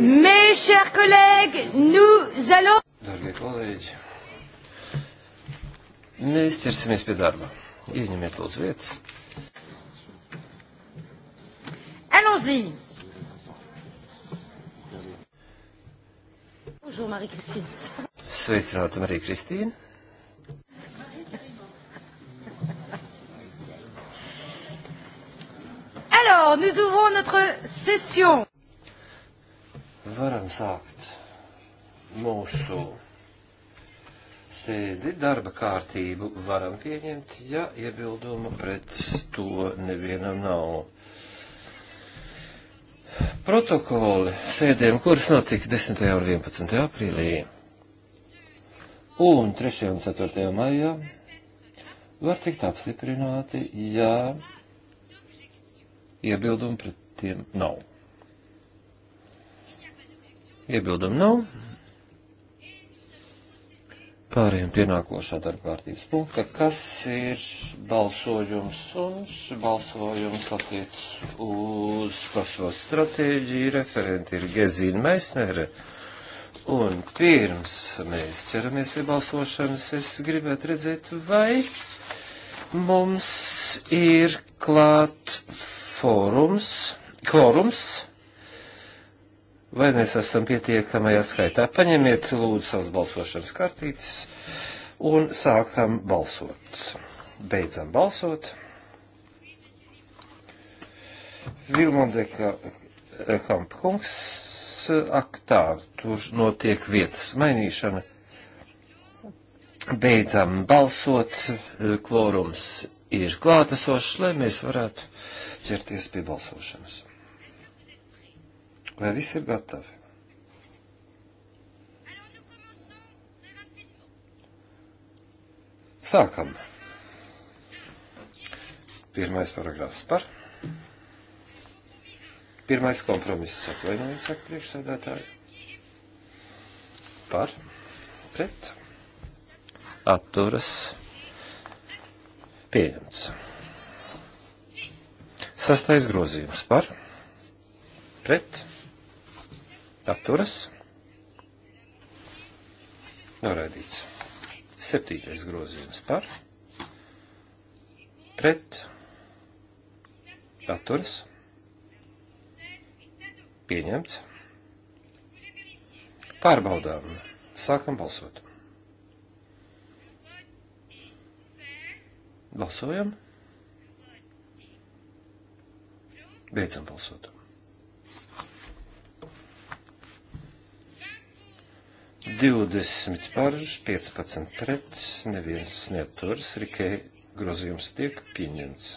Mes chers collègues, nous allons. Darbie kolēģi, mēs ķersimies pie darba. Ieņemiet lūdzu vietas. Allons-y. Bonjour, Marie-Christine. Sveicināta Marija-Kristīna. Alors, nous ouvrons notre session varam sākt mūsu sēdi, darba kārtību varam pieņemt, ja iebildumu pret to nevienam nav. Protokoli sēdēm, kuras notika 10. un 11. aprīlī un 3. un 4. maijā, var tikt apstiprināti, ja iebildumu pret tiem nav. Iebildumu nav. Pārējiem pie nākošā darba kārtības punkta, kas ir balsojums, un balsojums attiec uz pašo stratēģiju, referenti ir Gezina Meisnere. Un pirms mēs ķeramies pie balsošanas, es gribētu redzēt, vai mums ir klāt fórums, kvorums vai mēs esam pietiekamajā skaitā. Paņemiet lūdzu savas balsošanas kartītes un sākam balsot. Beidzam balsot. Vilmondeka eh, Kampkungs, ak tā, tur notiek vietas mainīšana. Beidzam balsot, eh, kvorums ir klātesošs, lai mēs varētu ķerties pie balsošanas. Vai viss ir gatavi? Sākam. Pirmais paragrāfs par. Pirmais kompromiss atvainojums, saka priekšsēdētāji. Par. Pret. Atturas. Pieņemts. Sastais grozījums par. Pret. Atturas. Noraidīts. Septītais grozījums par. Pret. Atturas. Pieņemts. Pārbaudām. Sākam balsot. Balsojam. Beidzam balsot. 20 par 15 pret, neviens neaturas, Rikē grozījums tiek pieņemts.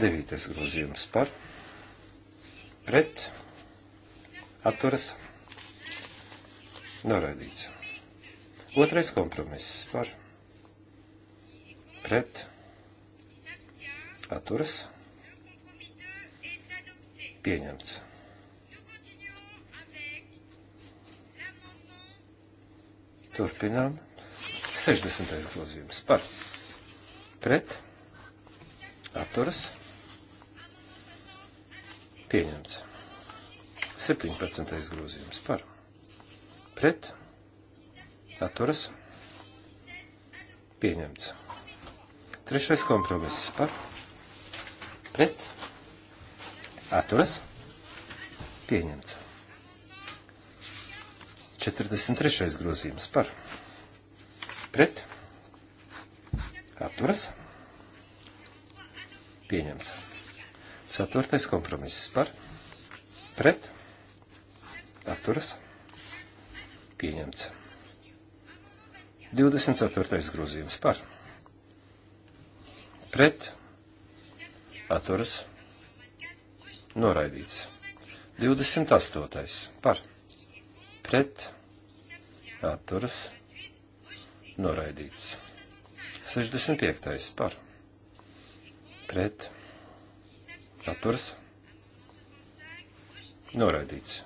9. grozījums par pret, atturas, noraidīts. Otrais kompromiss par pret, atturas, pieņemts. Turpinām. 60. grozījums par pret atturas pieņemts. 17. grozījums par pret atturas pieņemts. Trešais kompromiss par pret atturas pieņemts. 43. grozījums par pret atturas pieņemts. 4. kompromiss par pret atturas pieņemts. 24. grozījums par pret atturas noraidīts. 28. par pret pret atturas noraidīts. 65. par pret atturas noraidīts.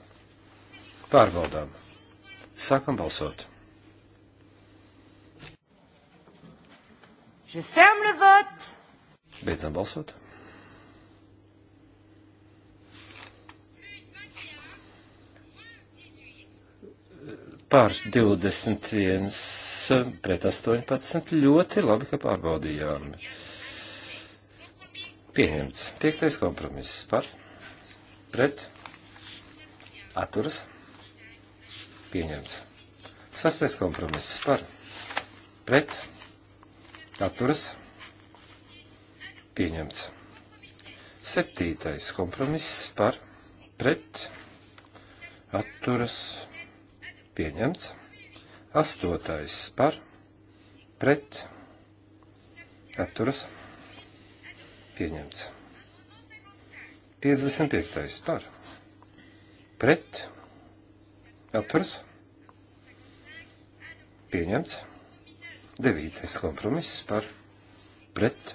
Pārbaudām. Sākam balsot. Je ferme le vote. Beidzam balsot. pār 21 pret 18. Ļoti labi, ka pārbaudījām. Pieņemts. Piektais kompromiss par pret atturas. Pieņemts. Sastais kompromiss par pret atturas. Pieņemts. Septītais kompromiss par pret atturas. Pieņemts pieņemts. Astotais par, pret, atturas, pieņemts. 55. par, pret, atturas, pieņemts. 9. kompromiss par, pret,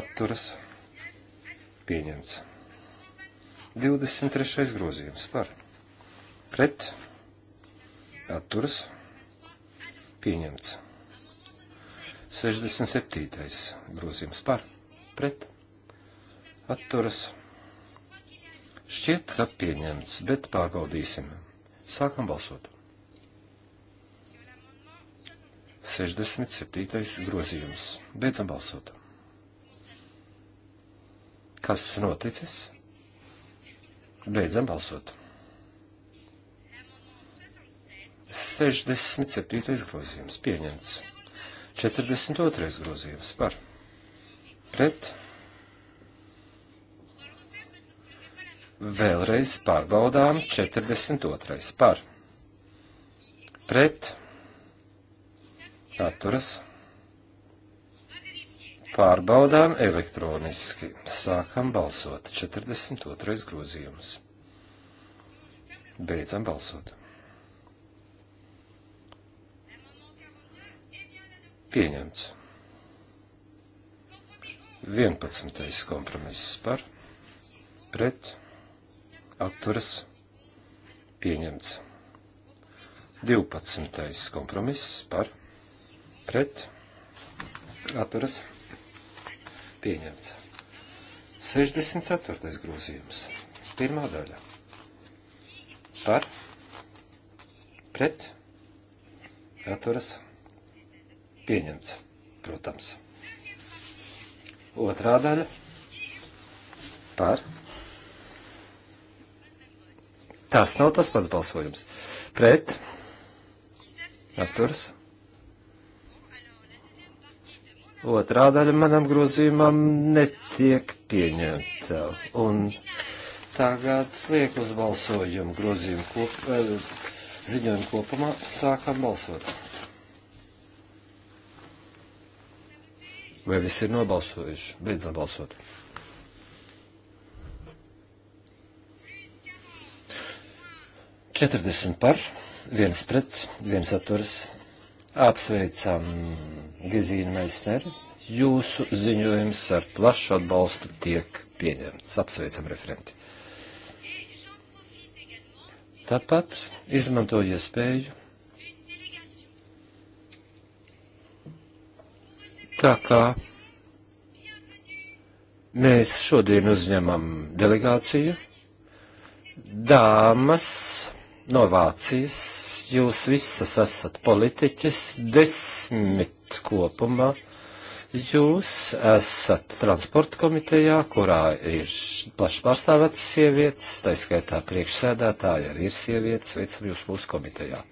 atturas, pieņemts. 23. grozījums par, pret, atturas atturas pieņemts. 67. grozījums par pret atturas šķiet, ka pieņemts, bet pārbaudīsim. Sākam balsot. 67. grozījums. Beidzam balsot. Kas noticis? Beidzam balsot. 67. grozījums pieņemts. 42. grozījums par pret. Vēlreiz pārbaudām 42. par pret atturas. Pārbaudām elektroniski. Sākam balsot. 42. grozījums. Beidzam balsot. Pieņemts. 11. kompromiss par, pret, atturas, pieņemts. 12. kompromiss par, pret, atturas, pieņemts. 64. grozījums, pirmā daļa, par, pret, atturas, pieņemts Pieņemts, protams. Otrā daļa par. Tas nav tas pats balsojums. Pret. Atturas. Otrā daļa manam grozījumam netiek pieņemta. Un tagad liek uz balsojumu grozījumu kop, eh, ziņojumu kopumā sākam balsot. Vai visi ir nobalsojuši? Beidzam balsot. Četrdesmit par, viens pret, viens atturas. Apsveicam Gezīnu Meisneri. Jūsu ziņojums ar plašu atbalstu tiek pieņemts. Apsveicam referenti. Tāpat izmantoju iespēju Tā kā mēs šodien uzņemam delegāciju, dāmas no Vācijas, jūs visas esat politiķis, desmit kopumā. Jūs esat transporta komitejā, kurā ir plaši pārstāvētas sievietes, tā skaitā priekšsēdētāja arī ir sievietes, veicam jūs mūsu komitejā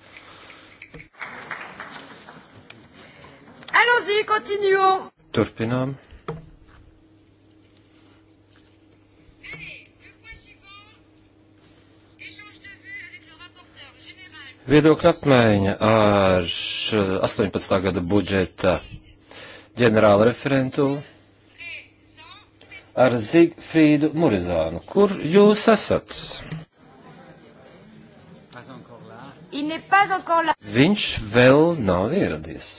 allons-y, continuons. Turpinām. Viedokļa apmaiņa ar 18. gada budžeta ģenerāla referentu ar Zigfrīdu Murizānu. Kur jūs esat? Viņš vēl nav ieradies.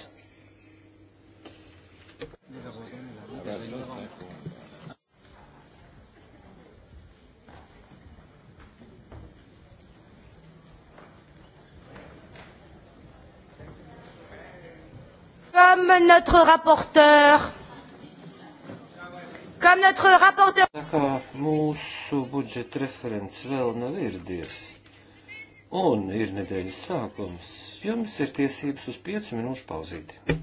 Comme notre rapporteur. Kam notre rapporteur. Tā kā mūsu budžeta referents vēl nav ieradies un ir nedēļas sākums, jums ir tiesības uz 5 minūšu pauzīti.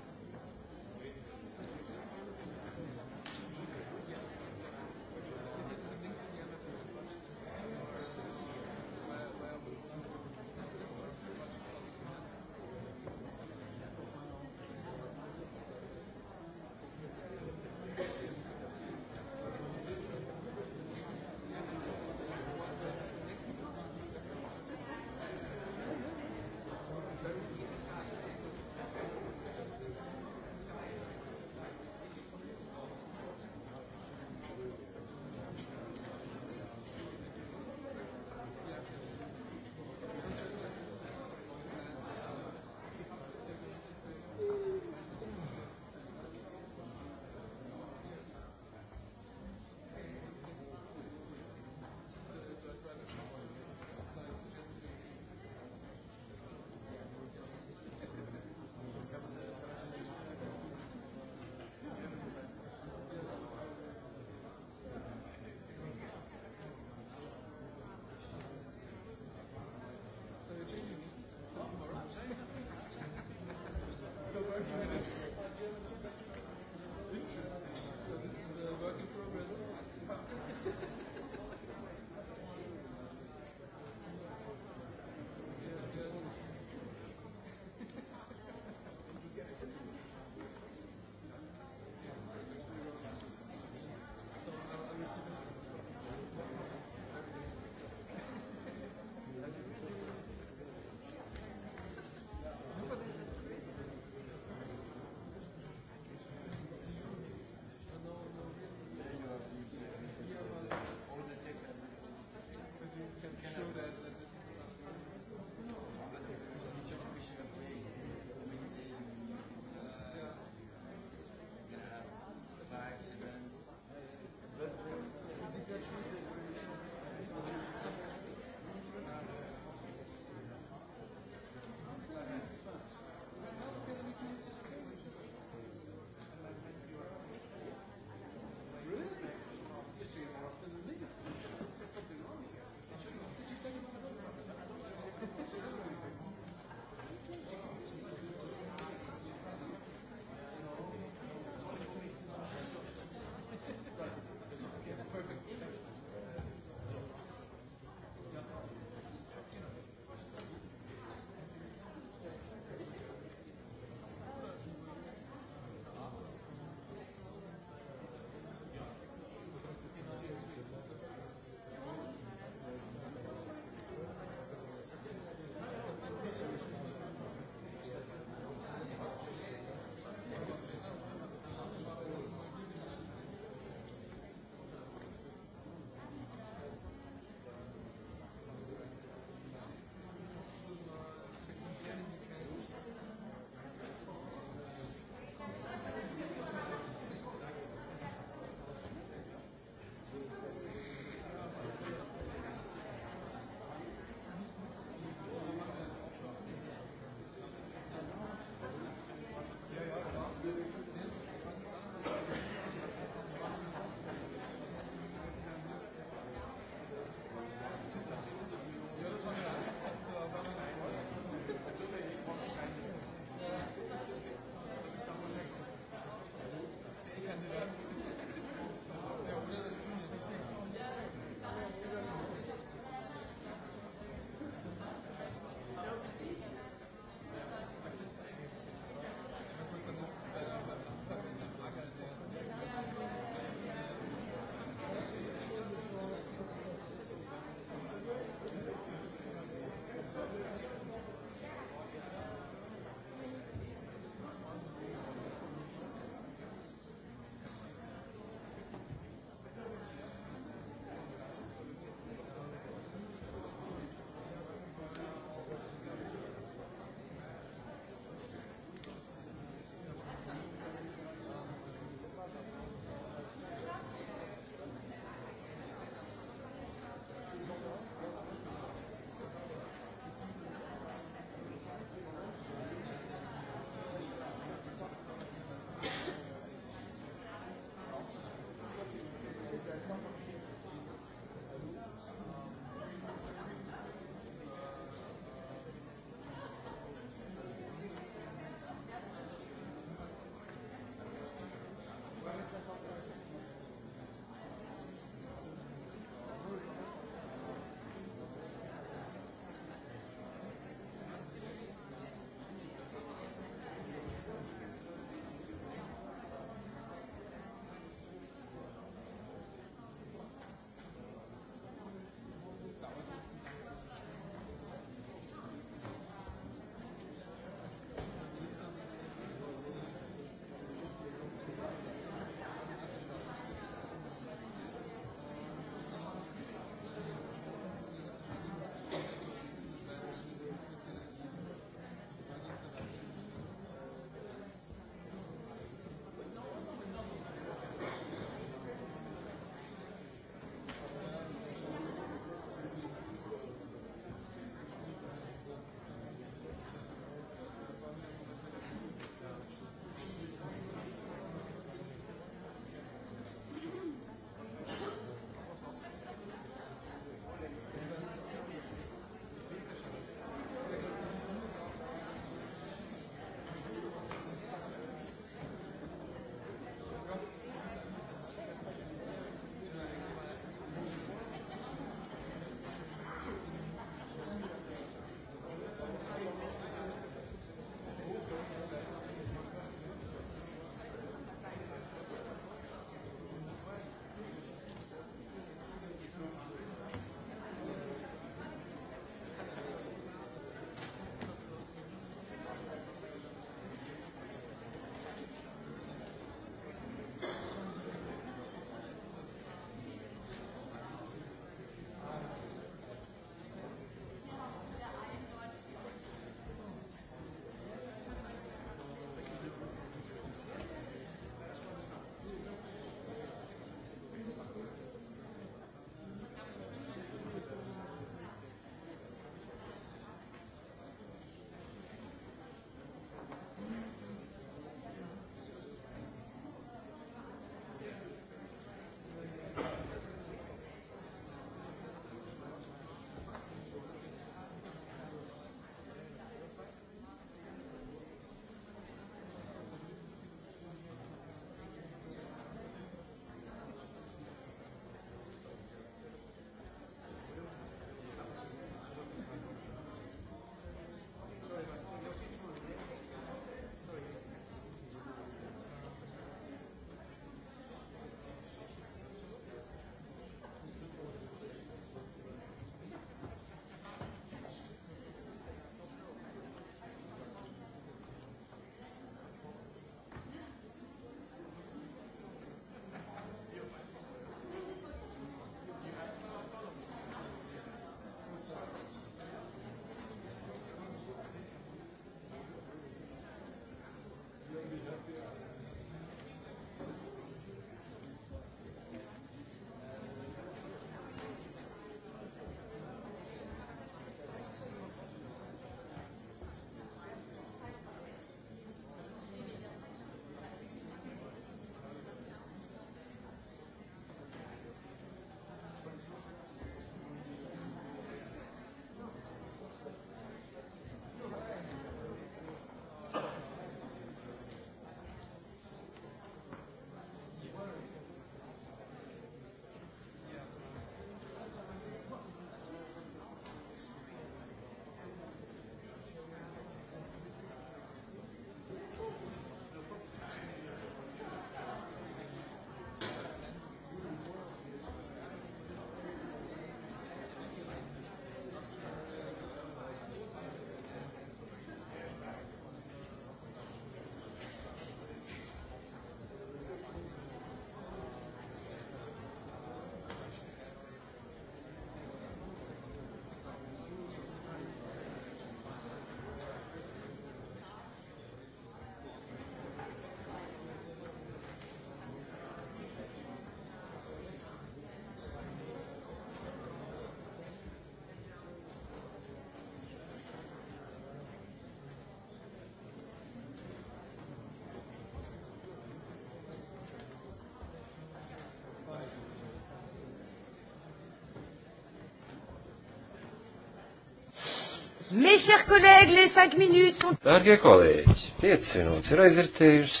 Mes chers collègues, les 5 minutes sont... Dārgie kolēģi, 5 minūtes ir aizvērtējušas,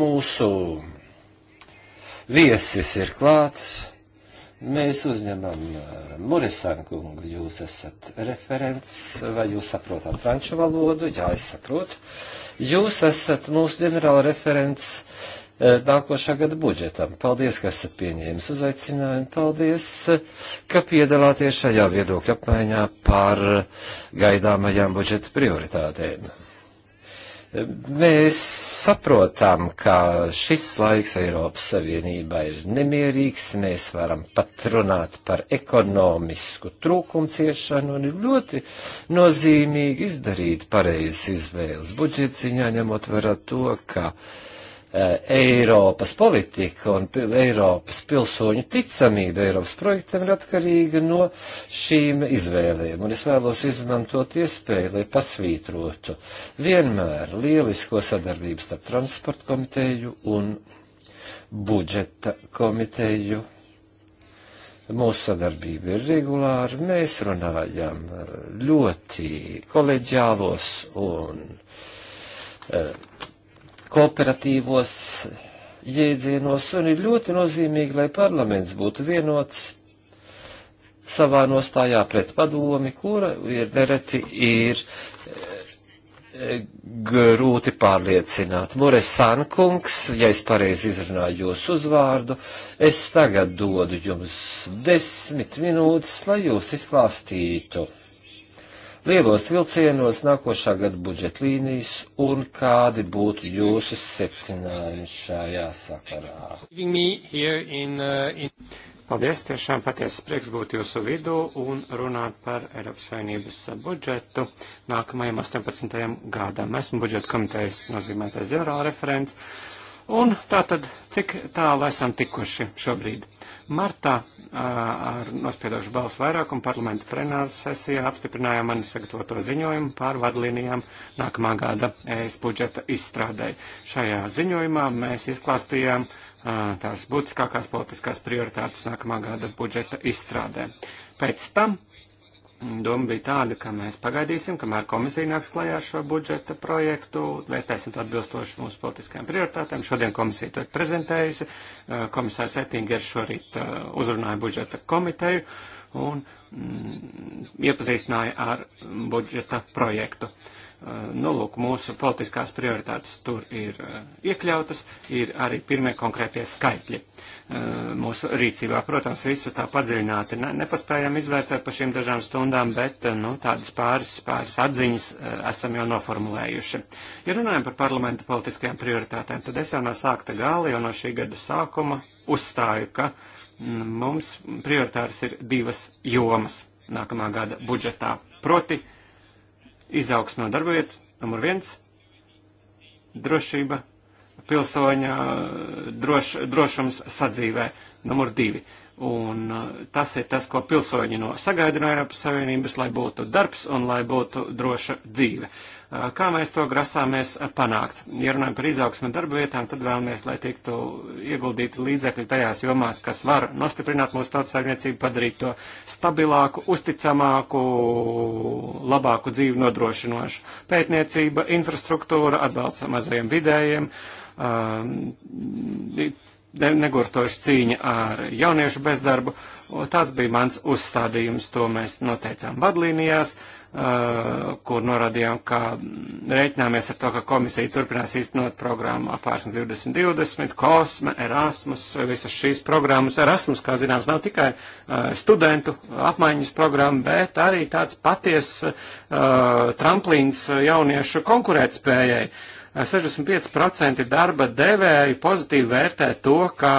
mūsu viesis ir klāts, mēs uzņemam eh, Murisan kungu, jūs esat referents, vai jūs saprotat franču valodu, jā, es saprotu, jūs esat mūsu ģenerāla referents Eh, nākošā gada budžetam. Paldies, ka esat pieņēmis uzaicinājumu. Paldies, ka piedalāties šajā viedokļa apmaiņā par gaidāmajām budžeta prioritātēm. Mēs saprotam, ka šis laiks Eiropas Savienībā ir nemierīgs, mēs varam pat runāt par ekonomisku trūkumciešanu un ir ļoti nozīmīgi izdarīt pareizes izvēles budžetsiņā, ņemot vērā to, ka uh, Eh, Eiropas politika un Eiropas pilsoņu ticamība Eiropas projektam ir atkarīga no šīm izvēlēm. Un es vēlos izmantot iespēju, lai pasvītrotu vienmēr lielisko sadarbību starp transporta komiteju un budžeta komiteju. Mūsu sadarbība ir regulāra, mēs runājam ļoti koleģiālos un eh, kooperatīvos jēdzienos, un ir ļoti nozīmīgi, lai parlaments būtu vienots savā nostājā pret padomi, kura ir nereti ir e, grūti pārliecināt. Mures Sankungs, ja es pareizi izrunāju jūsu uzvārdu, es tagad dodu jums desmit minūtes, lai jūs izklāstītu lielos vilcienos nākošā gada budžeta līnijas un kādi būtu jūsu secinājumi šajā sakarā? Uh, Paldies, tiešām patiesi prieks būt jūsu vidū un runāt par Eiropas Savienības budžetu nākamajam 18. gadam. Esmu budžeta komitejas nozīmētais ģenerālreferents. Un tātad, cik tālu esam tikuši šobrīd? Martā ar nospiedošu balsu vairākumu parlamenta plenāru sesijā apstiprinājām mani sagatavoto ziņojumu pār vadlīnijām nākamā gada ES budžeta izstrādēji. Šajā ziņojumā mēs izklāstījām tās būtiskākās politiskās prioritātes nākamā gada budžeta izstrādē. Pēc tam Doma bija tāda, ka mēs pagaidīsim, kamēr komisija nāks klajā ar šo budžeta projektu, vērtēsim to atbilstoši mūsu politiskajām prioritātēm. Šodien komisija to ir prezentējusi. Eh, komisārs Ettingers šorīt eh, uzrunāja budžeta komiteju un mm, iepazīstināja ar budžeta projektu. Uh, Uh, nu, lūk, mūsu politiskās prioritātes tur ir uh, iekļautas, ir arī pirmie konkrētie skaitļi uh, mūsu rīcībā. Protams, visu tā padziļināti ne, nepaspējam izvērtēt pa šīm dažām stundām, bet nu, tādas pāris, pāris atziņas esam jau noformulējuši. Ja runājam par parlamenta politiskajām prioritātēm, tad es jau no sākta gāla, jau no šī gada sākuma uzstāju, ka mm, mums prioritāras ir divas jomas nākamā gada budžetā. Proti, uh, izaugs no darba vietas, numur viens, drošība, pilsoņa droš, drošums sadzīvē, numur divi. Un uh, tas ir tas, ko pilsoņi no sagaida no Eiropas Savienības, lai būtu darbs un lai būtu droša dzīve. Uh, Kā mēs to grasāmies panākt? Ja runājam par izaugsmu darba vietām, tad vēlamies, lai tiktu ieguldīti līdzekļi tajās jomās, kas var nostiprināt mūsu tautsāgniecību, padarīt to stabilāku, uzticamāku, labāku dzīvi nodrošinošu. Pētniecība, infrastruktūra, atbalsts mazajiem vidējiem. Um, negurstoša cīņa ar jauniešu bezdarbu. Tāds bija mans uzstādījums, to mēs noteicām vadlīnijās. Uh, kur norādījām, ka reiķināmies ar to, ka komisija turpinās īstenot programmu apārsnes 2020, Kosme, Erasmus, visas šīs programmas. Erasmus, kā zināms, nav tikai eh, studentu apmaiņas programma, bet arī tāds paties eh, tramplīns jauniešu konkurētspējai. Uh, 65% darba devēju pozitīvi vērtē to, ka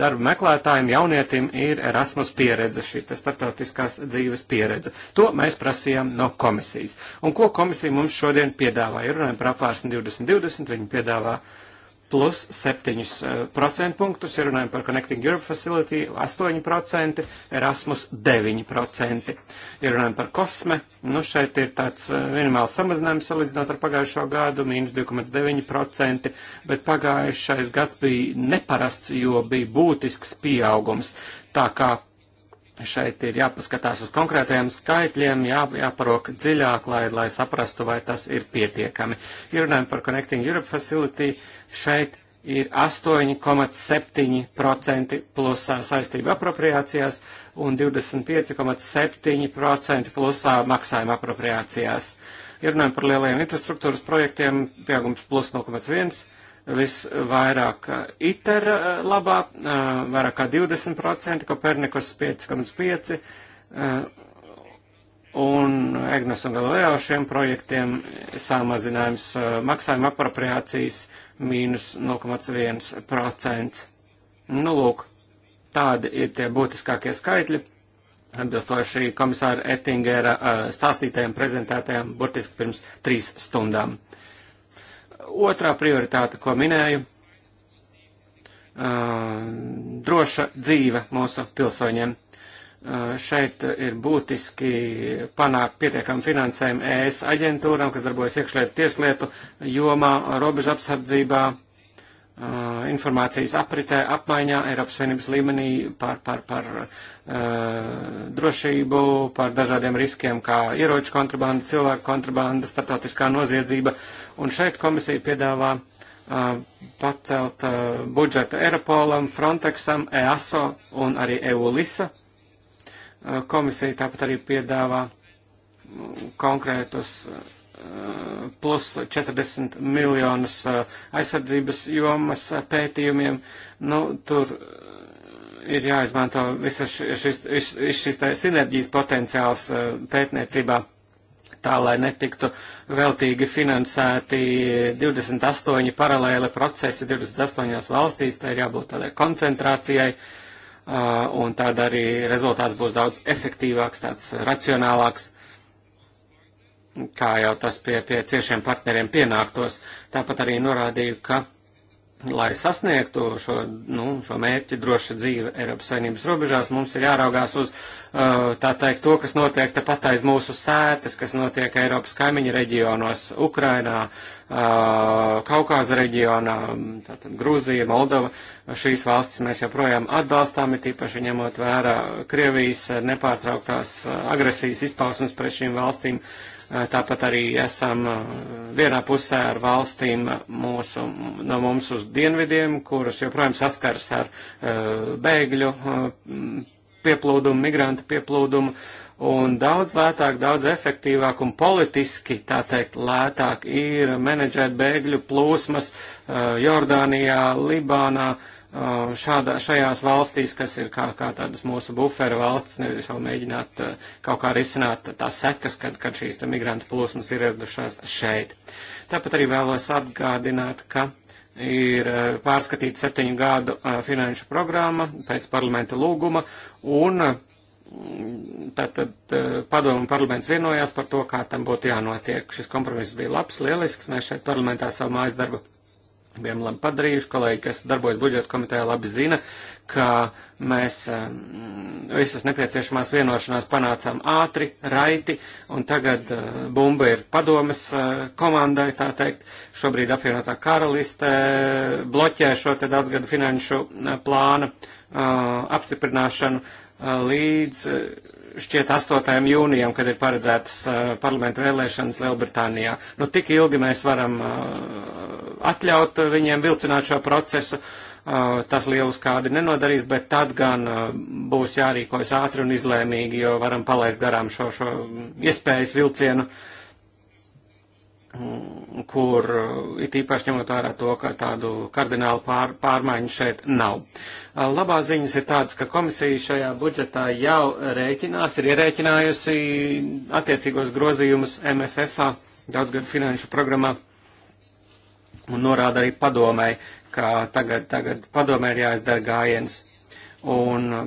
darba meklētājiem jaunietim ir Erasmus pieredze, šī starptautiskās dzīves pieredze. To mēs prasījām no komisijas. Un ko komisija mums šodien piedāvā? Ja runājam par apvērsni 2020, viņi piedāvā uh, plus 7 eh, procentpunktus, ja runājam par Connecting Europe Facility 8%, Erasmus 9%. Ja runājam par kosme, nu šeit ir tāds eh, minimāls samazinājums salīdzinot ar pagājušo gadu, mīnus 2,9%, bet pagājušais gads bija neparasts, jo bija būtisks pieaugums. Tā kā šeit ir jāpaskatās uz konkrētajiem skaitļiem, jā, jāparok dziļāk, lai, lai saprastu, vai tas ir pietiekami. Ja runājam par Connecting Europe Facility, šeit ir 8,7% plusā saistība apropriācijās un 25,7% plusā maksājuma apropriācijās. Ja runājam par lielajiem infrastruktūras projektiem, pieaugums plus 0,1% visvairāk eh, ITER eh, labā, eh, vairāk kā 20%, Kopernikus 5,5% un Egnos un Galileo šiem projektiem samazinājums maksājuma apropriācijas mīnus 0,1%. Nu, lūk, tādi ir tie būtiskākie skaitļi atbilstoši komisāra Ettingera stāstītajiem, prezentētajiem burtiski pirms trīs stundām. Otrā prioritāte, ko minēju, droša dzīve mūsu pilsoņiem. Šeit ir būtiski panākt pietiekam finansējumu ES aģentūram, kas darbojas iekšlietu tieslietu jomā, robežu apsardzībā, informācijas apritē, apmaiņā Eiropas Savienības līmenī par, par, par uh, drošību, par dažādiem riskiem, kā ieroču kontrabanda, cilvēku kontrabanda, starptautiskā noziedzība. Un šeit komisija piedāvā uh, pacelt uh, budžetu Eiropolam, Frontexam, EASO un arī EULISA. Uh, komisija tāpat arī piedāvā konkrētus. Uh, plus 40 miljonus uh, aizsardzības jomas uh, pētījumiem. Nu, tur uh, ir jāizmanto visas šis, šis, šis sinerģijas potenciāls pētniecībā tā, lai netiktu veltīgi finansēti 28 paralēli procesi 28 valstīs, tai ir jābūt tādai koncentrācijai, un tāda arī rezultāts būs daudz efektīvāks, tāds racionālāks kā jau tas pie, pie ciešiem partneriem pienāktos. Tāpat arī norādīju, ka, lai sasniegtu šo, nu, šo mērķi droša dzīve Eiropas Savienības robežās, mums ir jāraugās uz, uh, tā teikt, to, kas notiek tepat aiz mūsu sētas, kas notiek Eiropas kaimiņu reģionos, Ukrainā, uh, Kaukāza reģionā, tātad Grūzija, Moldova. Šīs valstis mēs joprojām atbalstām, ir tīpaši ņemot vērā Krievijas nepārtrauktās uh, agresijas izpausmes pret šīm valstīm Tāpat arī esam uh, vienā pusē ar valstīm uh, mūsu, no mums uz dienvidiem, kuras joprojām saskars ar uh, bēgļu pieplūdumu, migrantu pieplūdumu, un daudz lētāk, daudz efektīvāk un politiski, tā teikt, lētāk ir menedžēt bēgļu plūsmas Jordānijā, Libānā, uh, šādā, šajās valstīs, kas ir kā, kā tādas mūsu buferu valsts, nevis jau mēģināt e, kaut kā risināt tās sekas, kad, kad šīs te migrantu plūsmas ir ieradušās šeit. Tāpat arī vēlos atgādināt, ka ir e, pārskatīta septiņu gadu e, finanšu programma pēc parlamenta lūguma un Tātad padomu parlaments vienojās par to, kā tam būtu jānotiek. Šis kompromiss bija labs, lielisks. Mēs šeit parlamentā savu mājas darbu bijām labi padarījuši. Kolēģi, kas darbojas budžeta komitejā, labi zina, ka mēs visas nepieciešamās vienošanās panācām ātri, raiti, un tagad eh, bumba ir padomes eh, komandai, tā teikt. Šobrīd apvienotā karaliste eh, bloķē šo te daudzgadu finanšu plānu apstiprināšanu līdz šķiet 8. jūnijam, kad ir paredzētas parlamenta vēlēšanas Lielbritānijā. Nu, tik ilgi mēs varam atļaut viņiem vilcināt šo procesu. Tas lielus kādi nenodarīs, bet tad gan būs jārīkojas ātri un izlēmīgi, jo varam palaist garām šo, šo iespējas vilcienu. Uh, Mm, kur uh, it īpaši ņemot vērā to, ka tādu kardinālu pār, pārmaiņu šeit nav. Uh, labā ziņas ir tādas, ka komisija šajā budžetā jau rēķinās, ir ierēķinājusi attiecīgos grozījumus MFF, daudzgadu finanšu programmā, un norāda arī padomēji, ka tagad, tagad padomē ir jāizdara gājiens. Un uh,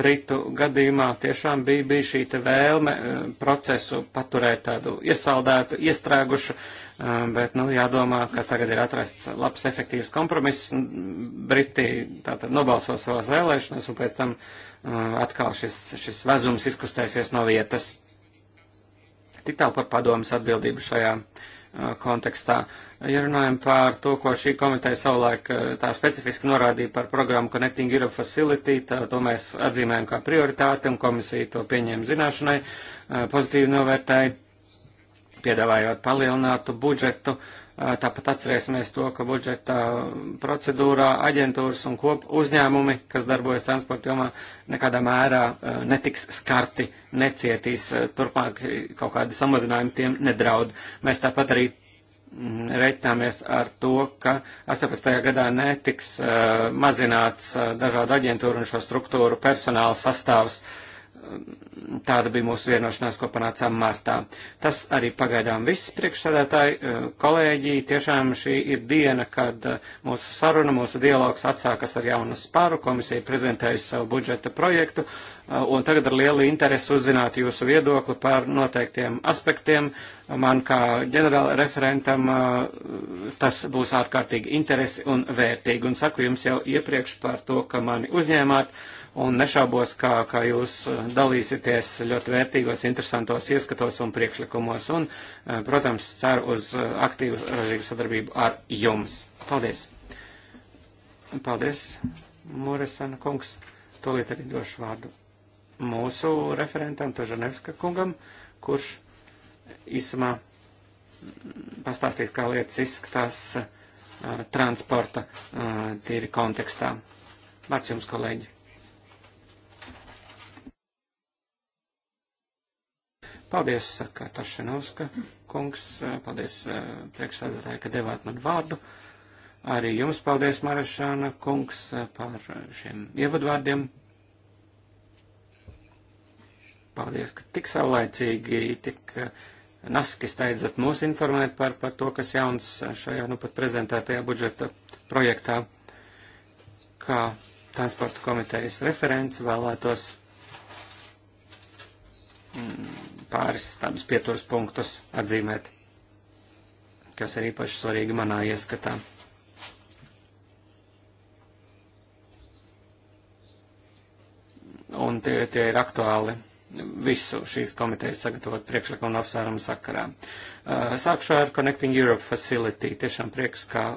Britu gadījumā tiešām bija, bija šī vēlme eh, procesu paturēt tādu iesaldētu, iestrēgušu, eh, bet, nu, jādomā, ka tagad ir atrasts labs, efektīvs kompromiss. Briti tātad nobalsos savās vēlēšanas, un pēc tam eh, atkal šis, šis vezums izkustēsies no vietas. Tik tālu par padomas atbildību šajā kontekstā. Uh, Ja runājam par to, ko šī komiteja savulaik eh, tā specifiski norādīja par programmu Connecting Europe Facility, tā, to mēs atzīmējam kā prioritāti un komisija to pieņēma zināšanai, eh, pozitīvi novērtēja, piedāvājot palielinātu budžetu. Eh, tāpat atcerēsimies to, ka budžeta procedūrā aģentūras un kop uzņēmumi, kas darbojas transporta jomā, nekādā mērā netiks skarti, necietīs turpmāk kaut kādi samazinājumi tiem nedraud. Mēs tāpat arī reiķināmies ar to, ka 18. gadā netiks uh, mazināts uh, dažādu aģentūru un šo struktūru personāla sastāvs. Uh, Tāda bija mūsu vienošanās, ko panācām martā. Tas arī pagaidām viss priekšsēdētāji, e, kolēģi. Tiešām šī ir diena, kad e, mūsu saruna, mūsu dialogs atsākas ar jaunu spāru. Komisija prezentējusi savu budžeta projektu e, un tagad ar lielu interesi uzzināt jūsu viedokli par noteiktiem aspektiem. Man kā ģenerāla referentam tas būs ārkārtīgi interesi un vērtīgi. Un saku jums jau iepriekš par to, ka mani uzņēmāt un nešaubos, ka, ka jūs eh, dalīsieties ļoti vērtīgos, interesantos ieskatos un priekšlikumos, un, eh, protams, ceru uz eh, aktīvu ražīgu sadarbību ar jums. Paldies! Paldies, Mūresana kungs. Tolīt arī došu vārdu mūsu referentam, Tožanevska kungam, kurš īsumā pastāstīt, kā lietas izskatās uh, transporta uh, tīri kontekstā. Vārds jums, kolēģi. Paldies, saka Tašanovska kungs, paldies eh, priekšsādātāji, ka devāt man vārdu. Arī jums paldies, Marašāna kungs, par šiem ievadvārdiem. Paldies, ka tik saulaicīgi, tik eh, naski steidzat mūs informēt par, par to, kas jauns šajā nu pat prezentētajā budžeta projektā. Kā transporta komitejas referents vēlētos mm, pāris tādus pieturas punktus atzīmēt, kas ir īpaši svarīgi manā ieskatā. Un tie, tie ir aktuāli visu šīs komitejas sagatavot priekšlikumu un apsvērumu sakarā. Uh, sākšu ar Connecting Europe Facility. Tiešām prieks, ka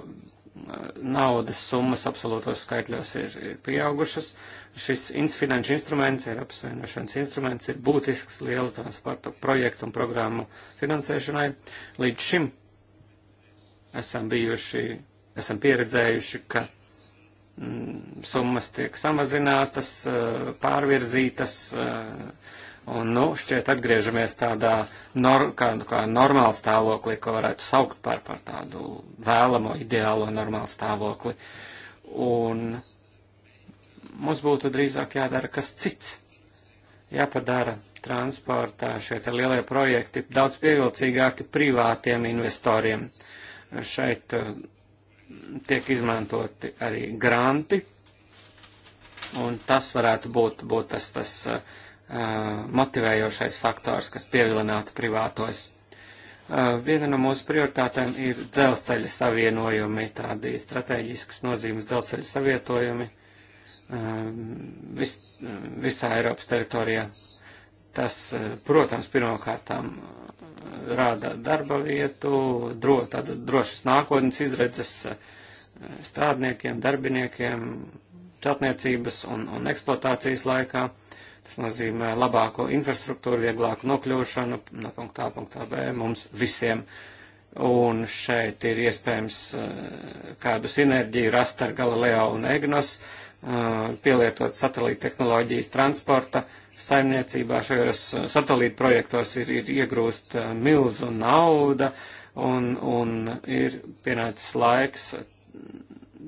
naudas summas absolūtos skaitļos ir, ir pieaugušas. Šis finanšu instruments, Eiropas Savienošanas instruments, ir būtisks lielu transporta projektu un programmu finansēšanai. Līdz šim esam bijuši, esam pieredzējuši, ka mm, summas tiek samazinātas, eh, pārvirzītas. Uh, Un, nu, šķiet, atgriežamies tādā nor, kā, kā normāla stāvoklī, ko varētu saukt par, par tādu vēlamo, ideālo normālu stāvokli. Un mums būtu drīzāk jādara kas cits. Jāpadara transportā šie te lielie projekti daudz pievilcīgāki privātiem investoriem. Šeit eh, tiek izmantoti arī granti, un tas varētu būt, būt tas, tas uh, motivējošais faktors, kas pievilinātu privātos. Viena no mūsu prioritātēm ir dzelzceļa savienojumi, tādi strateģiskas nozīmes dzelzceļa savietojumi vis, visā Eiropas teritorijā. Tas, protams, pirmkārtām rāda darba vietu, dro, tāda drošas nākotnes izredzes strādniekiem, darbiniekiem, celtniecības un, un eksploatācijas laikā. Tas nozīmē labāko infrastruktūru, vieglāku nokļūšanu no punktā A, punktā B mums visiem. Un šeit ir iespējams eh, kādu sinerģiju rast ar Galileo un Egnos, eh, pielietot satelīta tehnoloģijas transporta saimniecībā. Šajos eh, satelīta projektos ir, ir iegrūst milzu nauda un, un ir pienācis laiks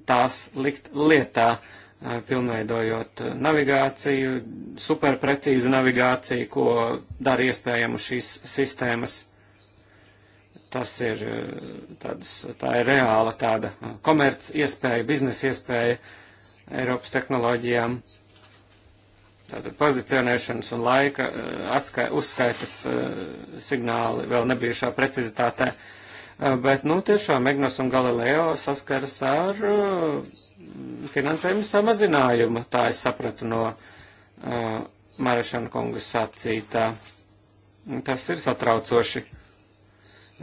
tās likt lietā. Uh, Eh, pilnveidojot eh, navigāciju, superprecīzu navigāciju, ko dara iespējamu šīs sistēmas. Tas ir, eh, tāds, tā ir reāla tāda komerc iespēja, biznesa iespēja Eiropas tehnoloģijām. Tātad pozicionēšanas un laika atskai, uzskaitas signāli vēl nebija šā precizitātē. Bet, nu, tiešām Egnos un Galileo saskars ar finansējuma samazinājuma, tā es sapratu no uh, Marašana kungas sacītā. Tas ir satraucoši.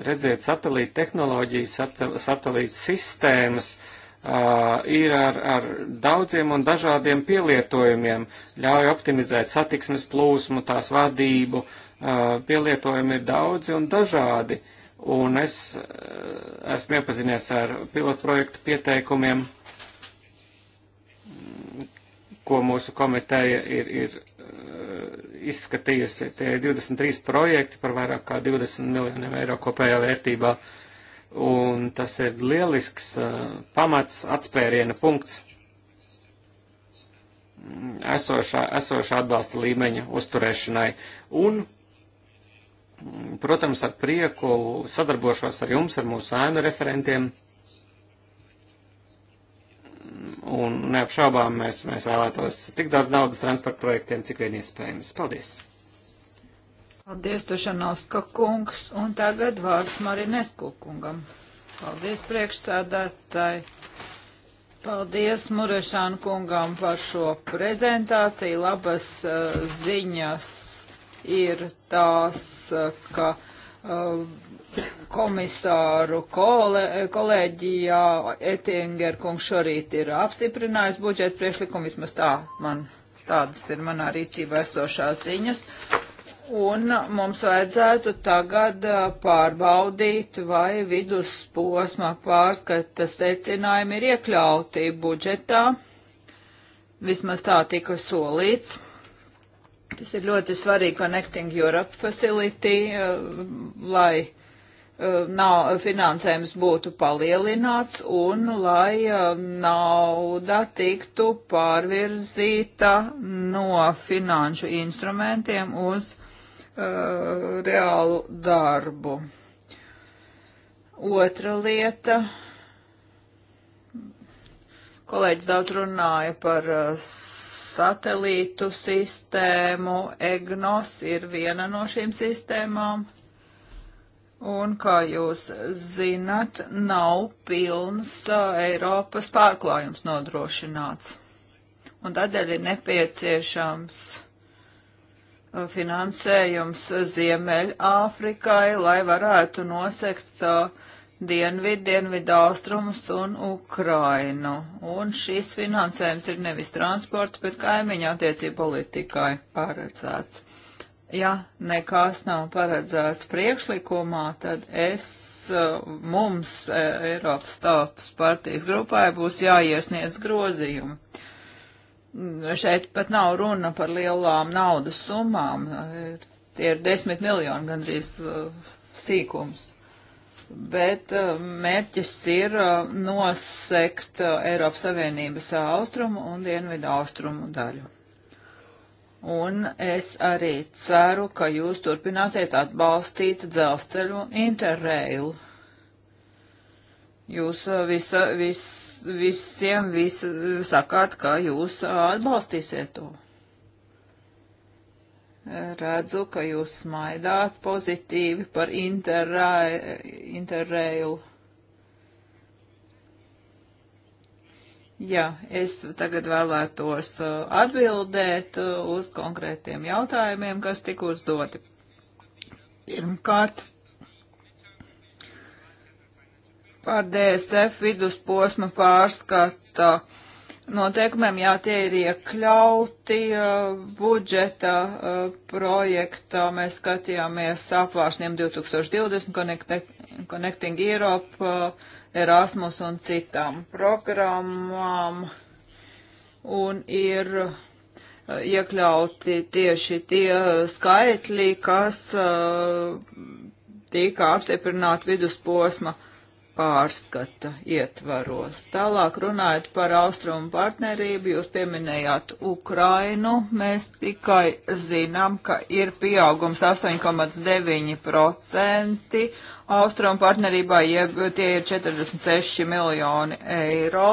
Redziet, satelīta tehnoloģijas, satel, satelīta sistēmas uh, ir ar, ar daudziem un dažādiem pielietojumiem, ļauj optimizēt satiksmes plūsmu, tās vadību, uh, pielietojumi ir daudzi un dažādi. Un es uh, esmu iepazinies ar pilotprojektu pieteikumiem ko mūsu komiteja ir, ir eh, izskatījusi. Tie ir 23 projekti par vairāk kā 20 miljoniem eiro kopējā vērtībā, un tas ir lielisks eh, pamats, atspēriena punkts esošā, esošā atbalsta līmeņa uzturēšanai. Un, protams, ar prieku sadarbošos ar jums, ar mūsu ēnu referentiem Un neapšaubām mēs, mēs vēlētos tik daudz naudas transporta projektiem, cik vien iespējams. Paldies! Paldies, Tušanovska kungs, un tagad vārds Marinesku kungam. Paldies priekšstādātāji. Paldies Murešānu kungam par šo prezentāciju. Labas uh, ziņas ir tās, eh, ka Uh, komisāru kole, kolēģijā Etinger kungs šorīt ir apstiprinājis budžetu priekšlikumu, vismaz tā man tādas ir manā rīcībā esošās ziņas. Un mums vajadzētu tagad uh, pārbaudīt, vai vidusposma pārskata secinājumi ir iekļauti budžetā. Vismaz tā tika solīts. Tas ir ļoti svarīgi Connecting Europe Facility, eh, lai eh, nav, finansējums būtu palielināts un lai eh, nauda tiktu pārvirzīta no finanšu instrumentiem uz uh, reālu darbu. Otra lieta. Kolēģis daudz runāja par uh, satelītu sistēmu. EGNOS ir viena no šīm sistēmām. Un, kā jūs zinat, nav pilns uh, Eiropas pārklājums nodrošināts. Un tādēļ ir nepieciešams uh, finansējums Ziemeļāfrikai, lai varētu nosekt uh, dienvidu, dienvidu austrumus un Ukrainu. Un šis finansējums ir nevis transporta, bet kaimiņa attiecību politikai paredzēts. Ja nekas nav paredzēts priekšlikumā, tad es eh, mums eh, Eiropas Tautas partijas grupai būs jāiesniedz grozījumi. Šeit pat nav runa par lielām naudas summām, tie ir desmit miljoni gandrīz eh, sīkums bet eh, mērķis ir eh, nosekt eh, Eiropas Savienības austrumu un dienvidu austrumu daļu. Un es arī ceru, ka jūs turpināsiet atbalstīt dzelzceļu un interreilu. Jūs visa, vis, visiem vis, sakāt, ka jūs atbalstīsiet to redzu, ka jūs smaidāt pozitīvi par interrailu. Jā, es tagad vēlētos uh, atbildēt uh, uz konkrētiem jautājumiem, kas tika uzdoti. Pirmkārt, par DSF vidusposma pārskata uh, noteikumiem, jā, tie ir iekļauti uh, budžeta uh, projektā. Mēs skatījāmies apvāršņiem 2020, Connect, Connecting Europe, uh, Erasmus un citām programmām. Un ir uh, iekļauti tieši tie skaitļi, kas uh, tika apstiprināti vidusposma uh, pārskata ietvaros. Tālāk runājot par austrumu partnerību, jūs pieminējāt Ukrainu. Mēs tikai zinām, ka ir pieaugums 8,9% austrumu partnerībā, jeb tie ir 46 miljoni eiro.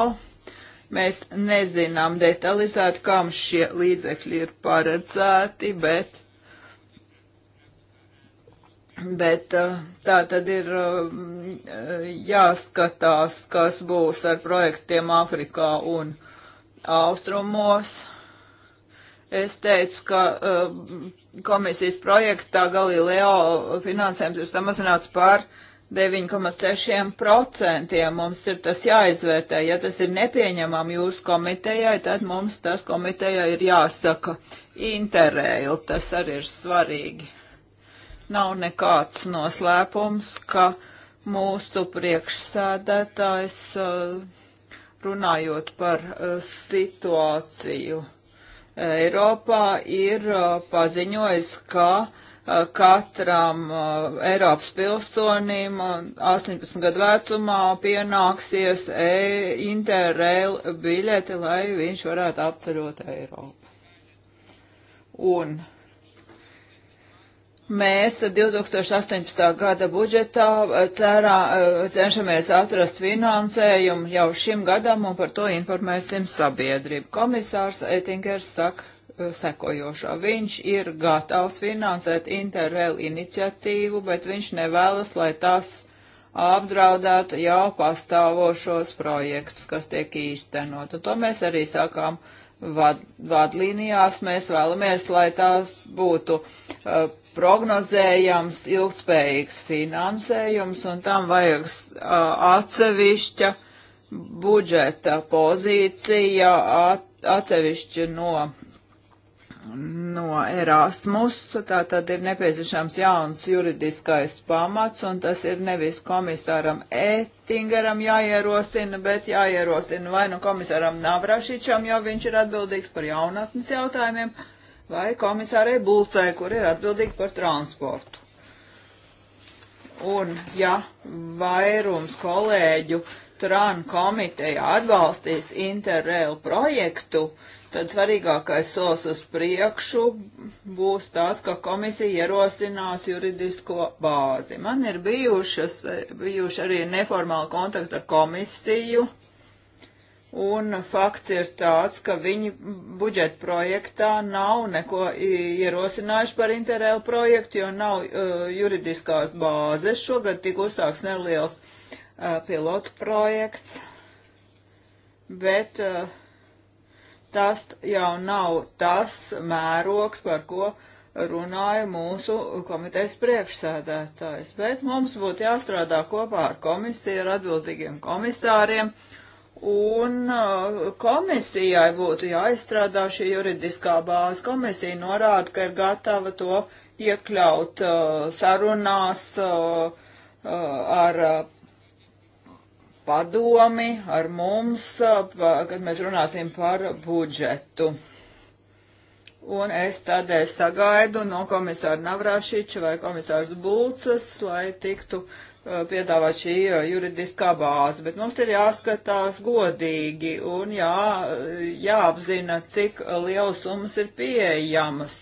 Mēs nezinām detalizēt, kam šie līdzekļi ir paredzēti, bet Bet eh, tā tad ir eh, jāskatās, kas būs ar projektiem Āfrikā un Austrumos. Es teicu, ka eh, komisijas projektā Galileo finansējums ir samazināts par 9,6%. Mums ir tas jāizvērtē. Ja tas ir nepieņemam jūsu komitejai, tad mums tas komitejai ir jāsaka interēli. Tas arī ir svarīgi Nav nekāds noslēpums, ka mūsu priekšsēdētājs, uh, runājot par uh, situāciju Eiropā, ir uh, paziņojis, ka katram uh, Eiropas pilsonim uh, 18 gadu vecumā pienāksies e interrail biļete, lai viņš varētu apceļot Eiropu. Un Mēs 2018. gada budžetā eh, cerā, eh, cenšamies atrast finansējumu jau šim gadam un par to informēsim sabiedrību. Komisārs Ettingers saka eh, sekojošā. Viņš ir gatavs finansēt Interrail iniciatīvu, bet viņš nevēlas, lai tas apdraudētu jau pastāvošos projektus, kas tiek īstenot. Un to mēs arī sākām vad, vadlīnijās. Mēs vēlamies, lai tās būtu. Uh, prognozējams, ilgspējīgs finansējums, un tam vajag atsevišķa budžeta pozīcija, at, atsevišķa no, no Erasmus. Tā tad ir nepieciešams jauns juridiskais pamats, un tas ir nevis komisāram Ettingeram jāierosina, bet jāierosina vai nu komisāram Navrašičam, jo viņš ir atbildīgs par jaunatnes jautājumiem vai komisārai Bultē, kur ir atbildīgi par transportu. Un, ja vairums kolēģu TRAN komiteja atbalstīs Interrail projektu, tad svarīgākais solis uz priekšu būs tas, ka komisija ierosinās juridisko bāzi. Man ir bijušas, bijuši arī neformāli kontakti ar komisiju Un fakts ir tāds, ka viņi budžeta projektā nav neko ierosinājuši par interēlu projektu, jo nav uh, juridiskās bāzes. Šogad tika uzsāks neliels uh, pilotu projekts, bet uh, tas jau nav tas mērogs, par ko runāja mūsu komitejas priekšsēdētājs. Bet mums būtu jāstrādā kopā ar komisiju, ar atbildīgiem komisāriem. Uh, un uh, komisijai būtu jāizstrādā šī juridiskā bāze. Komisija norāda, ka ir gatava to iekļaut uh, sarunās uh, ar padomi, ar mums, kad mēs runāsim par budžetu. Un es tādēļ sagaidu no komisāra Navrāšiča vai komisārs Bulcas, lai tiktu uh, Eh, piedāvā šī eh, juridiskā bāze, bet mums ir jāskatās godīgi un jā, eh, jāapzina, cik liels summas ir pieejamas.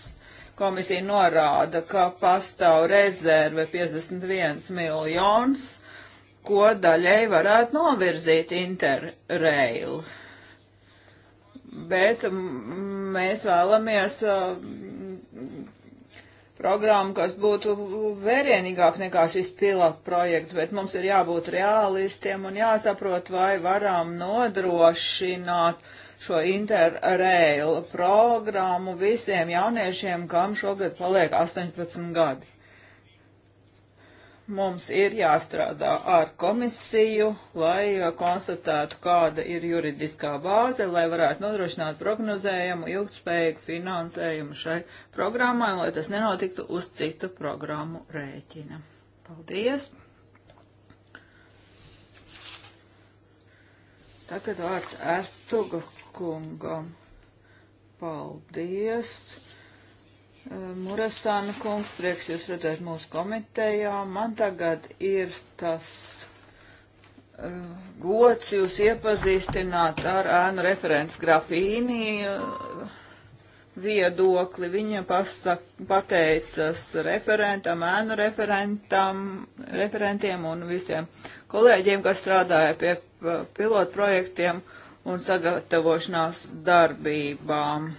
Komisija norāda, ka pastāv rezerve 51 miljons, ko daļai varētu novirzīt interrail. Bet mēs vēlamies uh, programmu, kas būtu vērienīgāk nekā šis pilotu projekts, bet mums ir jābūt realistiem un jāsaprot, vai varam nodrošināt šo interrail programmu visiem jauniešiem, kam šogad paliek 18 gadi mums ir jāstrādā ar komisiju, lai uh, konstatētu, kāda ir juridiskā bāze, lai varētu nodrošināt prognozējumu, ilgspējīgu finansējumu šai programmai, lai tas nenotiktu uz citu programmu rēķina. Paldies! Tagad vārds Ertuga kungam. Paldies! Murasāna kungs, prieks jūs redzēt mūsu komitejā. Man tagad ir tas uh, gods jūs iepazīstināt ar ēnu referents grafīnī uh, eh, viedokli. Viņa pasak, pateicas referentam, ēnu referentam, referentiem un visiem kolēģiem, kas strādāja pie eh, pilotprojektiem un sagatavošanās darbībām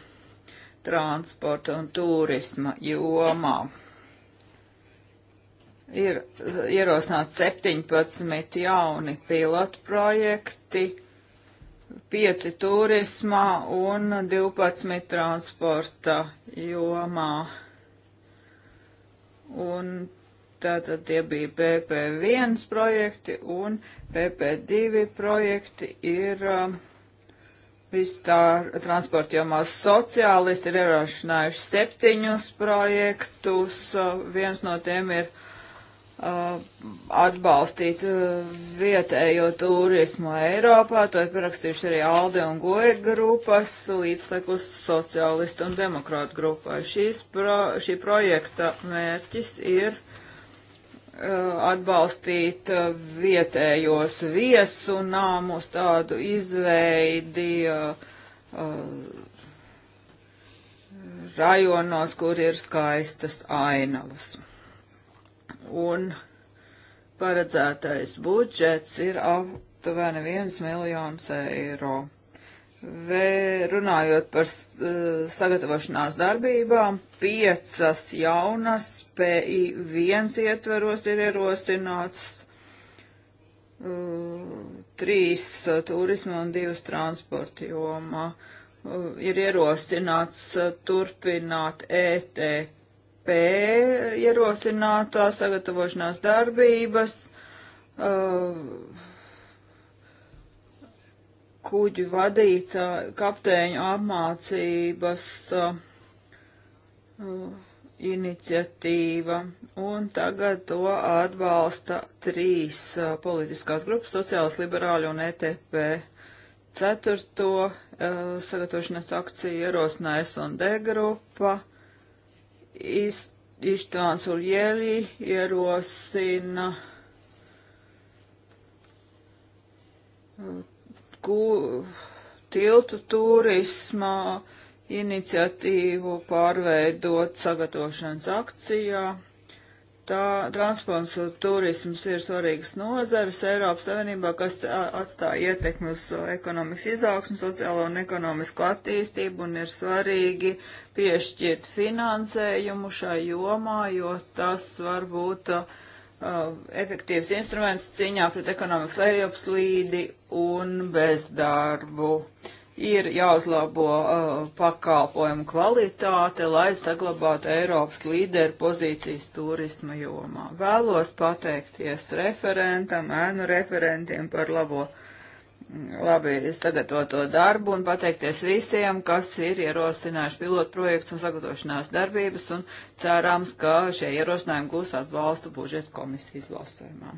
transporta un turisma jomā. Ir ierosināts 17 jauni pilotu projekti, 5 turismā un 12 transporta jomā. Un tātad tie bija PP1 projekti un PP2 projekti ir uh, vispār transporta jomā sociālisti ir ierašanājuši septiņus projektus. Viens no tiem ir uh, atbalstīt uh, vietējo turismu Eiropā. To ir pierakstījuši arī Alde un Goja grupas, līdztekus sociālistu un demokrātu grupai. Šīs pro, šī projekta mērķis ir uh, Uh, atbalstīt uh, vietējos viesu nāmus tādu izveidi uh, rajonos, kur ir skaistas ainavas. Un paredzētais budžets ir aptuveni 1 miljons eiro. Vē, runājot par uh, sagatavošanās darbībām, piecas jaunas PI1 ietveros ir ierosināts, uh, trīs uh, turisma un divas transporta jomā. Eh, ir ierosināts turpināt ETP, ierosinātā sagatavošanās darbības. Uh, kuģu vadītā kapteiņu apmācības uh, iniciatīva, un tagad to atbalsta trīs uh, politiskās grupas - sociālas, liberāļu un ETP. Ceturto uh, sagatavošanas akciju ierosināja SND grupa, Ist, Ištvāns Uljēlī ierosina uh, ku, tiltu turisma iniciatīvu pārveidot sagatavošanas akcijā. Tā transports un turisms ir svarīgas nozares Eiropas Savienībā, kas atstāja ietekmi uz ekonomikas izaugsmu, sociālo un ekonomisko attīstību un ir svarīgi piešķirt finansējumu šai jomā, jo tas var būt uh, efektīvs instruments cīņā pret ekonomikas lejupslīdi un bezdarbu. Ir jāuzlabo uh, pakalpojumu kvalitāte, lai saglabātu Eiropas līderu pozīcijas turisma jomā. Vēlos pateikties referentam, ēnu referentiem par labo labi sagatavoto darbu un pateikties visiem, kas ir ierosinājuši pilotu projektu un sagatavošanās darbības un cerams, ka šie ierosinājumi gūs atbalstu budžeta komisijas balsojumā.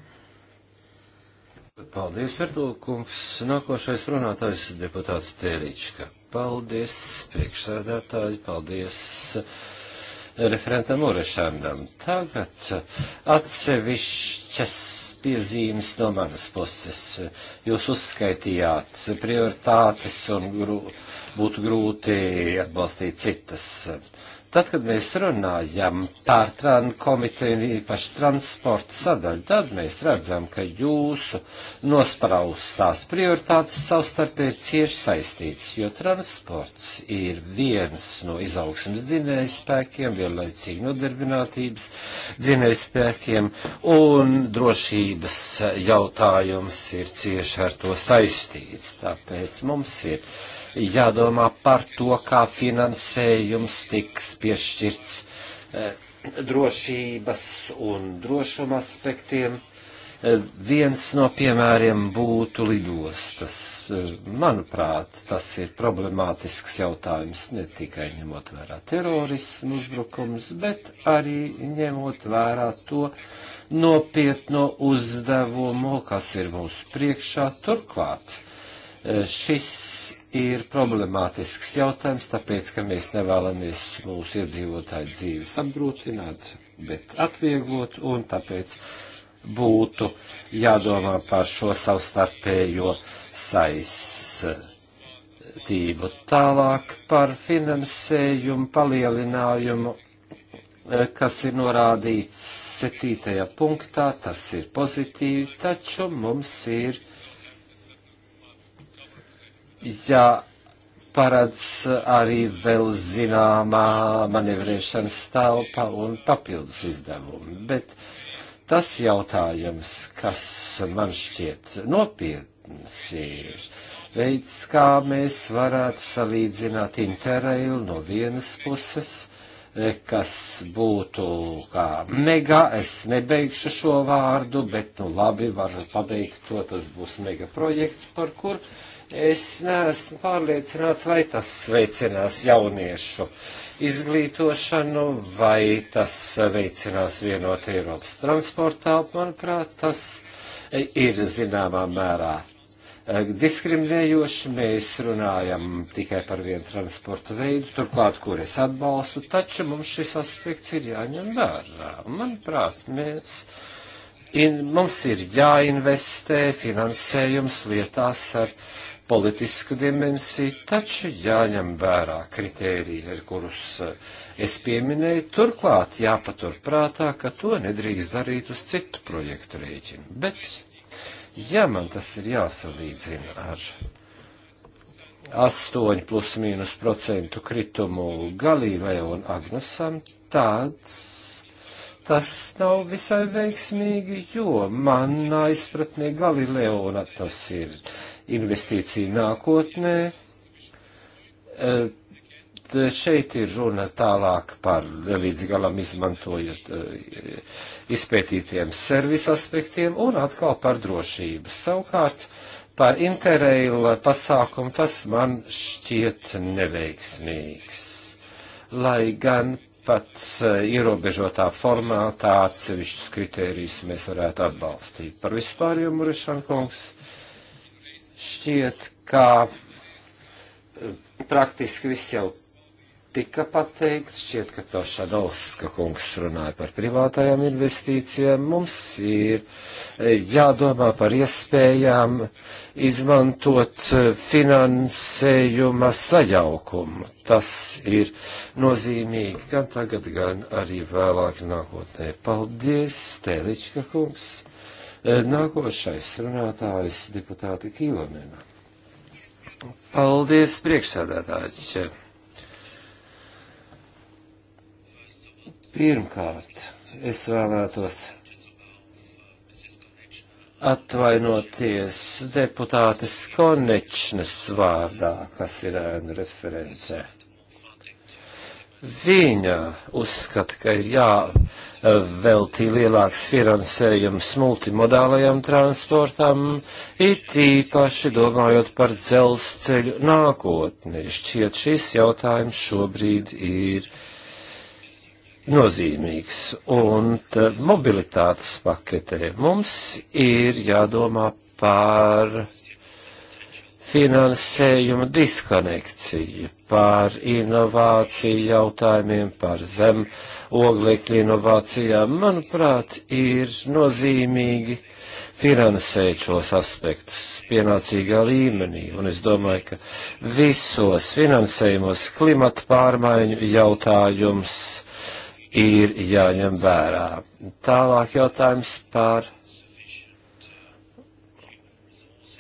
Paldies, Ertulkungs. Nākošais runātājs deputāts Tēriņška. Paldies, priekšsēdētāji, paldies eh, referentam Urešandam. Tagad eh, atsevišķas piezīmes no manas puses. Jūs uzskaitījāt prioritātes un grū, būtu grūti atbalstīt citas. Uh, Tad, kad mēs runājam par tran komiteju un īpaši transporta sadaļu, tad mēs redzam, ka jūsu nospraustās prioritātes savstarpēji cieši saistītas, jo transports ir viens no izaugsmas dzinējas spēkiem, vienlaicīgi nodarbinātības dzinējas spēkiem, un drošības jautājums ir cieši ar to saistīts. Tāpēc mums ir jādomā par to, kā finansējums tiks piešķirts eh, drošības un drošuma aspektiem. Eh, viens no piemēriem būtu lidostas. Eh, manuprāt, tas ir problemātisks jautājums ne tikai ņemot vērā terorismu uzbrukums, bet arī ņemot vērā to nopietno uzdevumu, kas ir mūsu priekšā. Turklāt šis ir problemātisks jautājums, tāpēc, ka mēs nevēlamies mūsu iedzīvotāju dzīves apgrūtināt, bet atvieglot, un tāpēc būtu jādomā par šo savstarpējo saistību. Tālāk par finansējumu palielinājumu, eh, kas ir norādīts septītajā punktā, tas ir pozitīvi, taču mums ir ja paredz arī vēl zināmā manevrēšanas telpa un papildus izdevumi. Bet tas jautājums, kas man šķiet nopietns, ir veids, kā mēs varētu salīdzināt interēju no vienas puses, eh, kas būtu kā mega, es nebeigšu šo vārdu, bet nu labi, varu pabeigt to, tas būs mega projekts, par kuru Es neesmu pārliecināts, vai tas veicinās jauniešu izglītošanu, vai tas veicinās vienot Eiropas transportā. Manuprāt, tas ir zināmā mērā e, diskriminējoši. Mēs runājam tikai par vienu transportu veidu, turklāt, kur es atbalstu, taču mums šis aspekts ir jāņem vērā. Manuprāt, mēs. In, mums ir jāinvestē finansējums lietās ar uh, politisku dimensiju, taču jāņem vērā kritērija, kurus eh, es pieminēju. Turklāt jāpatur prātā, ka to nedrīkst darīt uz citu projektu rēķinu. Bet, ja man tas ir jāsalīdzina ar 8 plus mīnus procentu kritumu Galīvai un Agnesam, tāds tas nav visai veiksmīgi, jo manā izpratnē Galileo un Atos ir investīciju nākotnē. E, šeit ir runa tālāk par līdz galam izmantojot e, izpētītiem servisa aspektiem un atkal par drošību. Savukārt par interēla pasākumu tas man šķiet neveiksmīgs. Lai gan pats e, ierobežotā formātā atsevišķus kritērijus mēs varētu atbalstīt. Par vispārējo Murišana kungs Šķiet, ka eh, praktiski viss jau tika pateikts, šķiet, ka tā Šadovska kungs runāja par privātajām investīcijām. Mums ir eh, jādomā par iespējām izmantot eh, finansējuma sajaukumu. Tas ir nozīmīgi gan tagad, gan arī vēlāk nākotnē. Paldies, Stēliķka kungs! E, nākošais runātājs deputāti Kīlonēna. Paldies, priekšsēdētāji. Pirmkārt, es vēlētos atvainoties deputātes Konečnes vārdā, kas ir ēnu referencē. Viņa uzskata, ka ir jā veltīja lielāks finansējums multimodālajam transportam, it īpaši domājot par dzelzceļu nākotni. Šķiet, šis jautājums šobrīd ir nozīmīgs, un mobilitātes paketē mums ir jādomā par finansējuma diskonekcija, par inovāciju jautājumiem, par zem oglekļu inovācijām, manuprāt, ir nozīmīgi finansēt šos aspektus pienācīgā līmenī. Un es domāju, ka visos finansējumos klimata pārmaiņu jautājums ir jāņem vērā. Tālāk jautājums par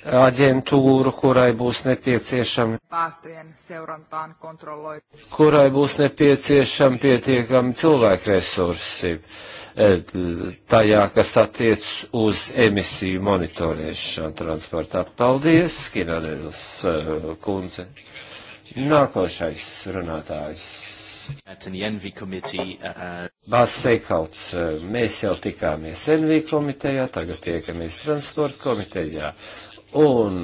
aģentūru, kurai būs nepieciešami, kurai būs nepieciešami pietiekami cilvēku resursi e, tajā, kas attiec uz emisiju monitorēšanu transportā. Paldies, Skinanēlis e, kundze. Nākošais runātājs. Basseikauts, uh, uh, e, mēs jau tikāmies NV komitejā, tagad tiekamies transporta komitejā. Uh, Un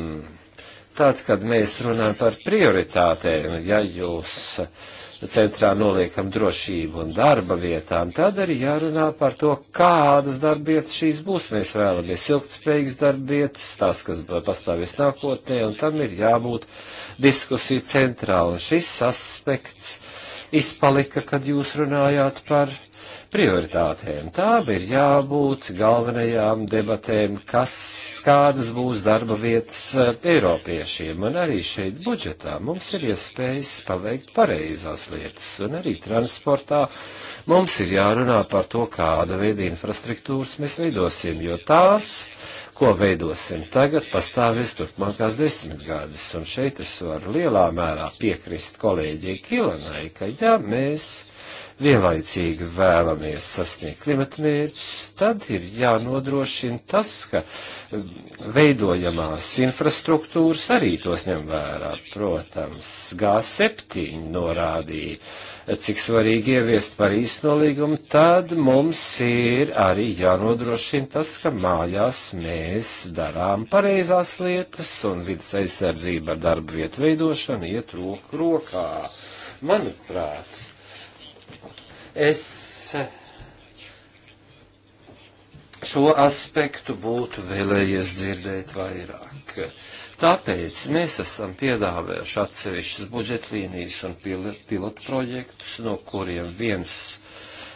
tad, kad mēs runājam par prioritātēm, ja jūs centrā noliekam drošību un darba vietām, tad arī jārunā par to, kādas darba vietas šīs būs. Mēs vēlamies ilgtspējīgas darba vietas, tās, kas pastāvēs nākotnē, un tam ir jābūt diskusiju centrā. Un šis aspekts izpalika, kad jūs runājāt par prioritātēm. Tām ir jābūt galvenajām debatēm, kas, kādas būs darba vietas eh, Eiropiešiem. Un arī šeit budžetā mums ir iespējas paveikt pareizās lietas. Un arī transportā mums ir jārunā par to, kāda veida infrastruktūras mēs veidosim, jo tās ko veidosim tagad, pastāvēs turpmākās desmitgades. Un šeit es varu lielā mērā piekrist kolēģiem Kilanai, ka ja mēs vienlaicīgi vēlamies sasniegt klimata mērķus, tad ir jānodrošina tas, ka um, veidojamās infrastruktūras arī tos ņem vērā. Protams, G7 norādīja, cik svarīgi ieviest Parīs nolīgumu, tad mums ir arī jānodrošina tas, ka mājās mēs darām pareizās lietas un vidas aizsardzība ar darba vietu veidošanu iet roku rokā. Manuprāt, Es eh, šo aspektu būtu vēlējies dzirdēt vairāk. Tāpēc mēs esam piedāvājuši atsevišķas budžetlīnijas un pil pilotu projektus, no kuriem viens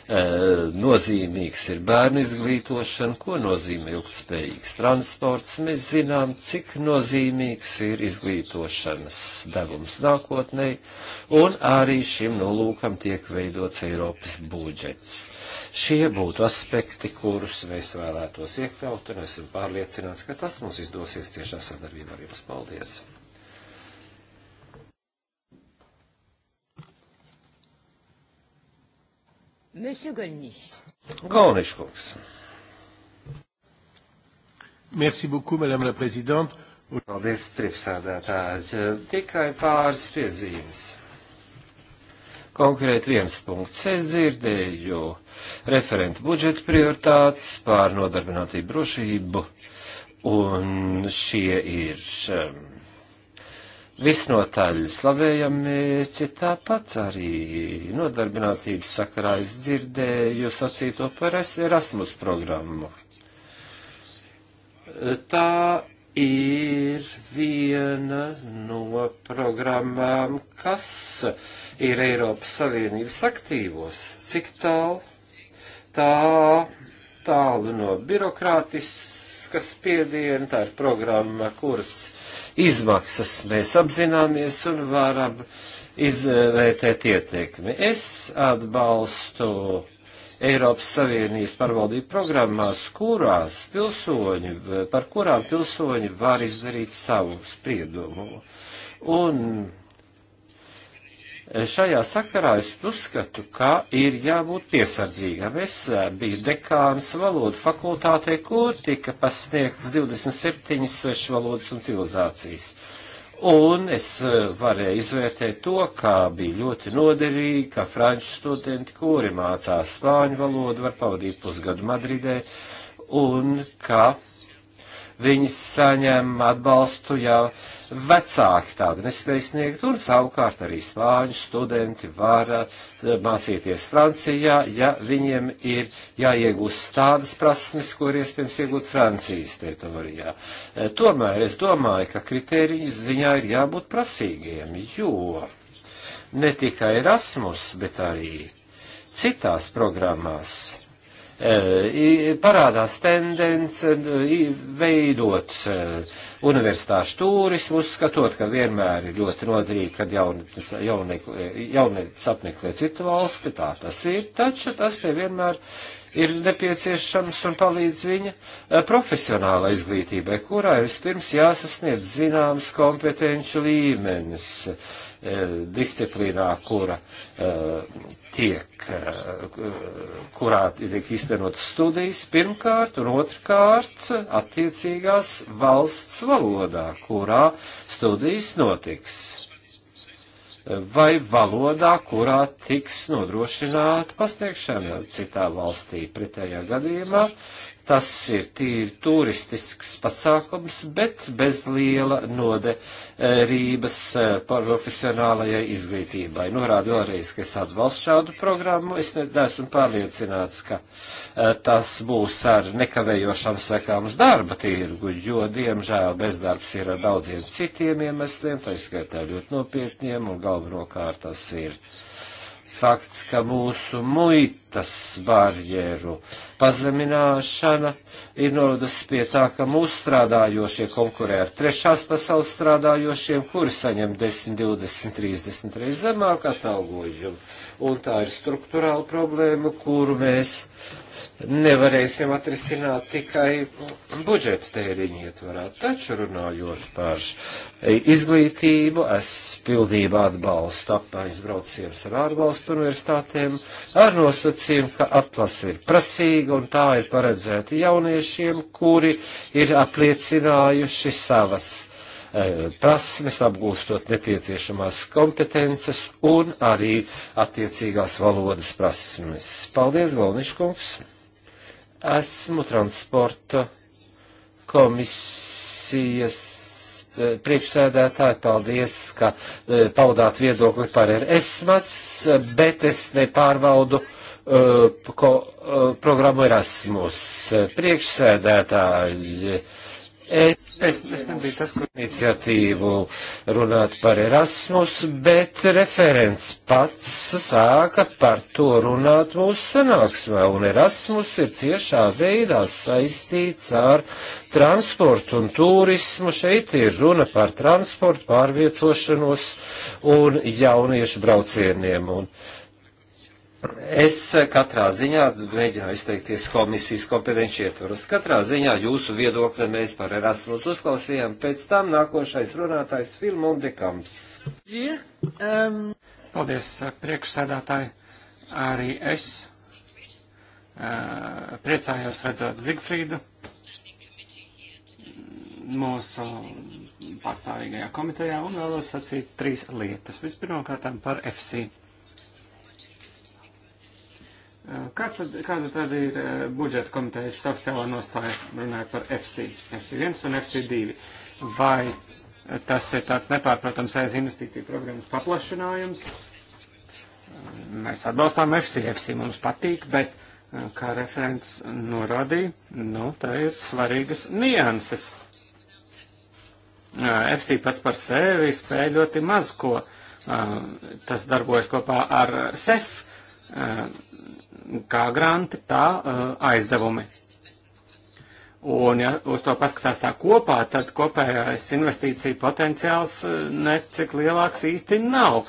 Eh, nozīmīgs ir bērnu izglītošana, ko nozīmē ilgtspējīgs transports. Mēs zinām, cik nozīmīgs ir izglītošanas devums nākotnē, un arī šim nolūkam tiek veidots Eiropas budžets. Šie būtu aspekti, kurus mēs vēlētos iekļaut, un esmu pārliecināts, ka tas mums izdosies ciešā sadarbībā ar jums. Paldies! Monsieur Golniš. Golniš kungs. Merci beaucoup, madame la présidente. Paldies, priekšsādātāji. Eh, tikai pāris piezīmes. Konkrēti viens punkts. Es dzirdēju referentu budžeta prioritātes pār nodarbinātību drošību, un šie ir. Um, visnotaļ slavējam mērķi, tāpat arī nodarbinātības sakarā es dzirdēju sacīto par Erasmus programmu. Tā ir viena no programmām, kas ir Eiropas Savienības aktīvos. Cik tālu? Tā tālu no birokrātiskas spiediena, tā ir programma, kuras izmaksas mēs apzināmies un varam izvērtēt ietekmi. Es atbalstu Eiropas Savienības pārvaldību programmās, kurās pilsoņi, par kurām pilsoņi var izdarīt savu spriedumu. Un Šajā sakarā es uzskatu, ka ir jābūt piesardzīgam. Es eh, biju dekāns valodu fakultātē, kur tika pasniegts 27 svešu valodas un civilizācijas. Un es eh, varēju izvērtēt to, kā bija ļoti noderīgi, ka franču studenti, kuri mācās spāņu valodu, var pavadīt pusgadu Madridē, un ka viņi saņem atbalstu jau vecāki tādu nespēju sniegt, un savukārt arī spāņu studenti var eh, mācīties Francijā, ja viņiem ir jāiegūst tādas prasmes, kur iespējams iegūt Francijas teritorijā. Eh, tomēr es domāju, ka kritēriju ziņā ir jābūt prasīgiem, jo ne tikai Erasmus, bet arī citās programmās Eh, parādās tendence eh, veidot eh, universitāšu turismu, uzskatot, ka vienmēr ir ļoti noderīgi, kad jaunietis jaunie, jaunie apmeklē citu valsti, tā tas ir, taču tas nevienmēr ir nepieciešams un palīdz viņa profesionāla izglītībai, kurā ir vispirms jāsasniedz zināms kompetenci līmenis disciplīnā, kura tiek kurā tiek iztenotas studijas pirmkārt un otrkārt attiecīgās valsts valodā, kurā studijas notiks. Vai valodā, kurā tiks nodrošināta pasniegšana citā valstī. Pretējā gadījumā Tas ir tīri turistisks pasākums, bet bez liela noderības eh, profesionālajai izglītībai. Norādu vēlreiz, ka es atbalstu šādu programmu. Es neesmu pārliecināts, ka eh, tas būs ar nekavējošām sekām uz darba tirgu, jo, diemžēl, bezdarbs ir ar daudziem citiem iemesliem, tā izskaitā ļoti nopietniem, un galvenokārt tas ir. Uh, fakts, ka mūsu muitas barjeru pazemināšana ir novedus pie tā, ka mūsu strādājošie konkurē ar trešās pasaules strādājošiem, kuri saņem 10, 20, 30 reizes zemāku atalgojumu. Un tā ir struktūrāla problēma, kuru mēs nevarēsim atrisināt tikai budžeta tēriņu ietvarā. Taču runājot par izglītību, es pilnībā atbalstu apmaiņas braucienus ar ārvalstu universitātēm ar nosacījumu, ka atlase ir prasīga un tā ir paredzēta jauniešiem, kuri ir apliecinājuši savas e, prasmes, apgūstot nepieciešamās kompetences un arī attiecīgās valodas prasmes. Paldies, Galniškungs! Esmu transporta komisijas eh, priekšsēdētāji, paldies, ka eh, paudāt viedokli par Erasmus, bet es nepārvaldu uh, ko, uh, programmu Erasmus. Priekšsēdētāji. Uh, Es, es, es nebiju tas, kur iniciatīvu runāt par Erasmus, bet referents pats sāka par to runāt mūsu sanāksmē, un Erasmus ir ciešā veidā saistīts ar transportu un turismu. Šeit ir runa par transportu, pārvietošanos un jauniešu braucieniem. Un, uh, Es eh, katrā ziņā mēģināju izteikties komisijas kompetenci ietvaros. Katrā ziņā jūsu viedokli mēs par Erasmus uzklausījām. Pēc tam nākošais runātājs Filmon Dekams. Yeah, um... Paldies, eh, priekšsēdātāji. Arī es uh, priecājos redzēt Zigfrīdu mūsu pastāvīgajā komitejā un vēlos sacīt trīs lietas. Vispirmkārt par FC. Kāds tad, kāda tad ir eh, budžeta komitejas oficiālā nostāja runājot par FC, FC1 un FC2? Vai tas ir tāds nepārprotams aiz investīciju programmas paplašinājums? Mēs atbalstām FC, FC mums patīk, bet, eh, kā referents norādīja, nu, tā ir svarīgas nianses. Eh, FC pats par sevi spēj ļoti maz ko. Tas darbojas kopā ar SEF kā granti, tā eh, aizdevumi. Un, ja uz to paskatās tā kopā, tad kopējais investīcija potenciāls eh, necik lielāks īsti nav.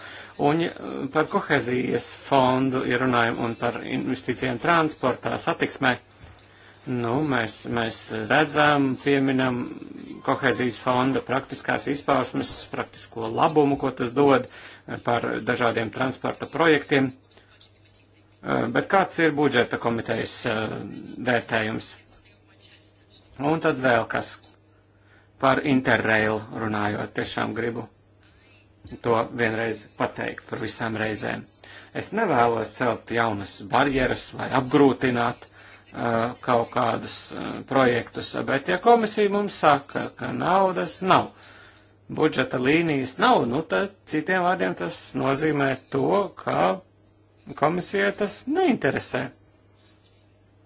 Un ja eh, par kohezijas fondu ir runājumi un par investīcijiem transportā, satiksmē. Nu, mēs, mēs redzam, pieminam kohezijas fonda praktiskās izpausmes, praktisko labumu, ko tas dod par dažādiem transporta projektiem. Eh, bet kāds ir budžeta komitejas eh, vērtējums? Un tad vēl kas par interrail runājot. Tiešām gribu to vienreiz pateikt par visām reizēm. Es nevēlos celt jaunas barjeras vai apgrūtināt uh, kaut kādus uh, projektus, bet ja komisija mums saka, ka naudas nav, budžeta līnijas nav, nu tad citiem vārdiem tas nozīmē to, ka komisijai tas neinteresē.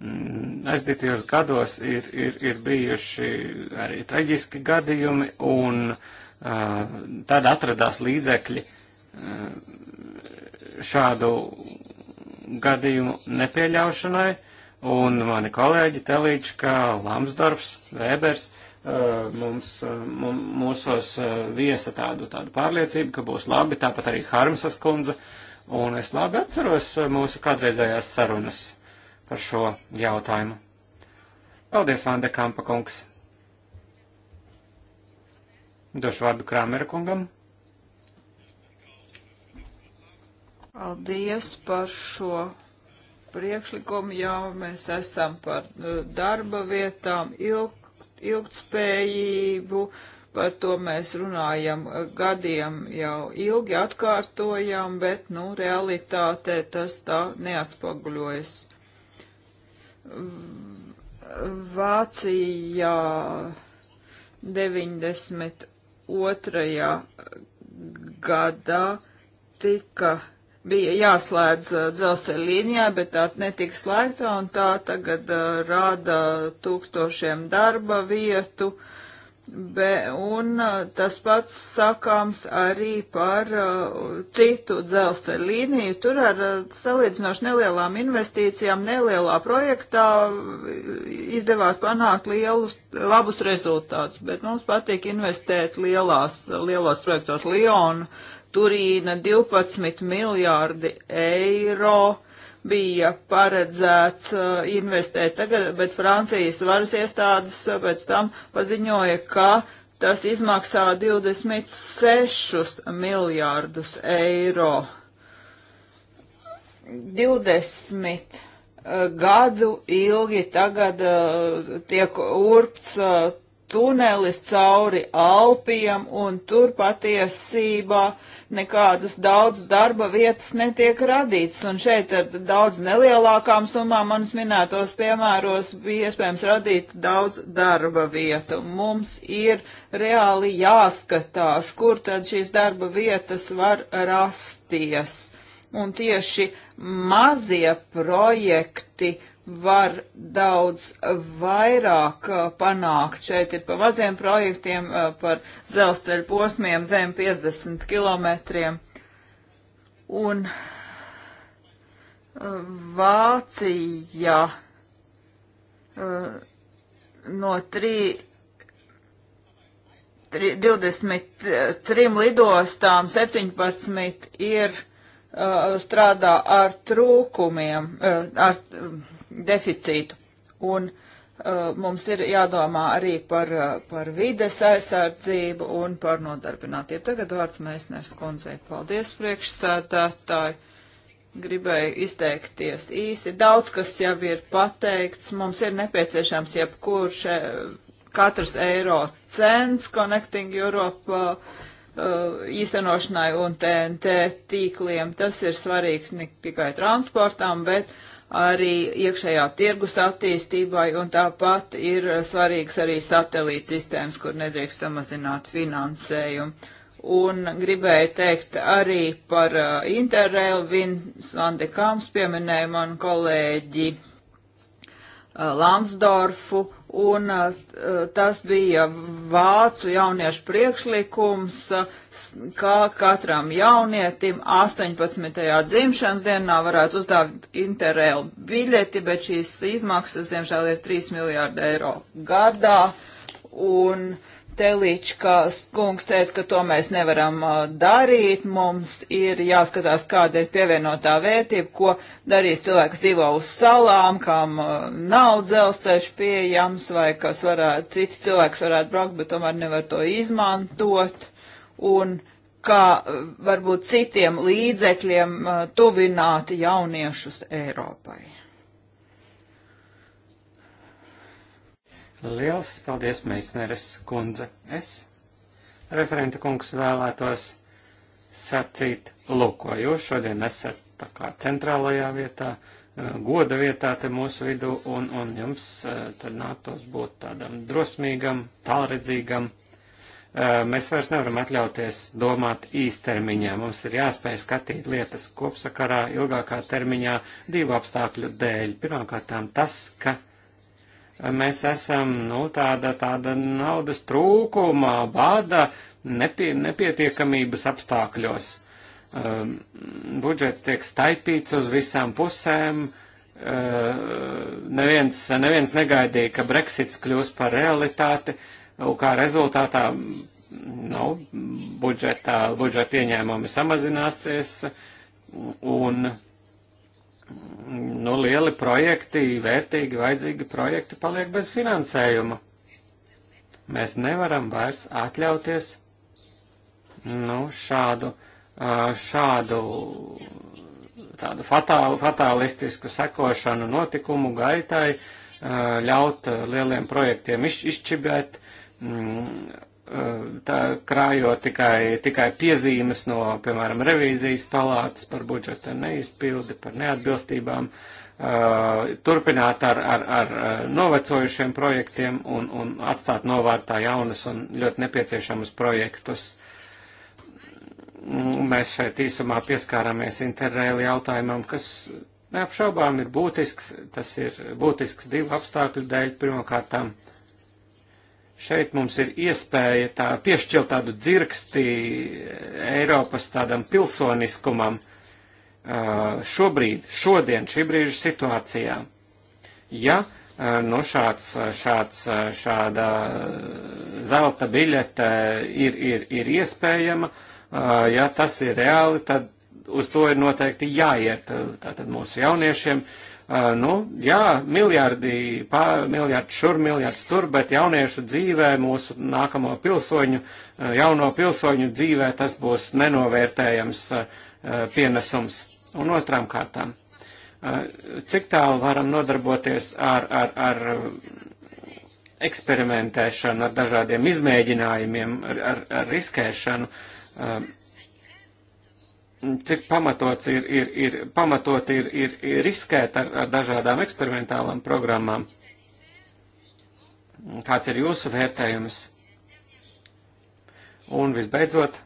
Mm, Aizdītajos gados ir, ir, ir bijuši arī traģiski gadījumi, un uh, tad atradās līdzekļi uh, šādu gadījumu nepieļaušanai, un mani kolēģi telīdž, ka Lamsdorfs, Vēbers uh, mums, uh, mums, mūsos uh, viesa tādu, tādu pārliecību, ka būs labi, tāpat arī Harmsas kundze. Uh, un es labi atceros eh, mūsu kādreizējās sarunas par šo jautājumu. Paldies, Vande Kampa kungs! Došu vārdu Krāmera kungam. Paldies par šo priekšlikumu. Jā, mēs esam par eh, darba vietām, ilg, ilgtspējību. Uh, par to mēs runājam eh, gadiem jau ilgi atkārtojam, bet, nu, realitātē tas tā neatspoguļojas. Vācijā 92. gadā tika bija jāslēdz eh, dzelzceļa līnijā, bet tā netika slēgta, un tā tagad uh, rāda tūkstošiem darba vietu, Be, un tas pats sakāms arī par uh, citu dzelzceļa līniju. Tur ar uh, salīdzinoši nelielām investīcijām, nelielā projektā izdevās panākt lielus, labus rezultātus, bet mums patīk investēt lielās, lielos projektos. Liona, Turīna 12 miljārdi eiro bija paredzēts uh, investēt tagad, bet Francijas varas iestādes uh, pēc tam paziņoja, ka tas izmaksā 26 miljārdus eiro. 20 uh, gadu ilgi tagad uh, tiek urpts uh, tunelis cauri Alpiem, un tur patiesībā nekādas daudz darba vietas netiek radītas. Un šeit ar daudz nelielākām summām manas minētos piemēros bija iespējams radīt daudz darba vietu. Mums ir reāli jāskatās, kur tad šīs darba vietas var rasties. Un tieši mazie projekti, uh, var daudz vairāk uh, panākt. Šeit ir pa maziem projektiem, uh, par dzelzceļa posmiem zem 50 kilometriem. Un uh, Vācija no 3, 3, 23 lidostām 17 ir strādā ar trūkumiem, ar um, deficītu. Un uh, mums ir jādomā arī par, uh, par vides aizsardzību un par nodarbinātību. Tagad vārds Mēsners kundzei. Paldies, priekšsēdētāji. Gribēju izteikties īsi. Daudz, kas jau ir pateikts, mums ir nepieciešams jebkurš uh, katrs eiro cents Connecting Europe uh, uh īstenošanai un TNT tīkliem. Tas ir svarīgs ne tikai transportām, bet arī iekšējā tirgus attīstībai, un tāpat ir svarīgs arī satelīta sistēmas, kur nedrīkst samazināt finansējumu. Un gribēju teikt arī par uh, Interrail, Vins Vande Kams pieminēja manu kolēģi uh, Lansdorfu, un uh, tas bija vācu jauniešu priekšlikums, uh, kā katram jaunietim 18. dzimšanas dienā varētu uzdāvināt interēlu biļeti, bet šīs izmaksas, diemžēl, ir 3 miljārdi eiro gadā. Un uh, Telička kungs teica, ka to mēs nevaram uh, darīt, mums ir jāskatās, kāda ir pievienotā vērtība, ko darīs cilvēks, kas dzīvo uz salām, kam uh, nav dzelzceļš pieejams, vai kas varētu, cits cilvēks varētu braukt, bet tomēr nevar to izmantot, un kā uh, varbūt citiem līdzekļiem tuvināt jauniešus Eiropai. Liels paldies, Meisneres kundze. Es, referenta kungs, vēlētos sacīt, lūk, ko jūs šodien esat tā kā centrālajā vietā, eh, goda vietā te mūsu vidū, un, un jums eh, tad nāktos būt tādam drosmīgam, tālredzīgam. Eh, mēs vairs nevaram atļauties domāt īstermiņā. Mums ir jāspēj skatīt lietas kopsakarā, ilgākā termiņā, divu apstākļu dēļ. Pirmkārt, tas, ka mēs esam, nu, tāda, tāda naudas trūkuma, bada, nepie, nepietiekamības apstākļos. Um, budžets tiek staipīts uz visām pusēm. Uh, neviens, neviens negaidīja, ka Brexits kļūs par realitāti, un kā rezultātā nu, budžeta, budžeta ieņēmumi samazināsies, un uh, nu, lieli projekti, vērtīgi, vajadzīgi projekti paliek bez finansējuma. Mēs nevaram vairs atļauties nu, šādu, šādu tādu fatālu, fatālistisku sekošanu notikumu gaitai, ļaut lieliem projektiem izšķibēt, mm, tā krājot tikai, tikai piezīmes no, piemēram, revīzijas palātas par budžeta neizpildi, par neatbilstībām, turpināt ar, ar, ar novecojušiem projektiem un, un atstāt novārtā jaunus un ļoti nepieciešamus projektus. Mm, mēs šeit īsumā pieskārāmies interrēli jautājumam, kas neapšaubām ir būtisks, tas ir būtisks divu apstākļu dēļ pirmkārtām. Uh, Šeit mums ir iespēja tā piešķilt tādu dzirksti Eiropas tādam pilsoniskumam šobrīd, šodien, šī brīža situācijā. Ja nu šāds, šāds, šāda zelta biļete ir, ir, ir iespējama, ja tas ir reāli, tad uz to ir noteikti jāiet tātad mūsu jauniešiem, uh, nu, jā, miljardi, pār, miljardi šur, miljards tur, bet jauniešu dzīvē, mūsu nākamo pilsoņu, jauno pilsoņu dzīvē tas būs nenovērtējams pienesums. Un otrām kārtām, cik tālu varam nodarboties ar, ar, ar eksperimentēšanu, ar dažādiem izmēģinājumiem, ar, ar, ar riskēšanu, cik pamatots ir, ir, ir, pamatot ir, ir, ir riskēt ar, ar dažādām eksperimentālām programmām. Kāds ir jūsu vērtējums? Un visbeidzot,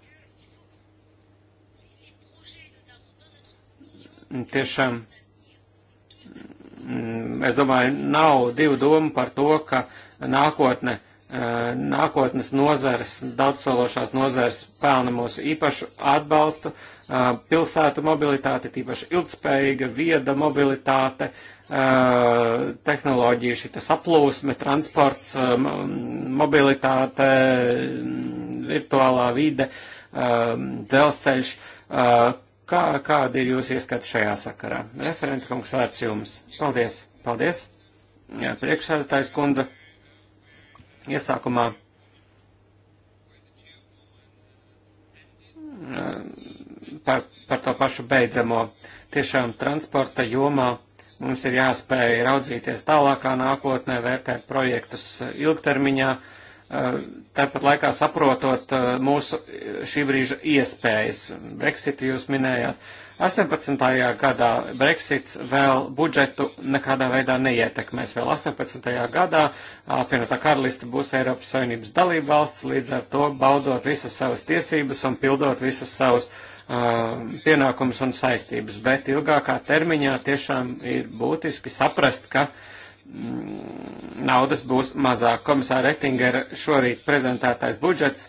tiešām, es domāju, nav divu domu par to, ka nākotne uh, nākotnes nozars, daudzsološās nozars pelna mūsu īpašu atbalstu, pilsētu mobilitāte, tīpaši ilgspējīga, vieda mobilitāte, tehnoloģija, šī saplūsme, transports, mobilitāte, virtuālā vide, dzelzceļš. Kā, kāda ir jūsu ieskata šajā sakarā? Referenta kungs vērts jums. Paldies, paldies. Priekšsēdētājs kundze. Iesākumā mm, par, par to pašu beidzamo. Tiešām transporta jomā mums ir jāspēj raudzīties tālākā nākotnē, vērtēt projektus ilgtermiņā, eh, tāpat laikā saprotot eh, mūsu eh, šī brīža iespējas. Brexit jūs minējāt 18. gadā Brexits vēl budžetu nekādā veidā neietekmēs. Vēl 18. gadā apvienotā karalista būs Eiropas Savienības dalība valsts, līdz ar to baudot visas savas tiesības un pildot visus savus uh, pienākumus un saistības. Bet ilgākā termiņā tiešām ir būtiski saprast, ka mm, naudas būs mazāk. Komisāra Ettingera šorīt prezentētais budžets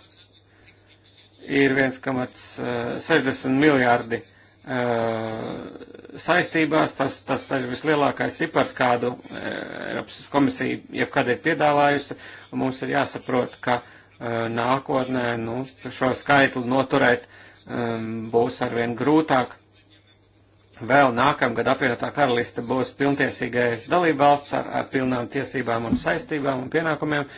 ir 1,60 miljārdi eiro Eh, saistībās, tas, tas ir vislielākais cipars, kādu eh, Eiropas komisija jebkad ir piedāvājusi, un mums ir jāsaprot, ka eh, nākotnē nu, šo skaitli noturēt um, būs arvien grūtāk. Vēl nākamgad apvienotā karaliste būs pilntiesīgais dalībvalsts ar, ar pilnām tiesībām un saistībām un pienākumiem,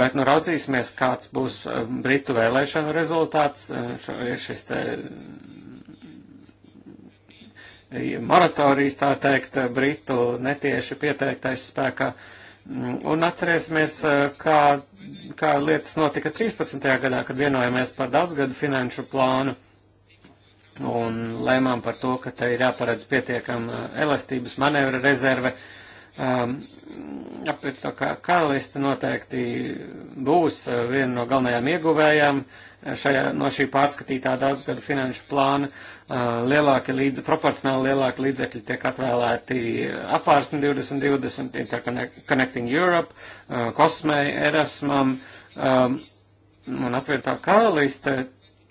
bet nu raucīsimies, kāds būs Britu vēlēšanu rezultāts. Šo, ir šis te moratorijas, tā teikt, Britu netieši pieteiktais spēkā. Un atcerēsimies, eh, kā, kā lietas notika 13. gadā, kad vienojamies par daudzgadu finanšu plānu un lēmām par to, ka te ir jāparedz pietiekama elastības manevra rezerve. Um, Apvienotā karaliste noteikti būs eh, viena no galvenajām ieguvējām. Uh, šajā, no šī pārskatītā daudzgadu finanšu plāna uh, lielāki līdz, proporcionāli lielāki līdzekļi tiek atvēlēti apvārsni 2020, Interconnecting Europe, Kosmei, uh, Erasmam um, un apvienotā karaliste.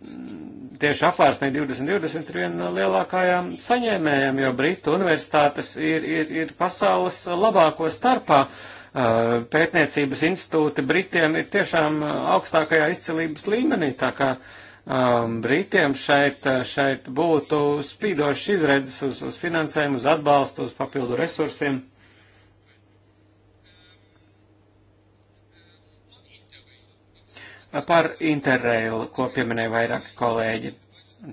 Mm, tieši apvārsnī 2020 ir viena no lielākajām saņēmējām, jo Britu universitātes ir, ir, ir pasaules labāko starpā. Uh, Eh, pētniecības institūti Britiem ir tiešām eh, augstākajā izcelības līmenī, tā kā um, Britiem šeit, šeit būtu spīdošas izredzes uz, uz finansējumu, uz atbalstu, uz papildu resursiem. Par interrailu, ko pieminēja vairāki kolēģi.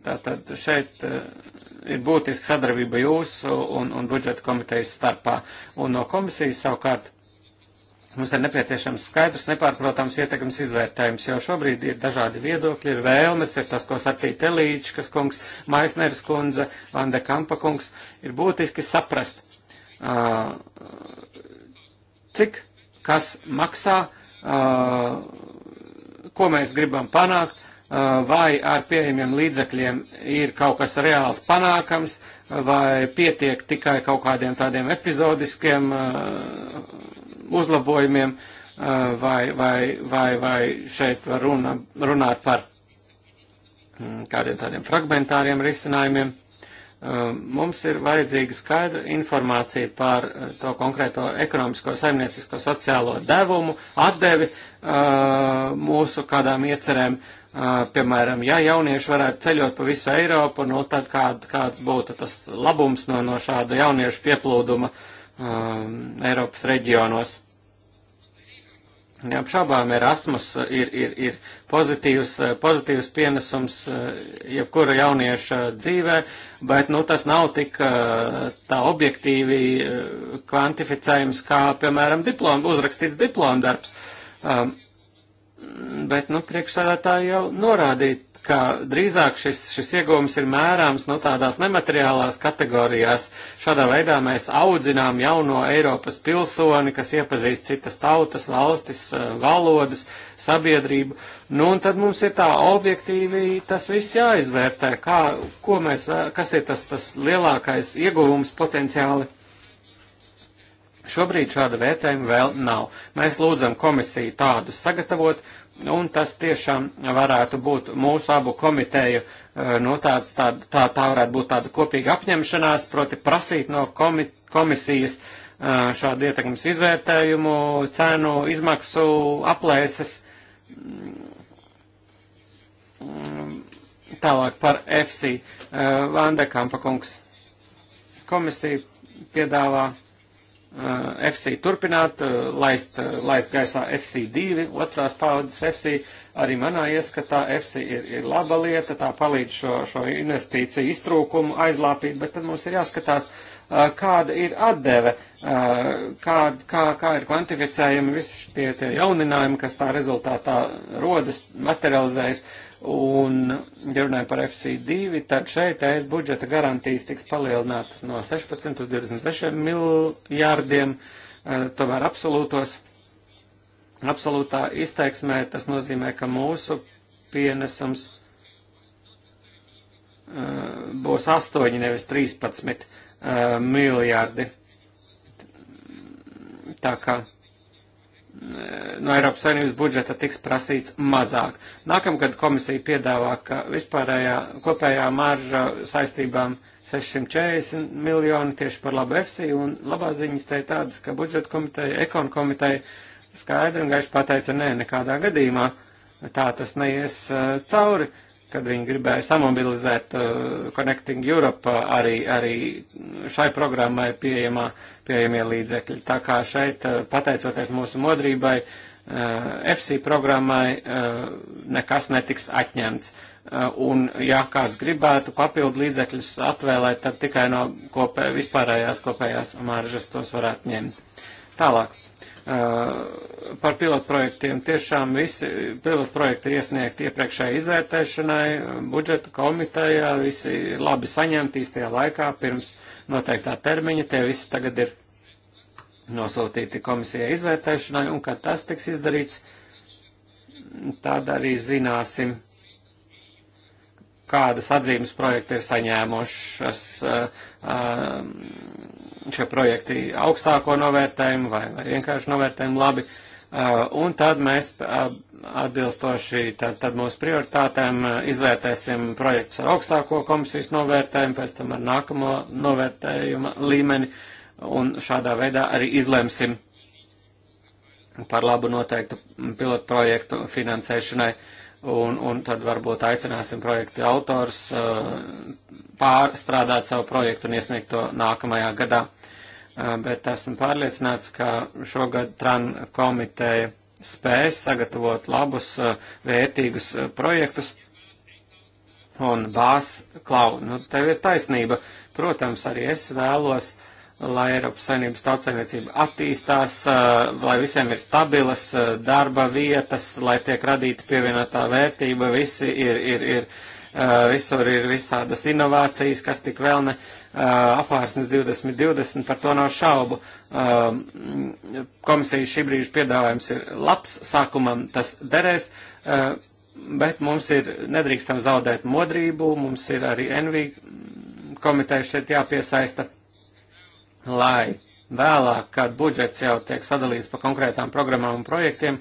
Tātad šeit ir būtiska sadarbība jūsu un, un budžeta komitejas starpā. Un no komisijas savukārt Mums ir nepieciešams skaidrs, nepārprotams ietekmes izvērtējums, jo šobrīd ir dažādi viedokļi, ir vēlmes, ir tas, ko sacīja Telīčkas kungs, Maisners kundze, Vande Kampa kungs. Ir būtiski saprast, cik kas maksā, ko mēs gribam panākt, vai ar pieejamiem līdzekļiem ir kaut kas reāls panākams, vai pietiek tikai kaut kādiem tādiem epizodiskiem uzlabojumiem, vai, vai, vai, vai šeit var runa, runāt par mm, kādiem tādiem fragmentāriem risinājumiem. Mums ir vajadzīga skaidra informācija par to konkrēto ekonomisko, saimniecisko, sociālo devumu, atdevi mūsu kādām iecerēm. Piemēram, ja jaunieši varētu ceļot pa visu Eiropu, nu tad kād, kāds būtu tas labums no, no šāda jauniešu pieplūduma uh, um, Eiropas reģionos. Neapšaubām Erasmus ir, ir, ir pozitīvs, uh, pozitīvs pienesums uh, jebkura jaunieša dzīvē, bet nu, tas nav tik uh, tā objektīvi kvantificējums kā, piemēram, diplom, uzrakstīts diplomdarbs. Um, bet nu, priekšsēdētāji jau norādīja ka drīzāk šis, šis iegūms ir mērāms no tādās nemateriālās kategorijās. Šādā veidā mēs audzinām jauno Eiropas pilsoni, kas iepazīst citas tautas, valstis, eh, valodas, sabiedrību. Nu, un tad mums ir tā objektīvi tas viss jāizvērtē, kā, ko mēs, kas ir tas, tas lielākais ieguvums potenciāli. Šobrīd šāda vērtējuma vēl nav. Mēs lūdzam komisiju tādus sagatavot, uh, Un tas tiešām varētu būt mūsu abu komiteju, e, nu, tāds, tā, tā, tā varētu būt tāda kopīga apņemšanās, proti prasīt no komi, komisijas e, šādu ietekmes izvērtējumu, cenu, izmaksu, aplēses. Tālāk par FC. E, Vandekampa kungs komisija piedāvā Eh, FC turpināt, eh, laist, eh, laist gaisā FC2, otrās paudzes FC. Arī manā ieskatā FC ir, ir laba lieta, tā palīdz šo, šo investīciju iztrūkumu aizlāpīt, bet tad mums ir jāskatās, kāda ir atdeve, kā, kā, kā ir kvantificējami visi tie, tie jauninājumi, kas tā rezultātā rodas, materializējas. Uh, Un, ja runājam par FC2, tad šeit ES budžeta garantijas tiks palielinātas no 16 uz 26 miljārdiem, eh, tomēr absolūtos, absolūtā izteiksmē tas nozīmē, ka mūsu pienesums eh, būs 8, nevis 13 eh, miljārdi. Tā kā no Eiropas Savienības budžeta tiks prasīts mazāk. Nākamgad komisija piedāvā, ka vispārējā kopējā marža saistībām 640 miljoni tieši par labu EFSI, un labā ziņas te ir tādas, ka budžeta komiteja, ekonu komiteja skaidri un gaiši pateica, nē, nekādā gadījumā tā tas neies uh, cauri. Uh, kad viņi gribēja samobilizēt uh, Connecting Europe uh, arī, arī šai programmai pieejamā, pieejamie līdzekļi. Tā kā šeit, uh, pateicoties mūsu modrībai, uh, FC programmai uh, nekas netiks atņemts. Uh, un, ja kāds gribētu papildu līdzekļus atvēlēt, tad tikai no kopē, vispārējās kopējās maržas tos varētu ņemt. Tālāk. Uh, par pilotprojektiem. Tiešām visi pilotprojekti ir iesniegti iepriekšējai izvērtēšanai, budžeta komitejā, visi labi saņemti īstajā laikā pirms noteiktā termiņa. Tie visi tagad ir nosūtīti komisijai izvērtēšanai, un kad tas tiks izdarīts, tad arī zināsim, kādas atzīmes projekti ir saņēmušas. Uh, uh, šie projekti augstāko novērtējumu vai, vai vienkārši novērtējumu labi. Uh, un tad mēs uh, atbilstoši tad, tad mūsu prioritātēm uh, izvērtēsim projektus ar augstāko komisijas novērtējumu, pēc tam ar nākamo novērtējuma līmeni un šādā veidā arī izlemsim par labu noteiktu pilotu projektu finansēšanai. Uh, un, un tad varbūt aicināsim projekta autors uh, pārstrādāt savu projektu un iesniegt to nākamajā gadā. Uh, bet esmu pārliecināts, ka šogad TRAN komiteja spēs sagatavot labus, uh, vērtīgus projektus. Un bās klau, nu tev ir taisnība. Protams, arī es vēlos uh, lai Eiropas saimnības tautsaimniecība attīstās, lai visiem ir stabilas darba vietas, lai tiek radīta pievienotā vērtība, visi ir, ir, ir, visur ir visādas inovācijas, kas tik vēl ne apvārsnes 2020, par to nav šaubu. Komisijas šī brīža piedāvājums ir labs, sākumam tas derēs, bet mums ir nedrīkstam zaudēt modrību, mums ir arī NV komiteja šeit jāpiesaista lai vēlāk, kad budžets jau tiek sadalīts pa konkrētām programmām un projektiem,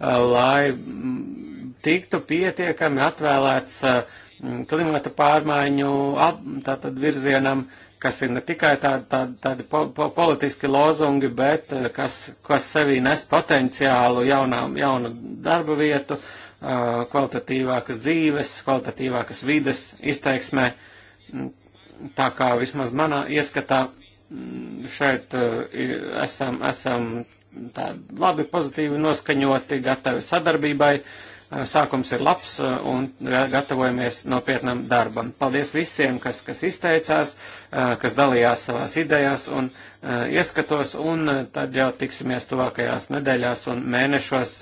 lai mm, tiktu pietiekami atvēlēts mm, klimata pārmaiņu tātad virzienam, kas ir ne tikai tādi, tādi, tādi po, po, politiski lozungi, bet kas, kas sevī nes potenciālu jaunām, jaunu darba vietu, kvalitatīvākas dzīves, kvalitatīvākas vides izteiksmē. Mm, tā kā vismaz manā ieskatā šeit eh, esam, esam tādi labi, pozitīvi noskaņoti, gatavi sadarbībai. Eh, sākums ir labs eh, un gatavojamies nopietnam darbam. Paldies visiem, kas, kas izteicās, kas dalījās savās idejās un ieskatos, un tad jau tiksimies tuvākajās nedēļās un mēnešos,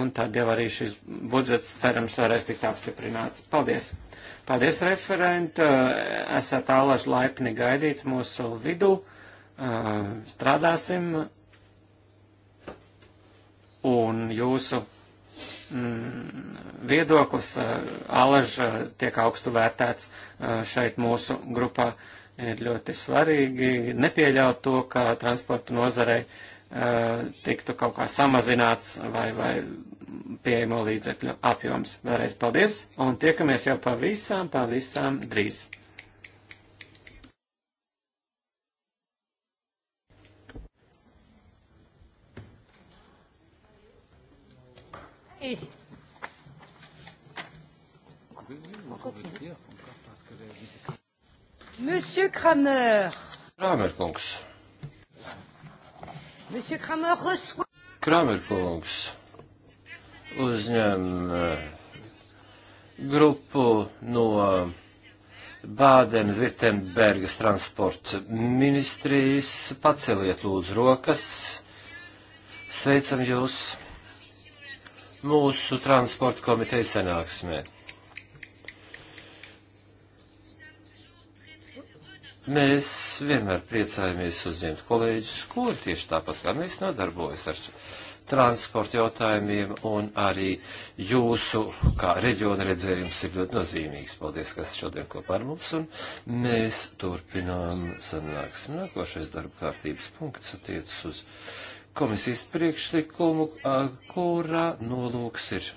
un tad jau arī šis budžets cerams varēs tikt apstiprināts. Paldies! Paldies, referenta. Eh, esat ālaši laipni gaidīts mūsu vidū. Eh, strādāsim. Un jūsu mm, viedoklis ālaži eh, tiek augstu vērtēts šeit mūsu grupā. Ir ļoti svarīgi nepieļaut to, ka transporta nozarei tiktu kaut kā samazināts vai, vai pieejamo līdzekļu apjoms. Vēlreiz paldies un tiekamies jau pavisam, pavisam drīz. Et... Monsieur Kramer. Kramer kungs. Monsieur Kramer reçoit. Kramer kungs uzņem eh, grupu no Bādena-Virtembergas transporta ministrijas. Paceliet lūdzu rokas. Sveicam jūs mūsu transporta komitejas sanāksmē. Mēs vienmēr priecājamies uzņemt kolēģus, kuri tieši tāpat kā mēs nodarbojas ar transporta jautājumiem, un arī jūsu, kā reģiona redzējums, ir ļoti nozīmīgs. Paldies, kas šodien kopā ar mums, un mēs turpinām sanāksim. Nākošais darba kārtības punkts attiecas uz komisijas priekšlikumu, kurā nolūks ir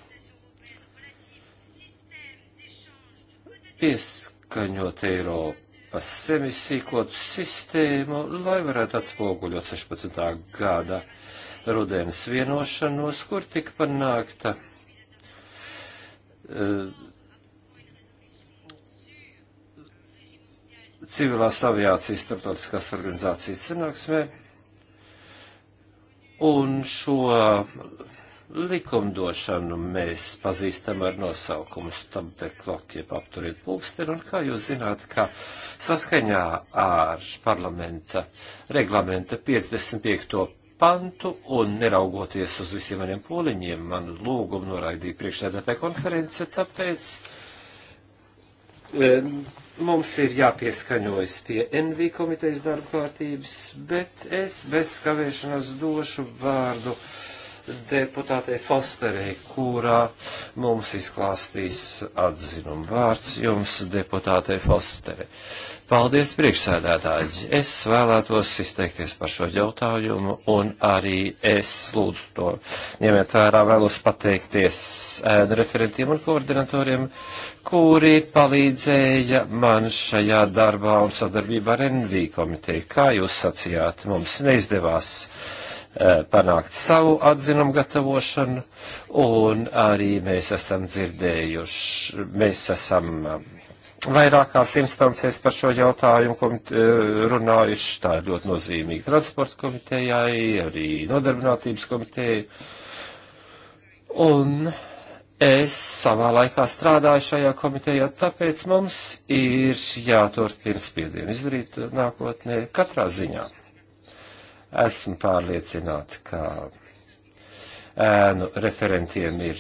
pieskaņot Eiropu pas semis sīkotu sistēmu, lai varētu atspoguļot 16. gada uh, rudens vienošanos, kur tika panākta e, civilās aviācijas starptautiskās organizācijas sanāksmē, un šo likumdošanu mēs pazīstam ar nosaukumu Stabdeklok, jeb apturiet pulksteni, un kā jūs zināt, ka saskaņā ar parlamenta reglamenta 55 pantu un neraugoties uz visiem maniem poliņiem, man lūgumu noraidīja priekšsēdētāja konference, tāpēc e, mums ir jāpieskaņojas pie NV komitejas darba kārtības, bet es bez kavēšanās došu vārdu. E, deputātei Fosterei, kurā mums izklāstīs atzinumu vārds jums, deputātei Fosterei. Paldies, priekšsēdētāji! Es vēlētos izteikties par šo jautājumu, un arī es lūdzu to ņemiet vērā, vēlos pateikties ēnu referentiem un koordinatoriem, kuri palīdzēja man šajā darbā un sadarbībā ar NV komiteju. Kā jūs sacījāt, mums neizdevās Eh, panākt savu atzinumu gatavošanu, un arī mēs esam dzirdējuši, mēs esam eh, vairākās instancēs par šo jautājumu komite, eh, runājuši, tā ir ļoti nozīmīga transporta komitejai, arī nodarbinātības komitejai. Un es savā laikā strādāju šajā komitejā, tāpēc mums ir jāturpina spiedienu izdarīt nākotnē katrā ziņā. Esmu pārliecināta, ka ēnu referentiem ir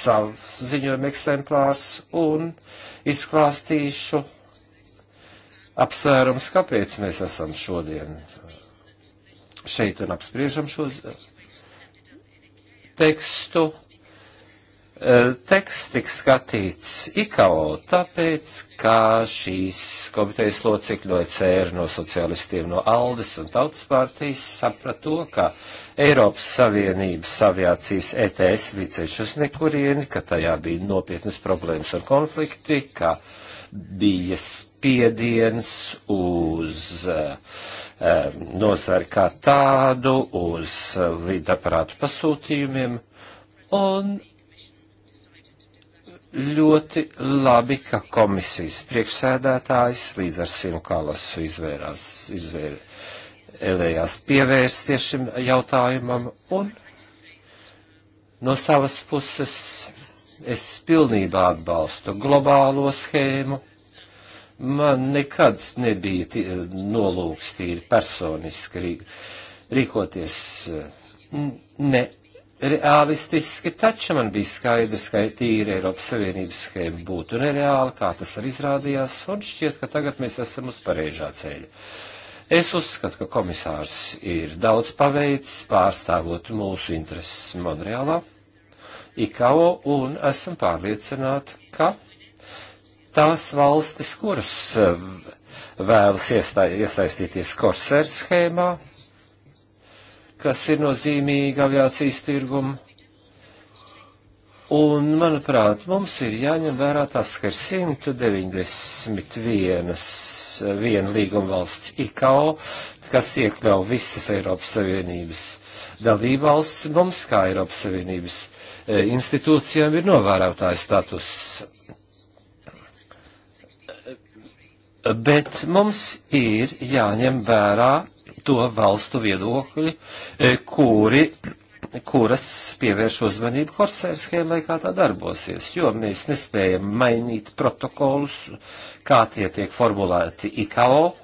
savs ziņojuma eksemplārs un izklāstīšu apsvērums, kāpēc mēs esam šodien šeit un apspriežam šo tekstu Eh, teksts tiks skatīts IKO, tāpēc, ka šīs komitejas locekļi no ECR, no socialistiem, no Aldes un Tautas partijas saprat to, ka Eiropas Savienības aviācijas ETS vicēš uz nekurieni, ka tajā bija nopietnas problēmas un konflikti, ka bija spiediens uz um, nozari kā tādu, uz eh, lidaparātu pasūtījumiem. Un Ļoti labi, ka komisijas priekšsēdētājs līdz ar Simu Kalasu izvērās, izvēr, elējās pievērsties šim jautājumam, un no savas puses es pilnībā atbalstu globālo schēmu. Man nekad nebija tī, nolūks tīri personiski rīkoties ne reālistiski, taču man bija skaidrs, ka tīra Eiropas Savienības schēma būtu nereāla, kā tas arī izrādījās, un šķiet, ka tagad mēs esam uz pareizā ceļa. Es uzskatu, ka komisārs ir daudz paveicis, pārstāvot mūsu intereses Monreālā, IKO, un esam pārliecināti, ka tās valstis, kuras eh, vēlas iesa iesaistīties korsēra schēmā, kas ir nozīmīga aviācijas tirguma. Un, manuprāt, mums ir jāņem vērā tas, ka ir 191 viena līguma valsts IKO, kas iekļauj visas Eiropas Savienības dalībvalsts. Mums, kā Eiropas Savienības e, institūcijām, ir novērotāja status. Bet mums ir jāņem vērā to valstu viedokļi, e, kuri kuras pievērš uzmanību Horsēra schēmai, kā tā darbosies, jo mēs nespējam mainīt protokolus, kā tie tiek formulēti IKO,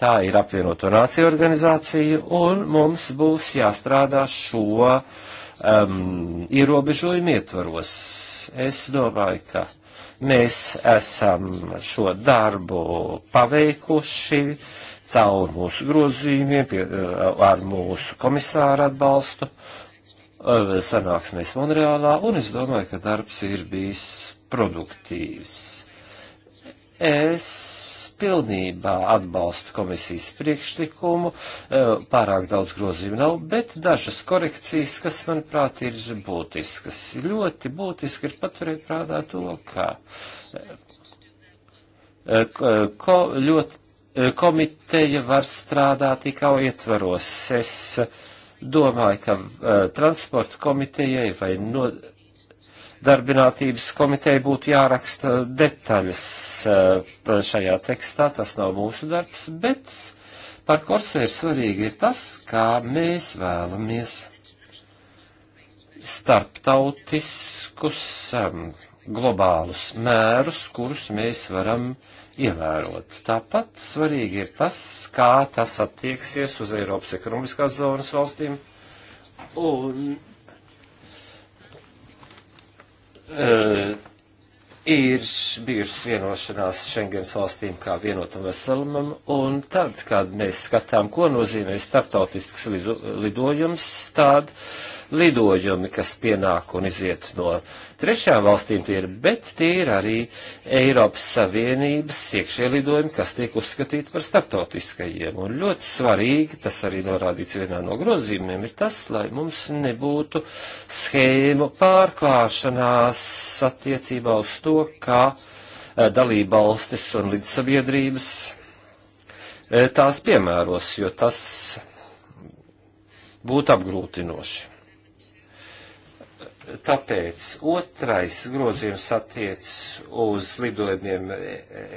tā ir apvienoto nāciju organizācija, un mums būs jāstrādā šo um, ierobežojumu ietvaros. Es domāju, ka mēs esam šo darbu paveikuši. Uh, caur mūsu grozījumiem, pie, eh, ar mūsu komisāru atbalstu eh, sanāksmēs Monreālā, un es domāju, ka darbs ir bijis produktīvs. Es pilnībā atbalstu komisijas priekšlikumu, eh, pārāk daudz grozījumu nav, bet dažas korekcijas, kas, manuprāt, ir būtiskas. Ļoti būtiski ir paturēt prātā to, ka ko, ļoti Eh, komiteja var strādāt tikai ietvaros. Es eh, domāju, ka uh, transporta komitejai vai no darbinātības komiteja būtu jāraksta detaļas uh, šajā tekstā, tas nav mūsu darbs, bet par korsēru svarīgi ir tas, kā mēs vēlamies starptautiskus um, globālus mērus, kurus mēs varam uh, ievērot. Tāpat svarīgi ir tas, kā tas attieksies uz Eiropas ekonomiskās zonas valstīm un uh, ir bijušas vienošanās Schengens valstīm kā vienotam veselumam, un tad, kad mēs skatām, ko nozīmē startautisks lidojums, tad lidojumi, kas pienāk un iziet no trešām valstīm, tie ir, bet tie ir arī Eiropas Savienības iekšē lidojumi, kas tiek uzskatīti par starptautiskajiem. Un ļoti svarīgi, tas arī norādīts vienā no grozījumiem, ir tas, lai mums nebūtu schēmu pārklāšanās attiecībā uz to, kā eh, dalībvalstis un līdzsabiedrības eh, tās piemēros, jo tas būtu apgrūtinoši. Tāpēc otrais grozījums attiec uz lidojumiem e-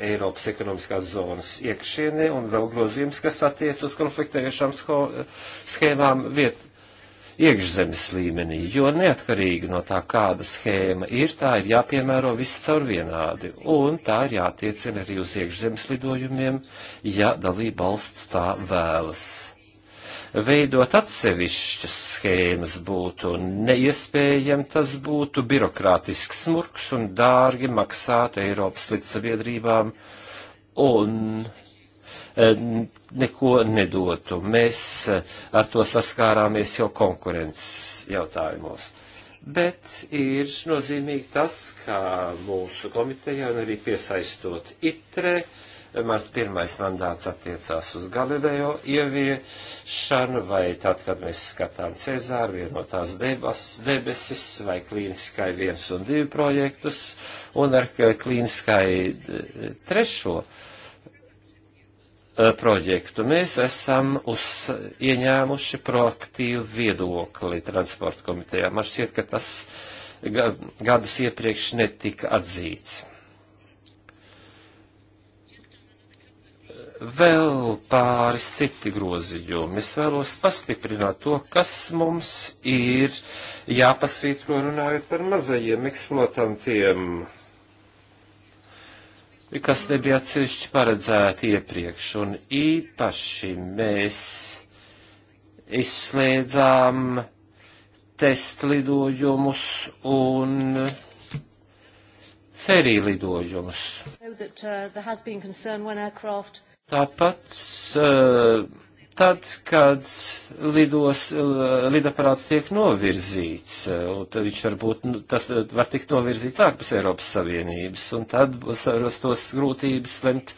Eiropas ekonomiskās zonas iekšienē un vēl grozījums, kas attiec uz konfliktējušām schēmām viet iekšzemes līmenī, jo neatkarīgi no tā, kāda schēma ir, tā ir jāpiemēro viss caur vienādi, un tā ir jātiecina arī uz iekšzemes lidojumiem, ja dalība valsts tā vēlas veidot atsevišķas schēmas būtu neiespējami, tas būtu birokrātisks smurks un dārgi maksātu Eiropas līdzsabiedrībām un e, neko nedotu. Mēs e, ar to saskārāmies jau konkurences jautājumos. Bet ir nozīmīgi tas, ka mūsu komitejā un arī piesaistot ITRE, uh, mans pirmais mandāts attiecās uz Galileo ieviešanu, vai tad, kad mēs skatām Cezāru vienotās debas, debesis, vai klīniskai viens un divi projektus, un ar klīniskai trešo e, projektu. Mēs esam uz, ieņēmuši proaktīvu viedokli transporta komitejā. Man šķiet, ka tas gadus iepriekš netika atzīts. vēl pāris citi grozījumi. Es vēlos pastiprināt to, kas mums ir jāpasvītro runājot par mazajiem eksploatantiem, kas nebija atsevišķi paredzēti iepriekš, un īpaši mēs izslēdzām testlidojumus un ferīlidojumus. Uh, so Tāpat eh, tad, kad lidos, eh, lidaparāts tiek novirzīts, eh, un tad viņš varbūt, nu, tas var tikt novirzīts ārpus Eiropas Savienības, un tad rastos grūtības lemt,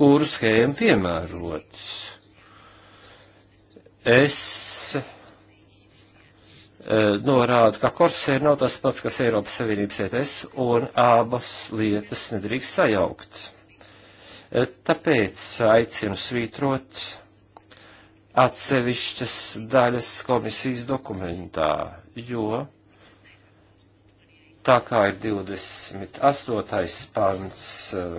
kuru schēmu piemērot. Es norāda, ka korsēri nav tas pats, kas Eiropas Savienības ETS, un abas lietas nedrīkst sajaukt. Tāpēc aicinu svītrot atsevišķas daļas komisijas dokumentā, jo tā kā ir 28. pants eh,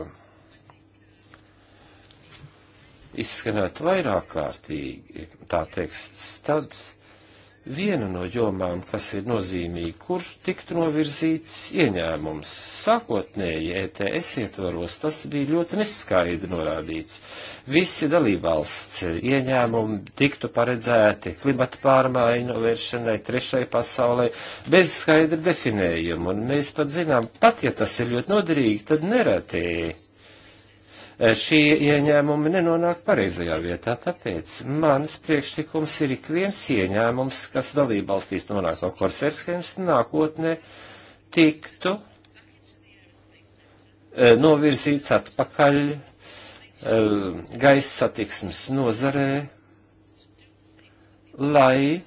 izskanētu vairāk kārtīgi tā teksts, tad viena no jomām, kas ir nozīmīga, kur tiktu novirzīts ieņēmums. Sākotnēji ETS ietvaros tas bija ļoti neskaidri norādīts. Visi dalībvalsts ieņēmumi tiktu paredzēti klimata pārmaiņu vēršanai trešai pasaulē bez skaidra definējuma, un mēs pat zinām, pat ja tas ir ļoti noderīgi, tad nereti Eh, šie ieņēmumi nenonāk pareizajā vietā. Tāpēc mans priekšlikums ir ik viens ieņēmums, kas dalībvalstīs nonāk no korsērskajums, nākotnē tiktu eh, novirzīts atpakaļ eh, gaisa satiksmes nozarē, lai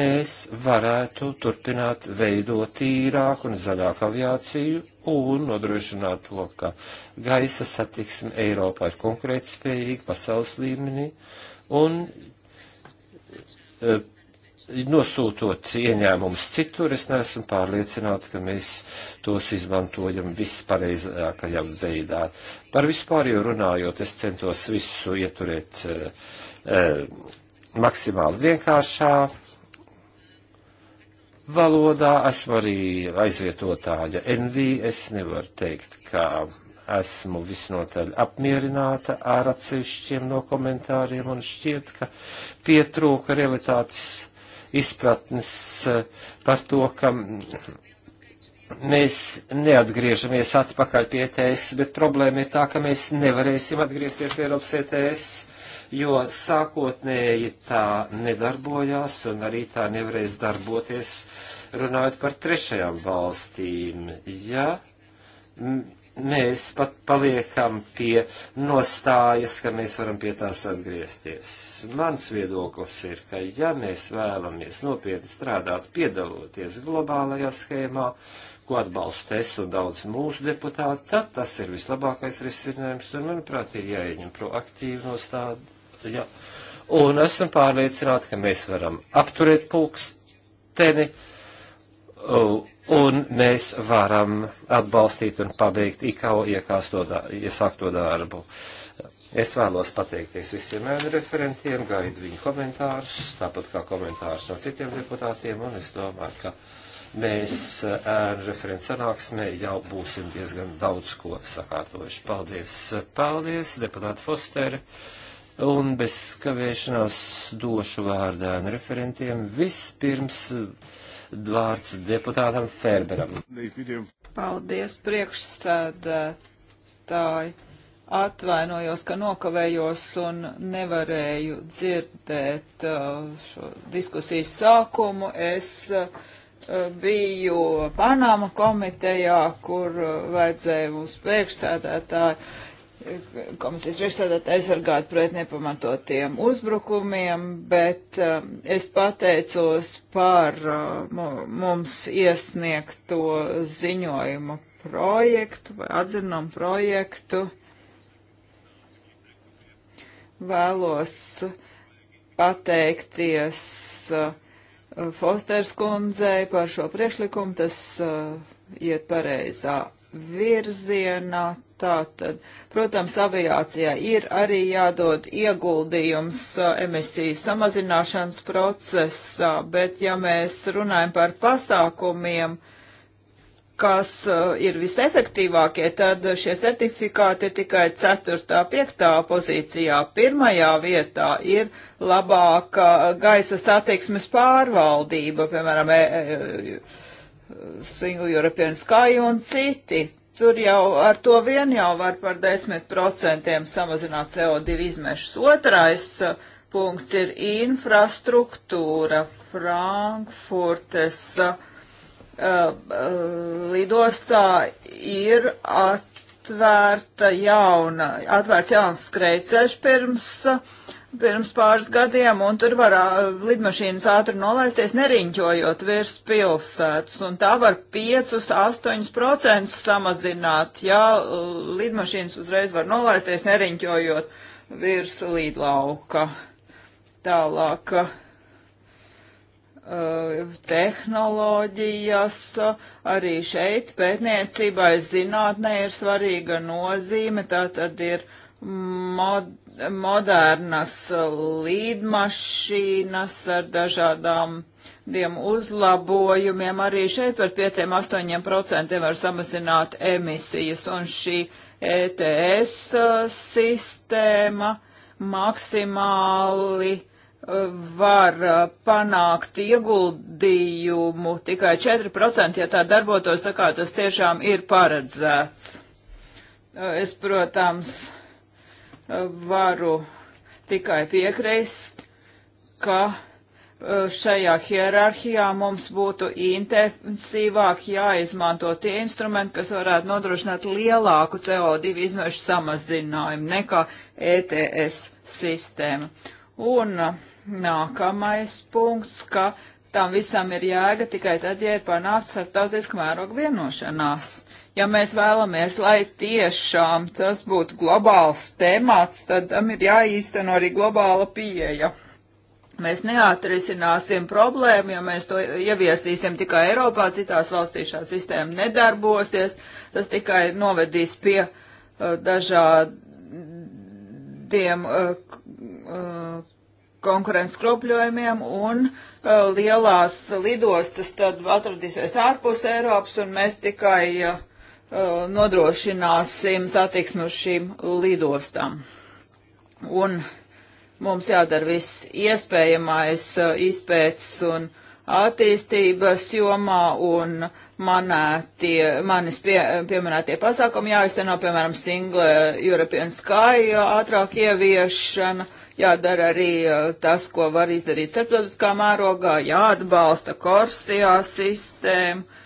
mēs varētu turpināt veidot tīrāku un zaļāku aviāciju un nodrošināt to, ka gaisa satiksme Eiropā ir konkurētspējīga pasaules līmenī un e, nosūtot ieņēmumus citur, es neesmu pārliecināta, ka mēs tos izmantojam vispareizākajā veidā. Par vispārējo runājot, es centos visu ieturēt e, maksimāli vienkāršā valodā, esmu arī aizvietotāja NV, es nevaru teikt, ka esmu visnotaļ apmierināta ar atsevišķiem no komentāriem un šķiet, ka pietrūka realitātes izpratnes eh, par to, ka mēs neatgriežamies atpakaļ pie ETS, bet problēma ir tā, ka mēs nevarēsim atgriezties pie Eiropas ETS jo sākotnēji tā nedarbojās un arī tā nevarēs darboties, runājot par trešajām valstīm. Ja mēs pat paliekam pie nostājas, ka mēs varam pie tās atgriezties. Mans viedoklis ir, ka ja mēs vēlamies nopietni strādāt, piedaloties globālajā schēmā, ko atbalsta es un daudz mūsu deputāti, tad tas ir vislabākais risinājums un, manuprāt, ir jāieņem proaktīvu nostādu Ja. Un esam pārliecināti, ka mēs varam apturēt pulksteni un mēs varam atbalstīt un pabeigt ikau iekāsto, iesākto darbu. Es vēlos pateikties visiem ēnu referentiem, gaidu viņu komentārus, tāpat kā komentārus no citiem deputātiem, un es domāju, ka mēs ēnu referents sanāksmē jau būsim diezgan daudz ko sakārtojuši. Paldies, paldies, deputāti Fosteri un bez kavēšanās došu vārdēnu referentiem vispirms vārds deputātam Ferberam. Paldies priekšstādātāji. Atvainojos, ka nokavējos un nevarēju dzirdēt uh, šo diskusijas sākumu. Es uh, biju Panāma komitejā, kur uh, vajadzēja mums priekšsēdētāju komisijas priekšsēdētāja aizsargāt pret nepamatotiem uzbrukumiem, bet um, es pateicos par um, mums iesniegto ziņojumu projektu vai atzinumu projektu. Vēlos pateikties uh, Fosters kundzei par šo priešlikumu. Tas uh, iet pareizā virzienā. Tātad, protams, aviācijā ir arī jādod ieguldījums uh, emisiju samazināšanas procesā, bet ja mēs runājam par pasākumiem, kas uh, ir visefektīvākie, tad šie certifikāti ir tikai 4. 5. pozīcijā. Pirmajā vietā ir labāka gaisa satiksmes pārvaldība, piemēram, e e Single European Sky un citi. Tur jau ar to vien jau var par 10% samazināt CO2 izmešus. Otrais uh, punkts ir infrastruktūra. Frankfurtes uh, uh, lidostā ir atvērta jauna, atvērts jauns skrejceļš pirms uh, pirms pāris gadiem, un tur var lidmašīnas ātri nolaisties, neriņķojot virs pilsētas, un tā var 5-8% samazināt, ja lidmašīnas uzreiz var nolaisties, neriņķojot virs līdlauka. Tālāk tehnoloģijas, arī šeit pētniecībai zinātnē ir svarīga nozīme, tā tad ir mod modernas līdmašīnas ar dažādām diem uzlabojumiem. Arī šeit par 5-8% var samazināt emisijas un šī ETS uh, sistēma maksimāli uh, var uh, panākt ieguldījumu tikai 4%, ja tā darbotos tā kā tas tiešām ir paredzēts. Es, protams, varu tikai piekrist, ka e, šajā hierarhijā mums būtu intensīvāk jāizmanto tie instrumenti, kas varētu nodrošināt lielāku CO2 izmešu samazinājumu nekā ETS sistēma. Un e, nākamais punkts, ka tam visam ir jēga tikai tad, ja ir panākts starptautiskā mēroga vienošanās. Ja mēs vēlamies, lai tiešām tas būtu globāls temats, tad tam ir jāīsteno arī globāla pieeja. Mēs neatrisināsim problēmu, ja mēs to ieviestīsim tikai Eiropā, citās valstīs šāda sistēma nedarbosies. Tas tikai novedīs pie uh, dažādiem uh, uh, konkurences kropļojumiem un uh, lielās lidostas tad atradīsies ārpus Eiropas un mēs tikai uh, Uh, nodrošināsim satiksmi uz šīm lidostām. Un mums jādara viss iespējamais uh, izpētes un attīstības jomā un manētie, manis pie, pieminētie pasākumi jāizteno, piemēram, Single European Sky uh, ātrāk ieviešana, jādara arī tas, ko var izdarīt starptautiskā mērogā, jāatbalsta Korsijā sistēma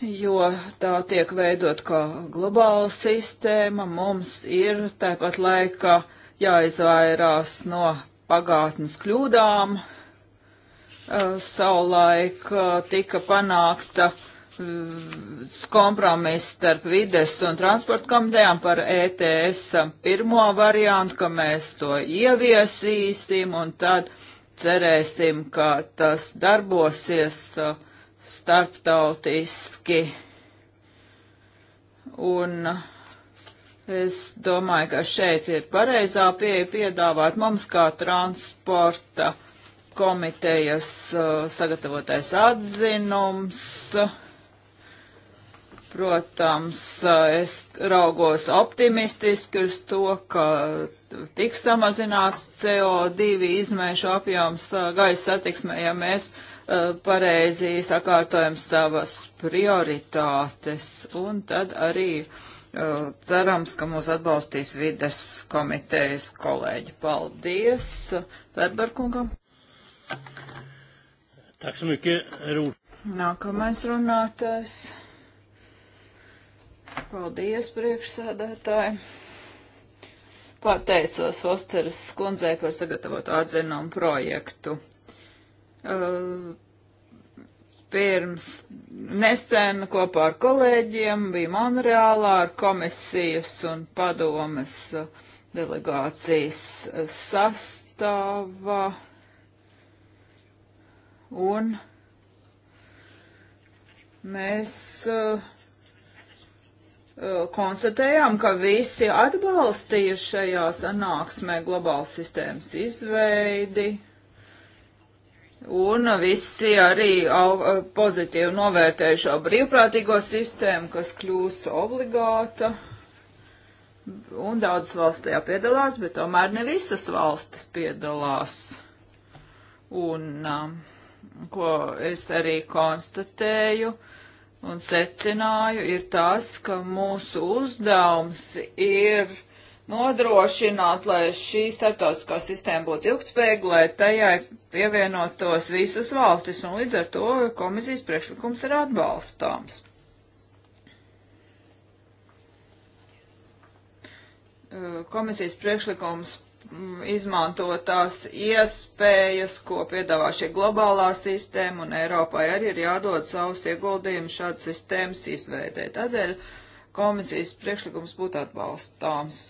jo tā tiek veidot kā globāla sistēma. Mums ir tāpat laikā jāizvairās no pagātnes kļūdām. Savulaik tika panākta kompromiss starp vides un transporta komitejām par ETS pirmo variantu, ka mēs to ieviesīsim un tad cerēsim, ka tas darbosies uh, starptautiski. Un es domāju, ka šeit ir pareizā pieeja piedāvāt mums kā transporta komitejas uh, sagatavotais atzinums. Protams, uh, es raugos optimistiski uz to, ka tiks samazināts CO2 izmēšu apjoms uh, gaisa satiksmē, ja mēs Eh, pareizi sakārtojam savas prioritātes un tad arī eh, cerams, ka mūs atbalstīs vides komitejas kolēģi. Paldies Verberkungam. Nākamais runātājs. Paldies, priekšsēdētāji. Pateicos Osteras skundzei par sagatavotu atzinumu projektu. Uh, pirms nesen kopā ar kolēģiem bija Monreālā ar komisijas un padomes uh, delegācijas uh, sastāvā un mēs uh, konstatējām, ka visi atbalstīja šajā sanāksmē globālas sistēmas izveidi Un visi arī au, eh, pozitīvi novērtēja šo brīvprātīgo sistēmu, kas kļūs obligāta. Un daudzas valsts tajā piedalās, bet tomēr ne visas valstis piedalās. Un um, ko es arī konstatēju un secināju, ir tas, ka mūsu uzdevums ir nodrošināt, lai šī starptautiskā sistēma būtu ilgspējīga, lai tajai pievienotos visas valstis, un līdz ar to komisijas priekšlikums ir atbalstāms. Eh, komisijas priekšlikums mm, izmanto tās iespējas, ko piedāvā šī globālā sistēma, un Eiropai arī ir jādod savus ieguldījumus šādas sistēmas izveidē. Tādēļ komisijas priekšlikums būtu atbalstāms.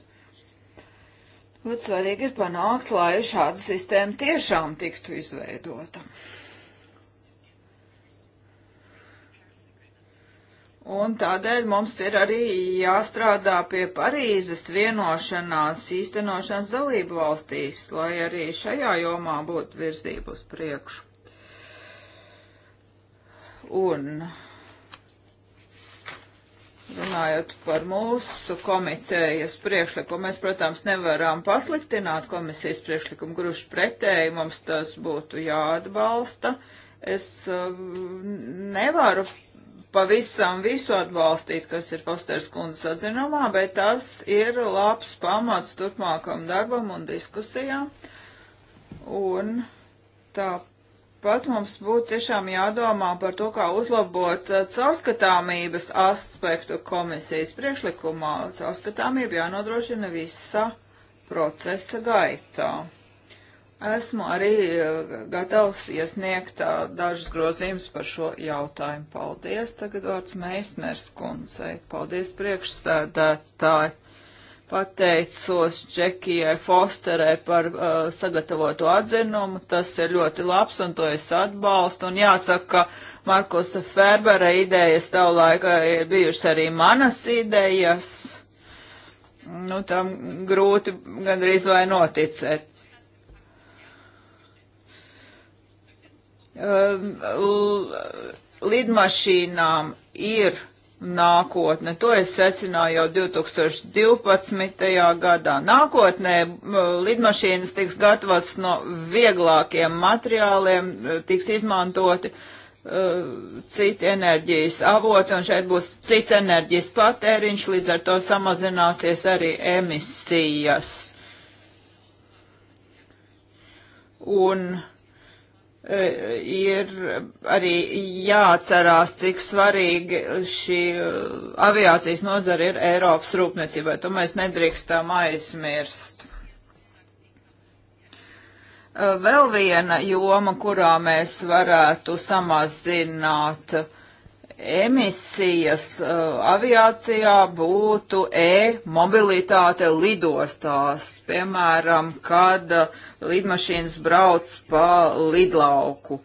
Bet svarīgi ir panākt, lai šāda sistēma tiešām tiktu izveidota. Un tādēļ mums ir arī jāstrādā pie Parīzes vienošanās īstenošanas dalību valstīs, lai arī šajā jomā būtu virzība uz priekšu. Un Runājot par mūsu komitejas priekšlikumu, mēs, protams, nevaram pasliktināt komisijas priekšlikumu gruši pretēji, mums tas būtu jāatbalsta. Es uh, nevaru pavisam visu atbalstīt, kas ir Fosters kundzes atzinumā, bet tas ir labs pamats turpmākam darbam un diskusijām. Un tāpat Pat mums būtu tiešām jādomā par to, kā uzlabot eh, caurskatāmības aspektu komisijas priekšlikumā. Caurskatāmība jānodrošina visa procesa gaitā. Esmu arī eh, gatavs iesniegt eh, dažus grozījumus par šo jautājumu. Paldies. Tagad vārds Meisners kundzei. Paldies priekšsēdētāji. Pateicos Čekijai Fosterai par uh, sagatavotu atzinumu. Tas ir ļoti labs un to es atbalstu. Un jāsaka, ka Markusa Ferbera idejas savulaik ir bijušas arī manas idejas. Nu, tam grūti gandrīz vai noticēt. Uh, lidmašīnām ir nākotne. To es secināju jau 2012. gadā. Nākotnē lidmašīnas tiks gatavotas no vieglākiem materiāliem, tiks izmantoti uh, citi enerģijas avoti, un šeit būs cits enerģijas patēriņš, līdz ar to samazināsies arī emisijas. Un uh, ir arī jāatcerās, cik svarīgi šī uh, aviācijas nozara ir Eiropas rūpniecībai. To mēs nedrīkstam aizmirst. Uh, vēl viena joma, kurā mēs varētu samazināt uh, emisijas uh, aviācijā būtu e-mobilitāte lidostās, piemēram, kad uh, lidmašīnas brauc pa lidlauku.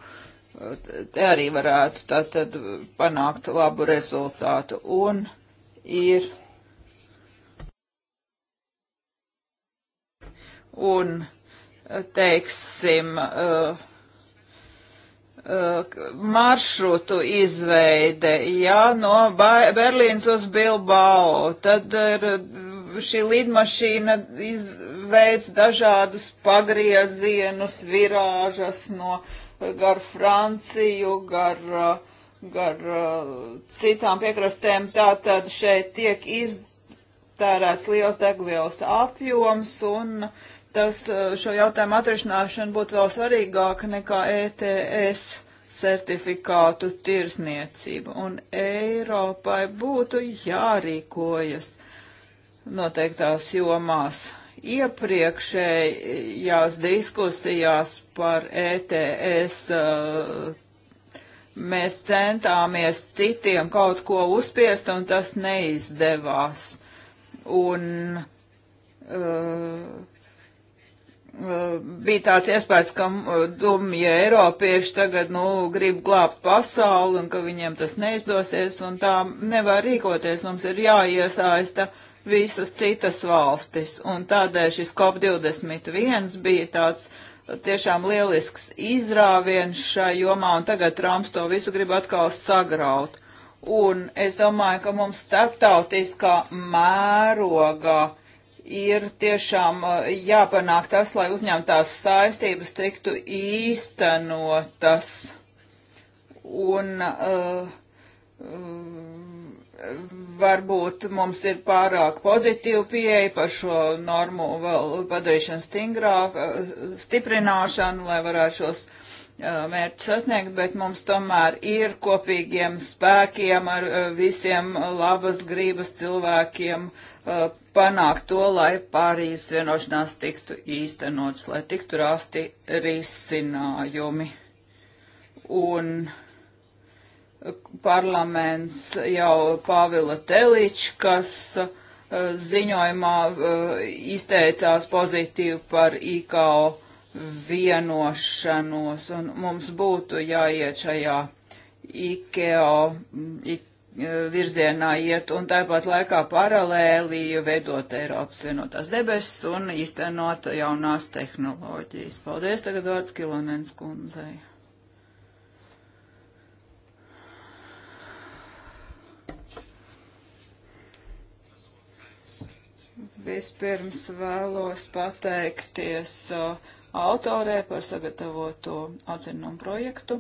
Uh, te arī varētu tātad panākt labu rezultātu. Un ir. Un, teiksim, uh, Uh, maršrutu izveide, jā, no Berlīnas uz Bilbao, tad ir uh, šī lidmašīna izveids dažādus pagriezienus, virāžas no uh, gar Franciju, gar, gar citām piekrastēm, tātad šeit tiek iztērēts liels degvielas apjoms un uh, tas, uh, šo jautājumu atrisināšana būtu vēl svarīgāka nekā ETS certifikātu tirsniecība. Un Eiropai būtu jārīkojas noteiktās jomās. Iepriekšējās diskusijās par ETS uh, mēs centāmies citiem kaut ko uzspiest, un tas neizdevās. Un, uh, bija tāds iespējas, ka dumji Eiropieši tagad, nu, grib glābt pasauli un ka viņiem tas neizdosies un tā nevar rīkoties. Mums ir jāiesaista visas citas valstis un tādēļ šis COP21 bija tāds tiešām lielisks izrāviens šai jomā un tagad Trumps to visu grib atkal sagraut. Un es domāju, ka mums starptautiskā mērogā ir tiešām eh, jāpanāk tas, lai uzņemtās saistības tiktu īstenotas. Un uh, varbūt mums ir pārāk pozitīva pieeja par šo normu vēl padarīšanu stingrāk, eh, stiprināšanu, lai varētu šos mērķus sasniegt, bet mums tomēr ir kopīgiem spēkiem ar visiem labas grības cilvēkiem panākt to, lai Pārijas vienošanās tiktu īstenots, lai tiktu rasti risinājumi. Un parlaments jau Pāvila Teličkas eh, ziņojumā eh, izteicās pozitīvi par IKO vienošanos, un mums būtu jāiet šajā IKO, IKO E, virzienā iet un tāpat laikā paralēli vedot Eiropas vienotās debesis un īstenot jaunās tehnoloģijas. Paldies tagad vārds Kilonens kundzei. Vispirms vēlos pateikties e, autorē par sagatavoto atzinumu projektu.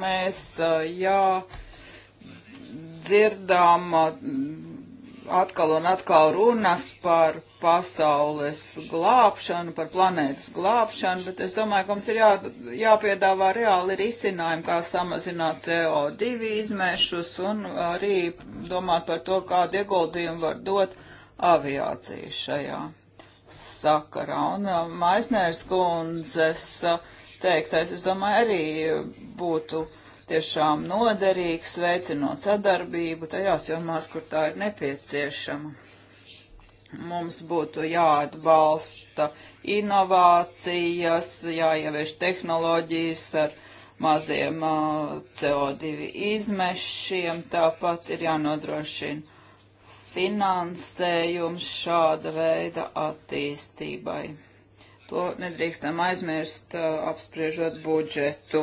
mēs jā, dzirdām atkal un atkal runas par pasaules glābšanu, par planētas glābšanu, bet es domāju, ka mums ir jā, jāpiedāvā reāli risinājumi, kā samazināt CO2 izmešus un arī domāt par to, kādu ieguldījumu var dot aviācija šajā sakarā. Un Maisnērs kundzes uh, teiktais, es domāju, arī būtu tiešām noderīgs, veicinot sadarbību tajās jomās, kur tā ir nepieciešama. Mums būtu jāatbalsta inovācijas, jāievieš tehnoloģijas ar maziem uh, CO2 izmešiem, tāpat ir jānodrošina finansējums šāda veida attīstībai. To nedrīkstam aizmirst apspriežot budžetu.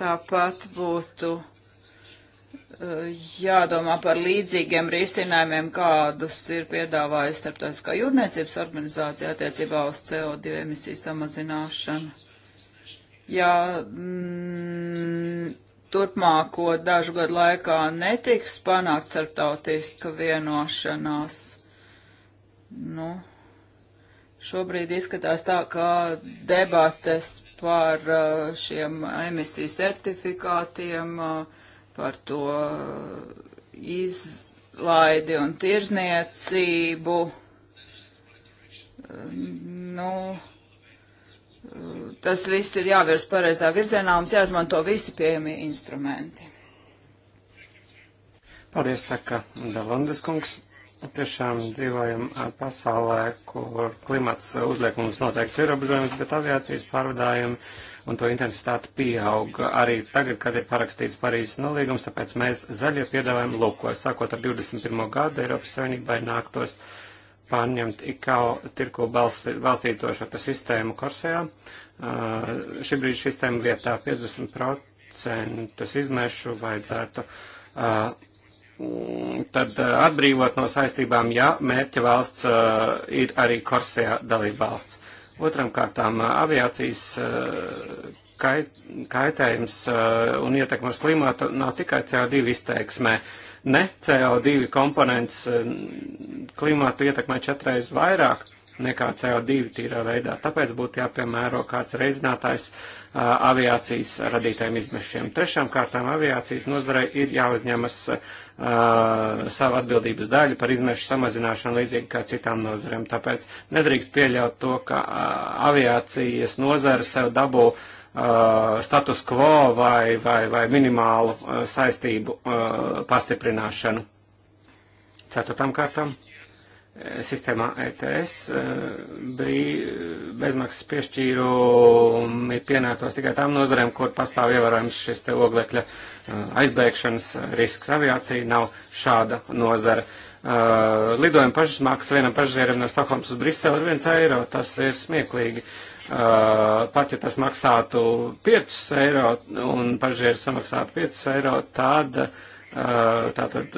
Tāpat būtu jādomā par līdzīgiem risinājumiem, kādus ir piedāvājusi starptautiskā jūrniecības organizācija attiecībā uz CO2 emisiju samazināšanu. Ja mm, turpmāko dažu gadu laikā netiks panākt starptautiska vienošanās, Nu, šobrīd izskatās tā, ka debates par uh, šiem emisiju certifikātiem, uh, par to izlaidi un tirzniecību, uh, nu, tas viss ir jāvirs pareizā virzienā, mums jāizmanto visi pieejamie instrumenti. Paldies, saka Dalandes kungs tiešām dzīvojam pasaulē, kur klimats uzliek mums noteikts ierobežojumus, bet aviācijas pārvadājumi un to intensitāte pieauga arī tagad, kad ir parakstīts Parīzes nolīgums, tāpēc mēs zaļie piedāvājam lūko. Sākot ar 21. gadu Eiropas Savienībai nāktos pārņemt IKAO tirko balstīto šo sistēmu Korsējā. Uh, šī brīža sistēma vietā 50% izmešu vajadzētu uh, Mm, tad eh, atbrīvot no saistībām, ja mērķa valsts eh, ir arī Korsijā dalība valsts. Otram kārtām eh, aviācijas kait, kaitējums un ietekmas klimata nav tikai CO2 izteiksmē. Ne CO2 komponents klimatu ietekmē četreiz vairāk, nekā CO2 tīrā veidā. Tāpēc būtu jāpiemēro kāds reizinātājs aviācijas radītājiem izmešiem. Trešām kārtām aviācijas nozarei ir jāuzņemas a, savu atbildības daļu par izmešu samazināšanu līdzīgi kā citām nozarēm. Tāpēc nedrīkst pieļaut to, ka a, aviācijas nozara sev dabū status quo vai, vai, vai minimālu saistību pastiprināšanu. Ceturtām kārtām sistēmā ETS eh, eh, bezmaksas piešķīrumi pienāktos tikai tām nozarēm, kur pastāv ievērojams šis te oglekļa eh, aizbēgšanas risks. Aviācija nav šāda nozara. Lidojuma pašmaksas vienam pašvieram no Stokholmas uz Briseli ir viens eiro, tas ir smieklīgi. Pat ja tas maksātu 5 eiro un pašvieris samaksātu 5 eiro, tad uh, tātad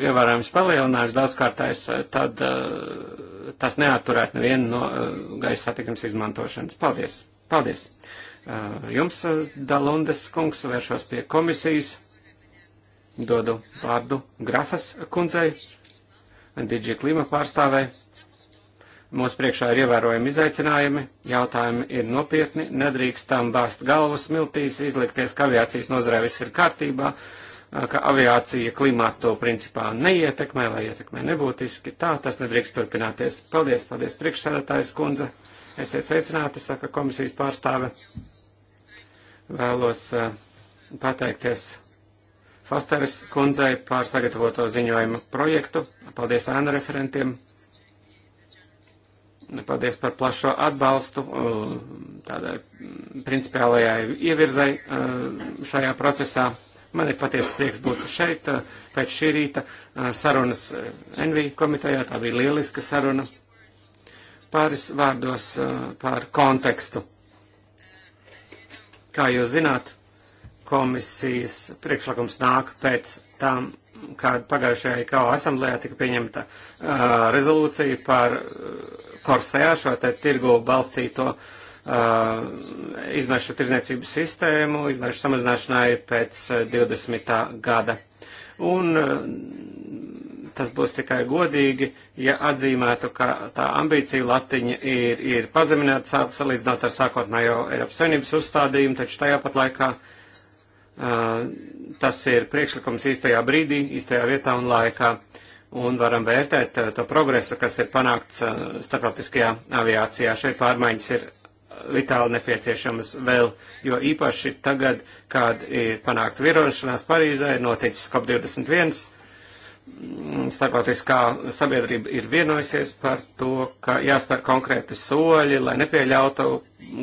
ievērojams palielinājums daudzkārtais, tad tas neatturētu nevienu no gaisa satiksmes izmantošanas. Paldies! Paldies! Jums, Dalundes kungs, vēršos pie komisijas, dodu vārdu Grafas kundzei, Digi klima pārstāvē. Mūsu priekšā ir ievērojami izaicinājumi, jautājumi ir nopietni, nedrīkstam bāzt galvas miltīs, izlikties, ka aviācijas nozarē viss ir kārtībā. Uh, ka aviācija klimatu principā neietekmē vai ietekmē nebūtiski. Tā tas nedrīkst turpināties. Paldies, paldies priekšsēdētājs kundze. Esiet sveicināti, saka komisijas pārstāve. Vēlos pateikties Fosteris kundzei par sagatavoto ziņojumu projektu. Paldies ēnu referentiem. Paldies par plašo atbalstu tādai principiālajai ievirzai šajā procesā. Man ir patiesa prieks būt šeit pēc šī rīta sarunas NV komitejā. Tā bija lieliska saruna. Pāris vārdos par kontekstu. Kā jūs zināt, komisijas priekšlikums nāk pēc tam, kad pagājušajā IKO asamblējā tika pieņemta uh, rezolūcija par uh, korsējā šo te tirgu balstīto uh, Uh, izmešu tirzniecības sistēmu, izmešu samazināšanai pēc 20. Uh, gada. Un uh, tas būs tikai godīgi, ja atzīmētu, ka tā ambīcija latiņa ir, ir pazemināta salīdzinot ar sākotnējo Eiropas Savienības uzstādījumu, taču tajā pat laikā uh, tas ir priekšlikums īstajā brīdī, īstajā vietā un laikā, un varam vērtēt uh, to progresu, kas ir panākts uh, starptautiskajā aviācijā. Šeit pārmaiņas ir vitāli nepieciešamas vēl, jo īpaši tagad, kad ir panākta virošanās Parīzē, ir noticis COP21, mm, starptautiskā sabiedrība ir vienojusies par to, ka jāspēr konkrēti soļi, lai nepieļautu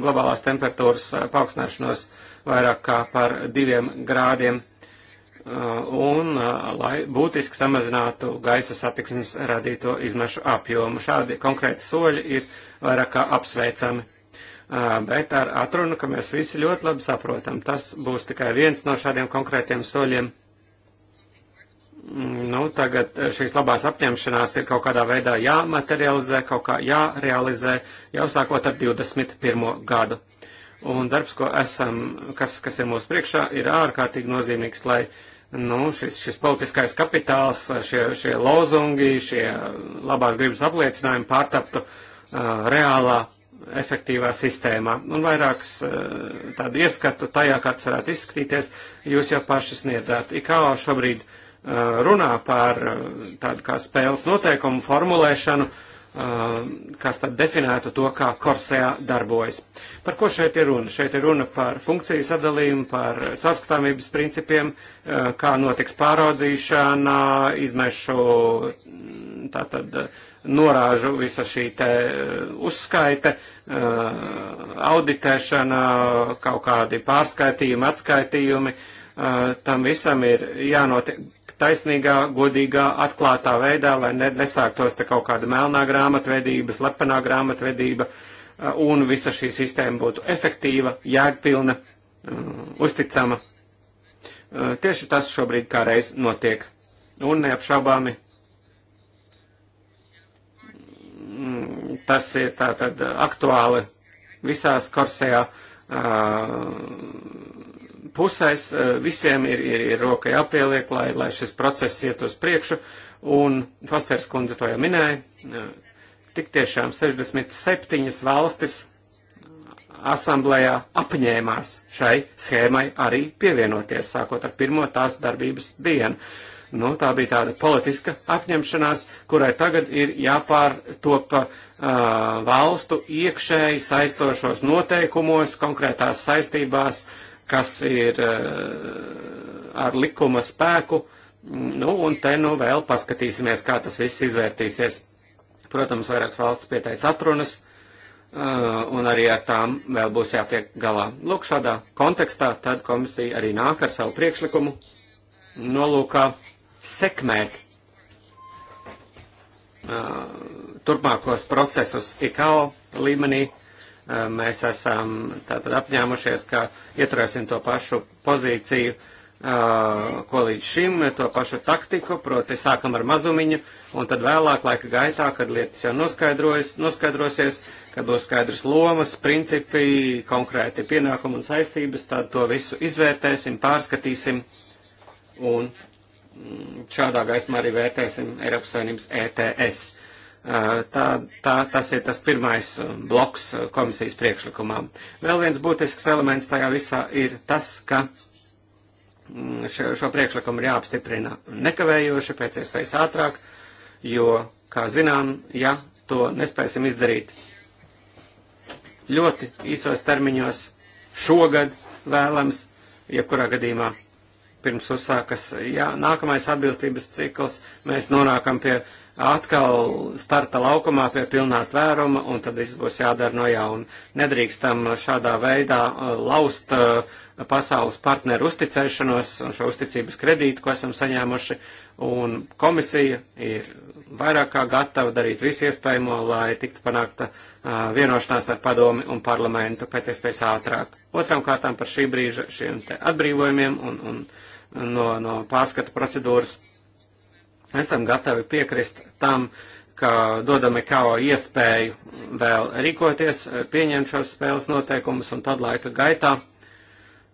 globālās temperatūras uh, paaugstināšanos vairāk kā par diviem grādiem uh, un uh, lai būtiski samazinātu gaisa satiksmes radīto izmešu apjomu. Šādi konkrēti soļi ir vairāk kā apsveicami bet ar atrunu, ka mēs visi ļoti labi saprotam. Tas būs tikai viens no šādiem konkrētiem soļiem. Mm, nu, tagad šīs labās apņemšanās ir kaut kādā veidā jāmaterializē, kaut kā jārealizē, jau sākot ar 21. gadu. Un darbs, ko esam, kas, kas ir mūsu priekšā, ir ārkārtīgi nozīmīgs, lai nu, šis, šis politiskais kapitāls, šie, šie lozungi, šie labās gribas apliecinājumi pārtaptu uh, reālā efektīvā sistēmā. Un vairākas eh, tādu ieskatu tajā, kā tas varētu izskatīties, jūs jau paši sniedzāt. IKO šobrīd eh, runā par eh, tādu kā spēles noteikumu formulēšanu, kas tad definētu to, kā korsējā darbojas. Par ko šeit ir runa? Šeit ir runa par funkciju sadalījumu, par caurskatāmības principiem, kā notiks pāraudzīšana, izmešu mm, tātad norāžu visa šī te eh, uzskaite, eh, auditēšana, kaut kādi pārskaitījumi, atskaitījumi, eh, tam visam ir jānotiek taisnīgā, godīgā, atklātā veidā, lai nesāktos te kaut kāda melnā grāmatvedība, slepenā grāmatvedība, un visa šī sistēma būtu efektīva, jēgpilna, uzticama. Tieši tas šobrīd kā reiz notiek. Un neapšaubāmi Mm, tas ir tātad aktuāli visās korsējā pusēs. Visiem ir, ir, ir roka jāpieliek, lai, lai šis process iet uz priekšu. Un Fosters kundze to jau minēja. Tik tiešām 67 valstis asamblējā apņēmās šai schēmai arī pievienoties, sākot ar pirmo tās darbības dienu. Uh, Nu, tā bija tāda politiska apņemšanās, kurai tagad ir jāpārtopa uh, valstu iekšēji saistošos noteikumos, konkrētās saistībās, kas ir uh, ar likuma spēku. Nu, un te nu vēl paskatīsimies, kā tas viss izvērtīsies. Protams, vairākas valsts pieteica atrunas, uh, un arī ar tām vēl būs jātiek galā. Lūk, šādā kontekstā tad komisija arī nāk ar savu priekšlikumu nolūkā sekmēt uh, turpmākos procesus IKO līmenī. Uh, mēs esam tātad apņēmušies, ka ieturēsim to pašu pozīciju, uh, ko līdz šim, to pašu taktiku, proti sākam ar mazumiņu, un tad vēlāk laika gaitā, kad lietas jau noskaidrosies, kad būs skaidrs lomas, principi, konkrēti pienākumi un saistības, tad to visu izvērtēsim, pārskatīsim un šādā gaismā arī vērtēsim Eiropas Savienības ETS. Tā, tā, tas ir tas pirmais bloks komisijas priekšlikumā. Vēl viens būtisks elements tajā visā ir tas, ka mm, šo, šo priekšlikumu ir jāapstiprina nekavējoši, pēc iespējas ātrāk, jo, kā zinām, ja to nespēsim izdarīt ļoti īsos termiņos šogad vēlams, jebkurā gadījumā pirms uzsākas jā, nākamais atbilstības cikls, mēs nonākam pie atkal starta laukumā pie pilnā tvēruma, un tad viss būs jādara no jauna. Nedrīkstam šādā veidā uh, laust uh, pasaules partneru uzticēšanos un šo uzticības kredītu, ko esam saņēmuši, un komisija ir vairāk kā gatava darīt visu iespējamo, lai tiktu panākta vienošanās ar padomi un parlamentu pēc iespējas ātrāk. Otram kārtām par šī brīža šiem te atbrīvojumiem un, un no, no pārskata procedūras esam gatavi piekrist tam, ka dodam Ekao iespēju vēl rīkoties, pieņemt šos spēles noteikumus un tad laika gaitā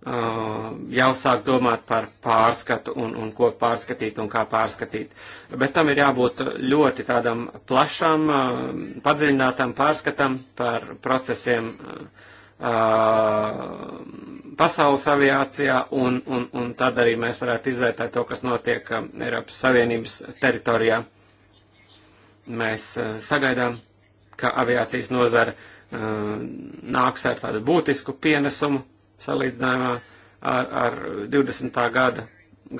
Uh, jau sāk domāt par pārskatu un, un ko pārskatīt un kā pārskatīt. Bet tam ir jābūt ļoti tādam plašam, uh, padziļinātam pārskatam par procesiem uh, pasaules aviācijā, un, un, un tad arī mēs varētu izvērtēt to, kas notiek um, Eiropas Savienības teritorijā. Mēs sagaidām, ka aviācijas nozara nāks ar tādu būtisku pienesumu salīdzinājumā ar, ar 20. gada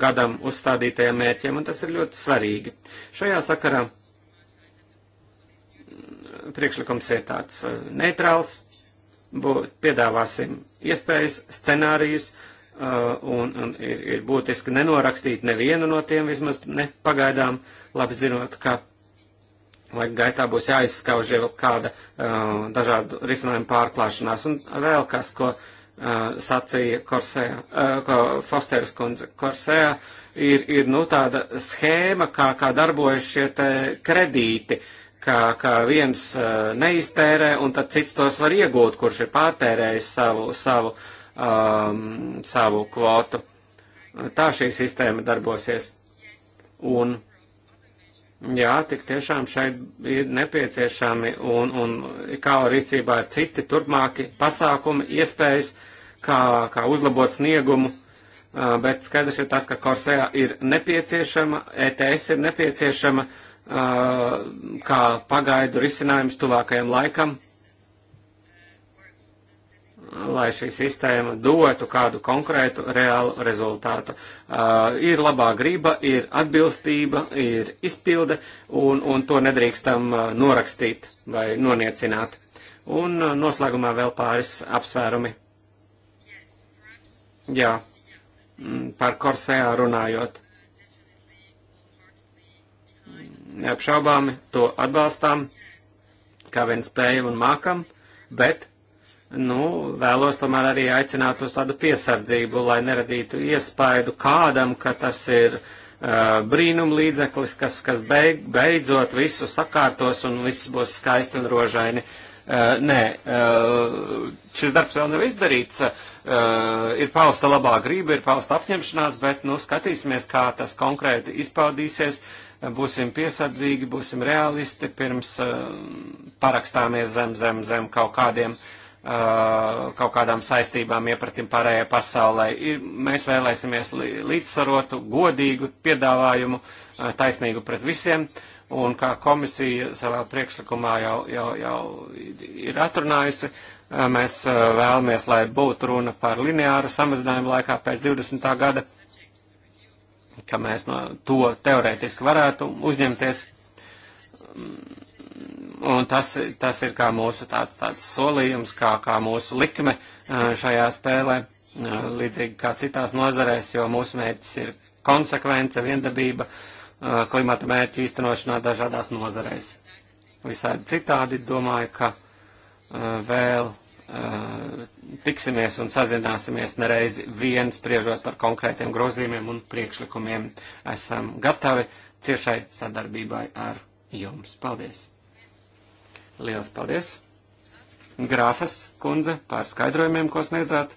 gadam uzstādītajiem mērķiem, un tas ir ļoti svarīgi. Šajā sakarā priekšlikums ir tāds uh, neitrāls, būt, piedāvāsim iespējas, scenārijus, uh, un, un ir, ir būtiski nenorakstīt nevienu no tiem, vismaz ne pagaidām, labi zinot, ka laika gaitā būs jāizskauž jau kāda uh, dažādu risinājumu pārklāšanās. Un vēl kas, ko Eh, sacīja Korsēja, uh, eh, Fosteris kundze, Korsēja ir, ir nu, tāda schēma, kā, kā darbojas šie kredīti, kā, kā viens uh, neiztērē un tad cits tos var iegūt, kurš ir pārtērējis savu, savu, um, savu kvotu. Tā šī sistēma darbosies. Un, uh, Jā, tik tiešām šeit ir nepieciešami un, un kā rīcībā ir citi turpmāki pasākumi, iespējas, kā, kā uzlabot sniegumu, bet skaidrs ir tas, ka Korsējā ir nepieciešama, ETS ir nepieciešama kā pagaidu risinājums tuvākajam laikam lai šī sistēma dotu kādu konkrētu reālu rezultātu. Uh, ir labā griba, ir atbilstība, ir izpilde, un, un to nedrīkstam uh, norakstīt vai noniecināt. Un uh, noslēgumā vēl pāris apsvērumi. Jā, mm, par korsējā runājot. Neapšaubāmi to atbalstām, kā vien spējam un mākam, bet nu, vēlos tomēr arī aicināt uz tādu piesardzību, lai neradītu iespaidu kādam, ka tas ir uh, brīnumlīdzeklis, kas, kas beig, beidzot visu sakārtos un viss būs skaisti un rožaini. Uh, nē, uh, šis darbs vēl nav izdarīts, uh, ir pausta labā grība, ir pausta apņemšanās, bet, nu, skatīsimies, kā tas konkrēti izpaudīsies. Būsim piesardzīgi, būsim realisti, pirms uh, parakstāmies zem, zem, zem kaut kādiem uh, kaut kādām saistībām iepratim pārējai pasaulē. Mēs vēlēsimies līdzsvarotu, godīgu piedāvājumu, taisnīgu pret visiem. Un kā komisija savā priekšlikumā jau, jau, jau ir atrunājusi, mēs vēlamies, lai būtu runa par lineāru samazinājumu laikā pēc 20. gada, ka mēs no to teorētiski varētu uzņemties Un tas, tas ir kā mūsu tāds, tāds solījums, kā, kā mūsu likme šajā spēlē, līdzīgi kā citās nozarēs, jo mūsu mērķis ir konsekvence, viendabība klimata mērķu īstenošanā dažādās nozarēs. Visādi citādi domāju, ka vēl tiksimies un sazināsimies nereiz viens, priežot par konkrētiem grozījumiem un priekšlikumiem. Esam gatavi ciešai sadarbībai ar jums. Paldies! Liels paldies! Grāfas kundze par skaidrojumiem, ko sniedzāt.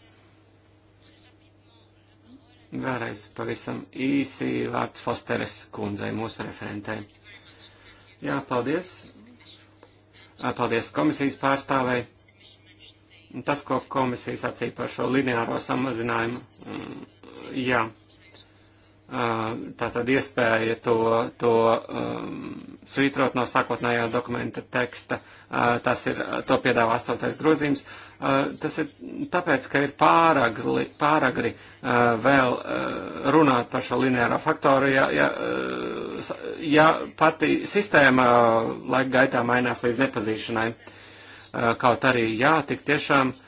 Vēlreiz pavisam īsi vārds Fosteres kundzei, mūsu referentei. Jā, paldies. Paldies komisijas pārstāvei. Tas, ko komisija sacīja par šo lineāro samazinājumu, mm, jā, tātad iespēja to, to um, svītrot no sākotnējā dokumenta teksta. Uh, tas ir, to piedāvā astotais grozījums. Uh, tas ir tāpēc, ka ir pāragri, pāragri uh, vēl uh, runāt par šo lineāro faktoru, ja, ja, uh, ja pati sistēma uh, laika gaitā mainās līdz nepazīšanai. Uh, kaut arī, jā, tik tiešām. Uh,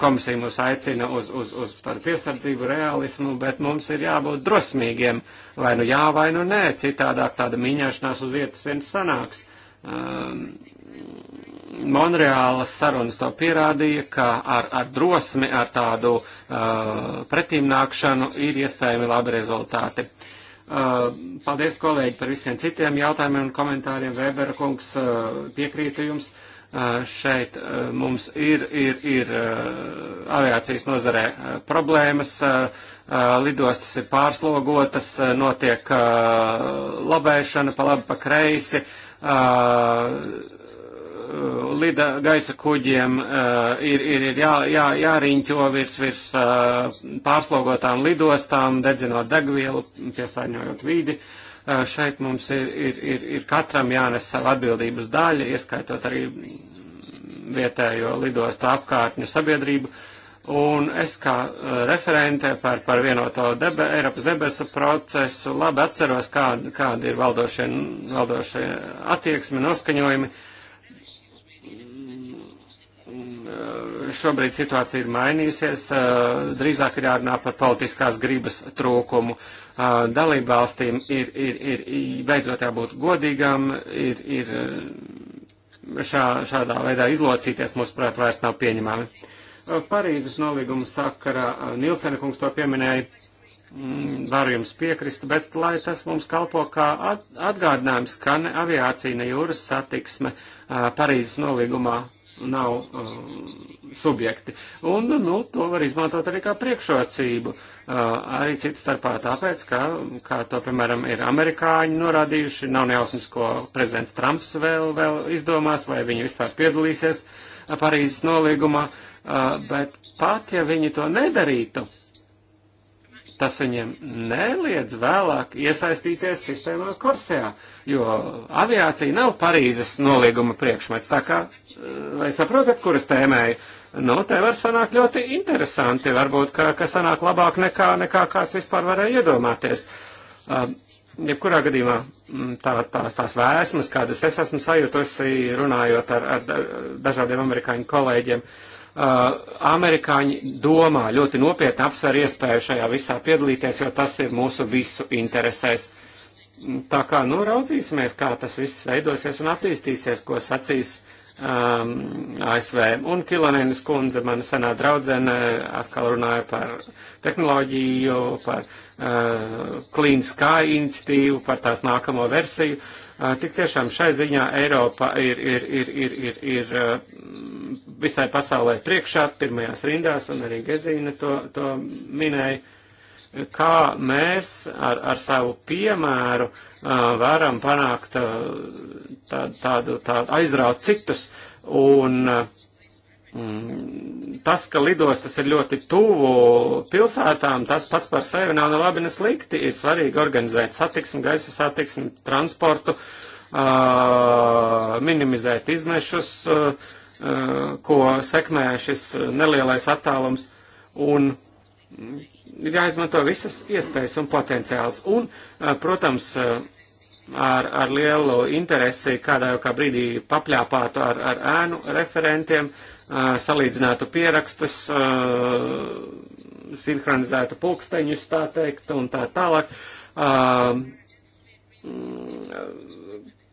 Komisija mūs aicina uz, uz, uz tādu piesardzību, realismu, bet mums ir jābūt drosmīgiem, vai nu jā, vai nu nē, citādāk tāda mīņāšanās uz vietas viens sanāks. Monreālas sarunas to pierādīja, ka ar, ar drosmi, ar tādu uh, pretīmnākšanu ir iespējami labi rezultāti. Uh, paldies, kolēģi, par visiem citiem jautājumiem un komentāriem. Vēbera kungs, uh, piekrītu jums. Uh, šeit mums ir, ir, ir aviācijas nozarē problēmas, lidostas ir pārslogotas, notiek labēšana pa labi, pa kreisi, lida gaisa kuģiem ir, ir, ir jā, jā, jāriņķo virs, virs pārslogotām lidostām, dedzinot degvielu, piesārņojot vīdi. Uh, Eh, šeit mums ir, ir, ir, ir katram jānes sava atbildības daļa, ieskaitot arī vietējo lidostu apkārtņu sabiedrību. Un es kā eh, referente par, par vienoto debe, Eiropas debesu procesu labi atceros, kāda, kāda ir valdošie, valdošie attieksmi, noskaņojumi mm, eh, šobrīd situācija ir mainījusies, drīzāk ir jārunā par politiskās gribas trūkumu. Dalībvalstīm ir, ir, ir beidzot jābūt godīgām, ir, ir šā, šādā veidā izlocīties, mūsuprāt, vairs nav pieņemami. Parīzes nolīguma sakarā Nilsena kungs to pieminēja, mm, varu jums piekrist, bet lai tas mums kalpo kā atgādinājums, ka ne aviācija, ne jūras satiksme Parīzes nolīgumā nav um, subjekti. Un, nu, to var izmantot arī kā priekšrocību, uh, arī citas starpā tāpēc, ka, kā to, piemēram, ir amerikāņi norādījuši, nav nejausmas, ko prezidents Trumps vēl, vēl izdomās, vai viņi vispār piedalīsies uh, Parīzes nolīgumā, uh, bet pat, ja viņi to nedarītu, tas viņiem neliedz vēlāk iesaistīties sistēmā Korsijā, jo aviācija nav Parīzes nolīguma priekšmets, tā kā vai saprotat, kuras tēmēji, nu, te var sanākt ļoti interesanti, varbūt, ka, ka sanāk labāk nekā, nekā kāds vispār varēja iedomāties. Um, jebkurā gadījumā mm, tā, tās, tās vēsmas, kādas es esmu sajutusi, runājot ar, ar dažādiem amerikāņu kolēģiem, uh, amerikāņi domā ļoti nopietni apsver iespēju šajā visā piedalīties, jo tas ir mūsu visu interesēs. Mm, tā kā, nu, raudzīsimies, kā tas viss veidosies un attīstīsies, ko sacīs um, ASV. Un Kilanēnas kundze, mana senā draudzene, atkal runāja par tehnoloģiju, par uh, Clean Sky iniciatīvu, par tās nākamo versiju. Uh, tik tiešām šai ziņā Eiropa ir, ir, ir, ir, ir, ir uh, visai pasaulē priekšā, pirmajās rindās, un arī Gezīna to, to minēja, kā mēs ar, ar savu piemēru uh, varam panākt tādu, tādu, tādu aizraut citus. Un mm, tas, ka lidostas ir ļoti tuvu pilsētām, tas pats par sevi nav ne labi, ne slikti. Ir svarīgi organizēt satiksmi, gaisa satiksmi, transportu, minimizēt izmešus, ko sekmē šis nelielais attālums. Un mm, ir jāizmanto visas iespējas un potenciāls. Un, protams, ar, ar lielu interesi kādā jau kā brīdī papļāpātu ar, ar ēnu referentiem, salīdzinātu pierakstus, sinhronizētu pulksteņus, tā teikt, un tā tālāk.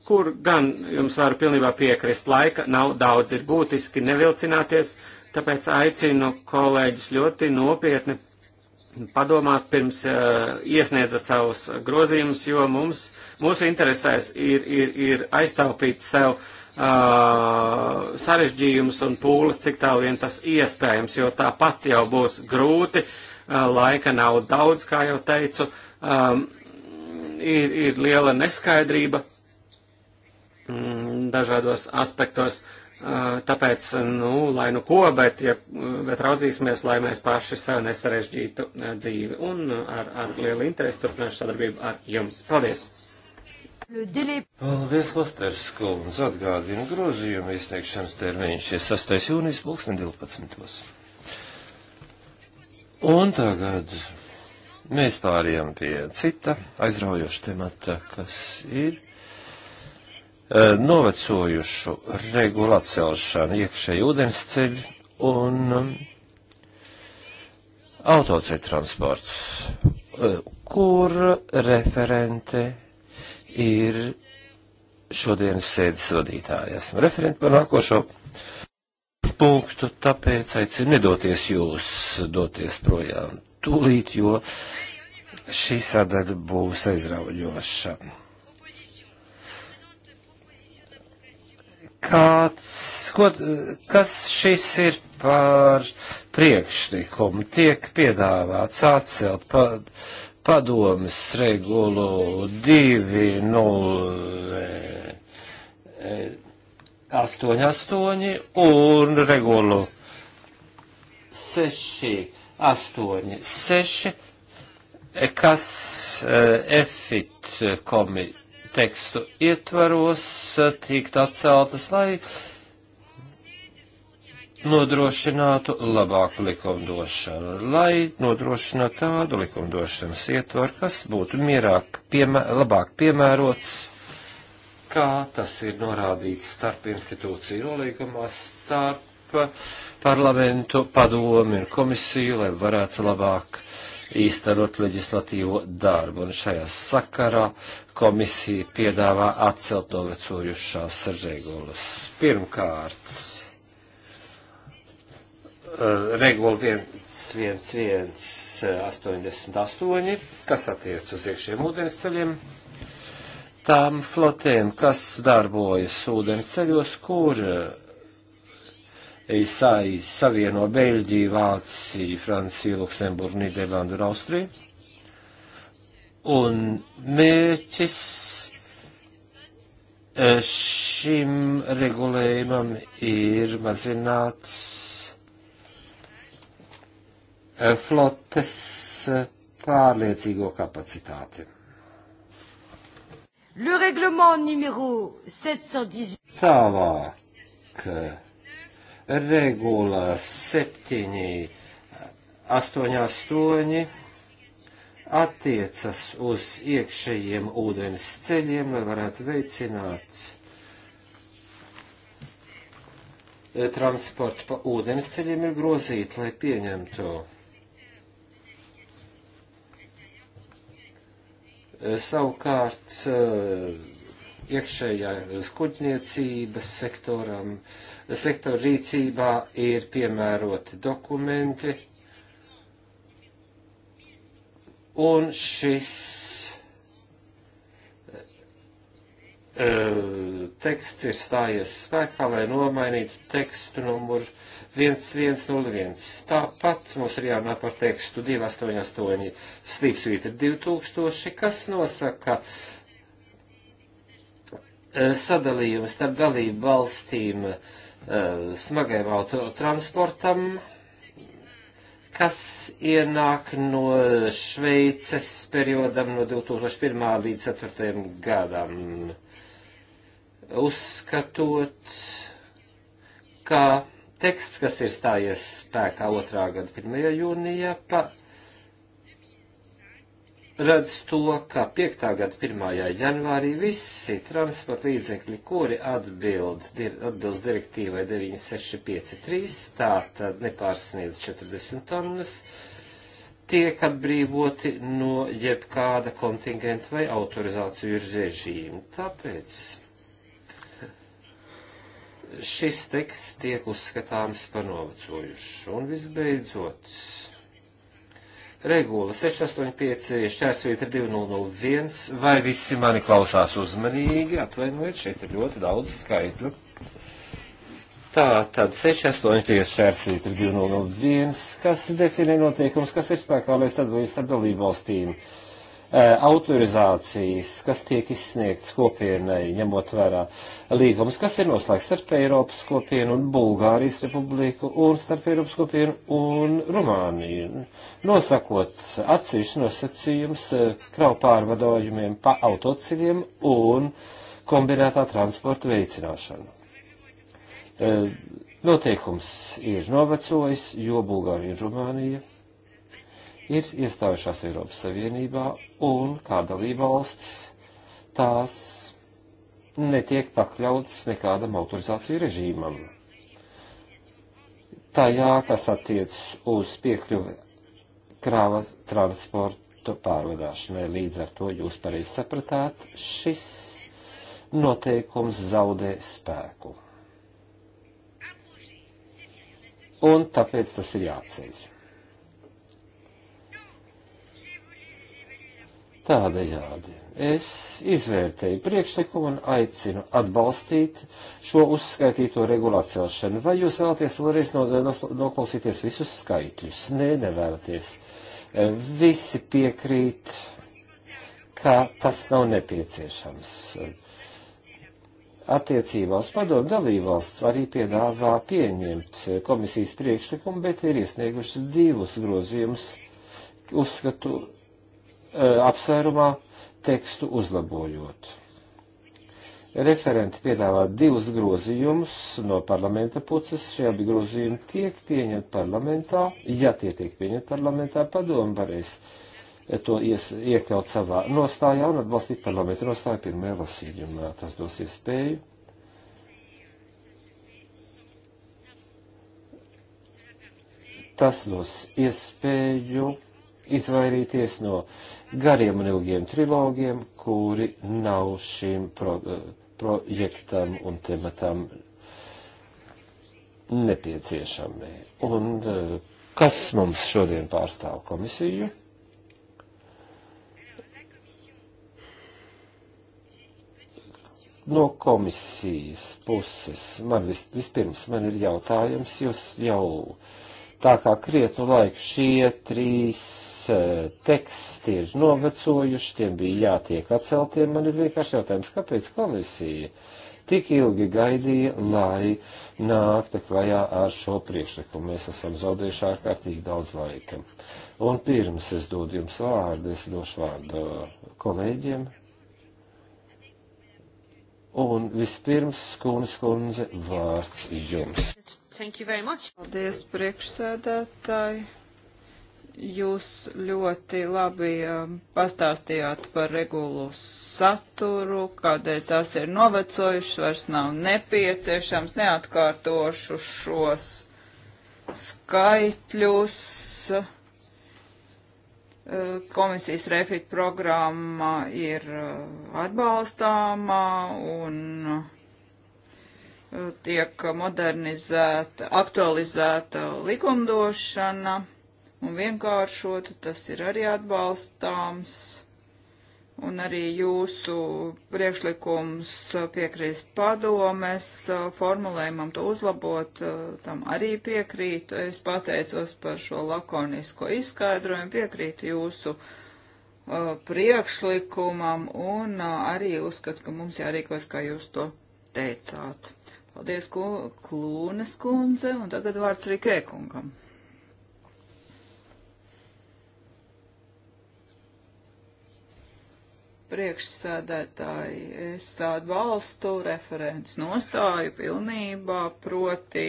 Kur gan jums varu pilnībā piekrist, laika nav daudz, ir būtiski nevilcināties, tāpēc aicinu kolēģis ļoti nopietni padomāt pirms uh, iesniedzat savus grozījumus, jo mums, mūsu interesēs ir, ir, ir aiztaupīt sev uh, sarežģījumus un pūles, cik tālu vien tas iespējams, jo tāpat jau būs grūti, uh, laika nav daudz, kā jau teicu, um, ir, ir liela neskaidrība mm, dažādos aspektos. Uh, Tāpēc, nu, lai nu ko, bet, ja, bet raudzīsimies, lai mēs paši sev nesarežģītu dzīvi. Un ar, ar lielu interesi turpināšu sadarbību ar jums. Paldies! Paldies, Losters Kulms. Atgādinu grozījumu izteikšanas termiņš ir 6. jūnijas 2012. Un tagad mēs pārējām pie cita aizraujoša temata, kas ir Eh, novecojušu regulu atcelšanu iekšēji ūdensceļi un um, autoceļu transports, eh, kur referente ir šodienas sēdes vadītāja. Esmu referenti par nākošo punktu, tāpēc aicinu nedoties jūs doties projām tūlīt, jo šī sadaļa būs aizraujoša. Kāds, ko, kas šis ir par priekšlikumu? Tiek piedāvāts atcelt pa, padomas regulu 2.088 e, un regulu 6.8.6, e, kas efit komiteja tekstu ietvaros eh, tiktu atceltas, lai nodrošinātu labāku likumdošanu, lai nodrošinātu tādu likumdošanas ietvaru, kas būtu mierāk, piemē, labāk piemērots, kā tas ir norādīts starp institūciju nolīgumā, starp parlamentu padomi un komisiju, lai varētu labāk īstenot leģislatīvo darbu. Un šajā sakarā komisija piedāvā atcelt novecojušās regulas. Pirmkārt, eh, regula 1188, eh, kas attiec uz iekšiem ūdensceļiem, tām flotēm, kas darbojas ūdensceļos, kur eh, SAIS savieno Beļģiju, Vāciju, Franciju, Luksemburgu, Nīderlandu un Austriju. Un mērķis e, šim regulējumam ir mazināts e, flotes e, pārliecīgo kapacitāti. Le règlement numéro 718. Tālāk regulās 7, 8, 8 attiecas uz iekšējiem ūdens ceļiem, lai varētu veicināt eh, transportu pa ūdens ceļiem, ir grozīt, lai pieņemtu eh, savukārt eh, iekšējā kuģniecības sektoram, sektora rīcībā ir piemēroti dokumenti, un šis e, teksts ir stājies spēkā, lai nomainītu tekstu numuru 1101. Tāpat mums ir jārunā par tekstu 288 slīpsvīta 2000, kas nosaka, ka Eh, sadalījumu starp dalību valstīm eh, smagajam autotransportam, kas ienāk no Šveices periodam no 2001. līdz 2004. gadam, uzskatot, ka teksts, kas ir stājies spēkā 2. gada 1. jūnijā, pa redz to, ka 5. gada 1. janvārī visi transporta līdzekļi, kuri atbild, dir, atbilst direktīvai 9653, tātad nepārsniedz 40 tonnas, tiek atbrīvoti no jebkāda kontingenta vai autorizāciju režīmu. Tāpēc šis teksts tiek uzskatāms par novecojušu. Un visbeidzot, Regula 685, šķērsvieta 2001, vai visi mani klausās uzmanīgi, atvainojiet, šeit ir ļoti daudz skaitļu. Tā tad 685 šķērsvieta 2001, kas definē noteikums, kas ir spēkā, lai sadzīst ar dalību valstīm. Uh, Eh, autorizācijas, kas tiek izsniegtas kopienai, ņemot vērā līgumus, kas ir noslēgts starp Eiropas kopienu un Bulgārijas republiku un starp Eiropas kopienu un Rumāniju. Nosakot atsevišķi nosacījums eh, kravu pārvadojumiem pa autoceļiem un kombinētā transporta veicināšanu. Eh, noteikums ir novecojis, jo Bulgārija un Rumānija ir iestājušās Eiropas Savienībā un kā dalībvalstis tās netiek pakļautas nekādam autorizāciju režīmam. Tajā, kas attiec uz piekļuvi krāvas transportu pārvadāšanai, līdz ar to jūs pareizi sapratāt, šis noteikums zaudē spēku. Un tāpēc tas ir jāceļ. Tādējādi es izvērtēju priekšlikumu un aicinu atbalstīt šo uzskaitīto regulācijāšanu. Vai jūs vēlaties vēlreiz no, no, noklausīties visus skaitļus? Nē, nevēlaties. Visi piekrīt, ka tas nav nepieciešams. Attiecībā uz padomu dalībvalsts arī piedāvā pieņemt komisijas priekšlikumu, bet ir iesniegušas divus grozījumus uzskatu Eh, apsvērumā tekstu uzlabojot. Referenti piedāvā divus grozījumus no parlamenta puses. Šie abi grozījumi tiek pieņemti parlamentā. Ja tie tiek pieņemti parlamentā, padomu varēs eh, to ies, iekļaut savā nostājā un atbalstīt parlamenta nostāju pirmajā lasījumā. Tas dos iespēju. Tas dos iespēju izvairīties no gariem un ilgiem trilogiem, kuri nav šim pro, eh, projektam un tematam nepieciešami. Un eh, kas mums šodien pārstāv komisiju? no komisijas puses man vis, vispirms man ir jautājums, jūs jau tā kā krietnu laiku šie trīs eh, teksti ir novecojuši, tiem bija jātiek atceltiem, man ir vienkārši jautājums, kāpēc komisija tik ilgi gaidīja, lai nāktu klajā ar šo priekšlikumu. Mēs esam zaudējuši ārkārtīgi daudz laika. Un pirms es dodu jums vārdu, es došu vārdu kolēģiem. Un vispirms, Kūnas kundze, vārds jums. Thank you very much. Paldies, priekšsēdētāji. Jūs ļoti labi um, pastāstījāt par regulu saturu, kādēļ tās ir novecojušas, vairs nav nepieciešams, neatkārtošu šos skaitļus. Uh, komisijas refit programma ir uh, atbalstāmā un uh, tiek modernizēta, aktualizēta likumdošana un vienkāršota, tas ir arī atbalstāms. Un arī jūsu priekšlikums piekrīst padomes formulējumam to uzlabot, tam arī piekrītu. Es pateicos par šo lakonisko izskaidrojumu, piekrītu jūsu uh, priekšlikumam un uh, arī uzskatu, ka mums jārīkos, kā jūs to teicāt. Paldies, ko, Klūnes kundze, un tagad vārds Rikē kungam. Priekšsēdētāji, es atbalstu referents nostāju pilnībā, proti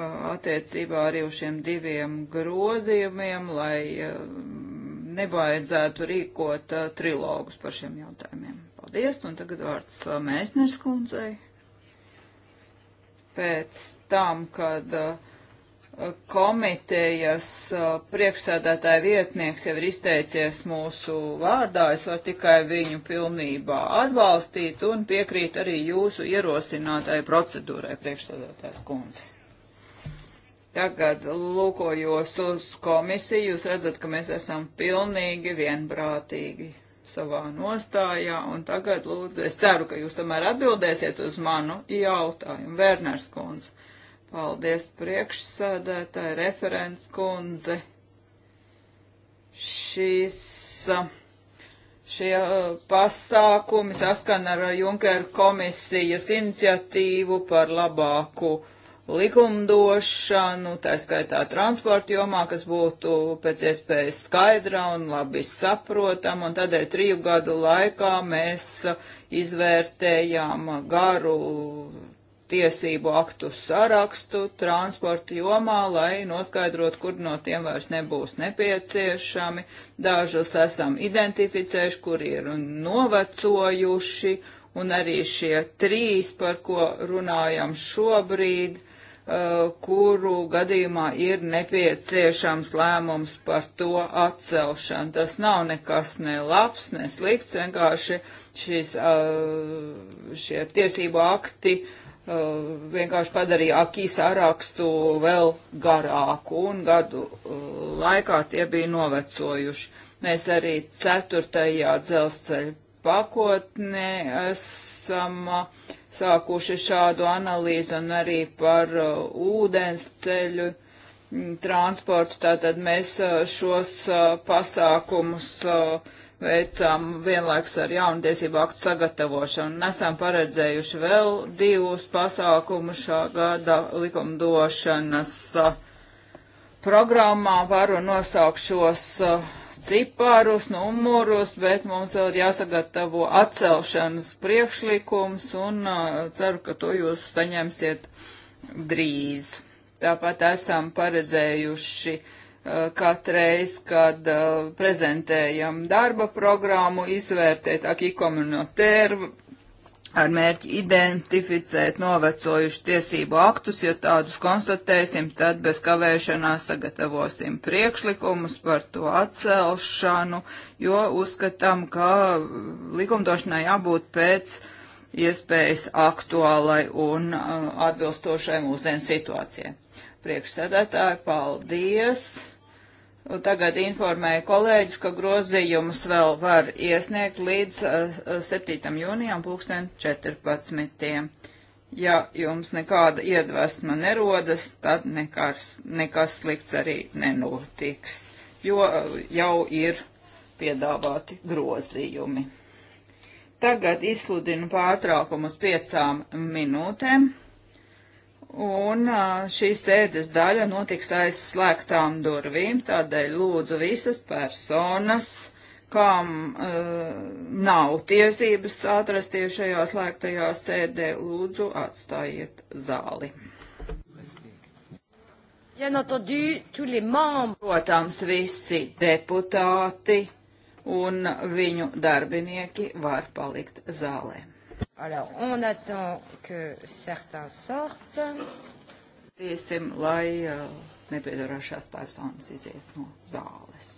attiecībā arī uz šiem diviem grozījumiem, lai nevajadzētu rīkot trilogus par šiem jautājumiem. Paldies, un tagad vārds Mēsners kundzei pēc tam, kad uh, komitejas uh, priekšsēdētāja vietnieks jau ir izteicies mūsu vārdā, es varu tikai viņu pilnībā atbalstīt un piekrīt arī jūsu ierosinātāju procedūrai priekšsēdētājas kundze. Tagad lūkojos uz komisiju, jūs redzat, ka mēs esam pilnīgi vienprātīgi savā nostājā, un tagad lūdzu, es ceru, ka jūs tomēr atbildēsiet uz manu jautājumu. Vērners kundze. Paldies priekšsēdētāji, referents kundze. Šīs, šie pasākumi saskan ar Junkera komisijas iniciatīvu par labāku uh, likumdošanu, tā skaitā transporta jomā, kas būtu pēc iespējas skaidra un labi saprotama, un tādēļ triju gadu laikā mēs izvērtējām garu tiesību aktu sarakstu transporta jomā, lai noskaidrot, kur no tiem vairs nebūs nepieciešami. Dažus esam identificējuši, kur ir novecojuši, un arī šie trīs, par ko runājam šobrīd, Eh, kuru gadījumā ir nepieciešams lēmums par to atcelšanu. Tas nav nekas ne labs, ne slikts, vienkārši šis, eh, šie tiesību akti eh, vienkārši padarīja akī sārakstu vēl garāku un gadu laikā tie bija novecojuši. Mēs arī ceturtajā dzelzceļa pakotnē esam uh, sākuši šādu analīzi un arī par uh, ūdens ceļu mm, transportu. Tātad mēs uh, šos uh, pasākumus uh, veicām vienlaikus ar jaunu tiesību aktu sagatavošanu. Nesam paredzējuši vēl divus pasākumus šā gada likumdošanas uh, programmā. Varu nosaukt šos uh, ciparus, numurus, bet mums vēl jāsagatavo atcelšanas priekšlikums un uh, ceru, ka to jūs saņemsiet drīz. Tāpat esam paredzējuši uh, katreiz, kad uh, prezentējam darba programmu, izvērtēt akikomunotēru ar mērķi identificēt novecojušu tiesību aktus, ja tādus konstatēsim, tad bez kavēšanās sagatavosim priekšlikumus par to atcelšanu, jo uzskatām, ka likumdošanai jābūt pēc iespējas aktuālai un uh, atbilstošai mūsdienu situācijai. Priekšsēdētāji, paldies! Tagad informēju kolēģis, ka grozījumus vēl var iesniegt līdz 7. Eh, eh, jūnijam pulksten 14. Ja jums nekāda iedvesma nerodas, tad nekas, nekas slikts arī nenotiks, jo eh, jau ir piedāvāti grozījumi. Tagad izsludinu pārtraukumu uz piecām minūtēm. Un šīs sēdes daļa notiks aiz slēgtām durvīm, tādēļ lūdzu visas personas, kam uh, nav tiesības atrasties šajā slēgtajā sēdē, lūdzu atstājiet zāli. Protams, visi deputāti un viņu darbinieki var palikt zālē. Alors, on attend que certains sortent. Tiesim, lai uh, eh, nepiedarošās personas iziet no zāles.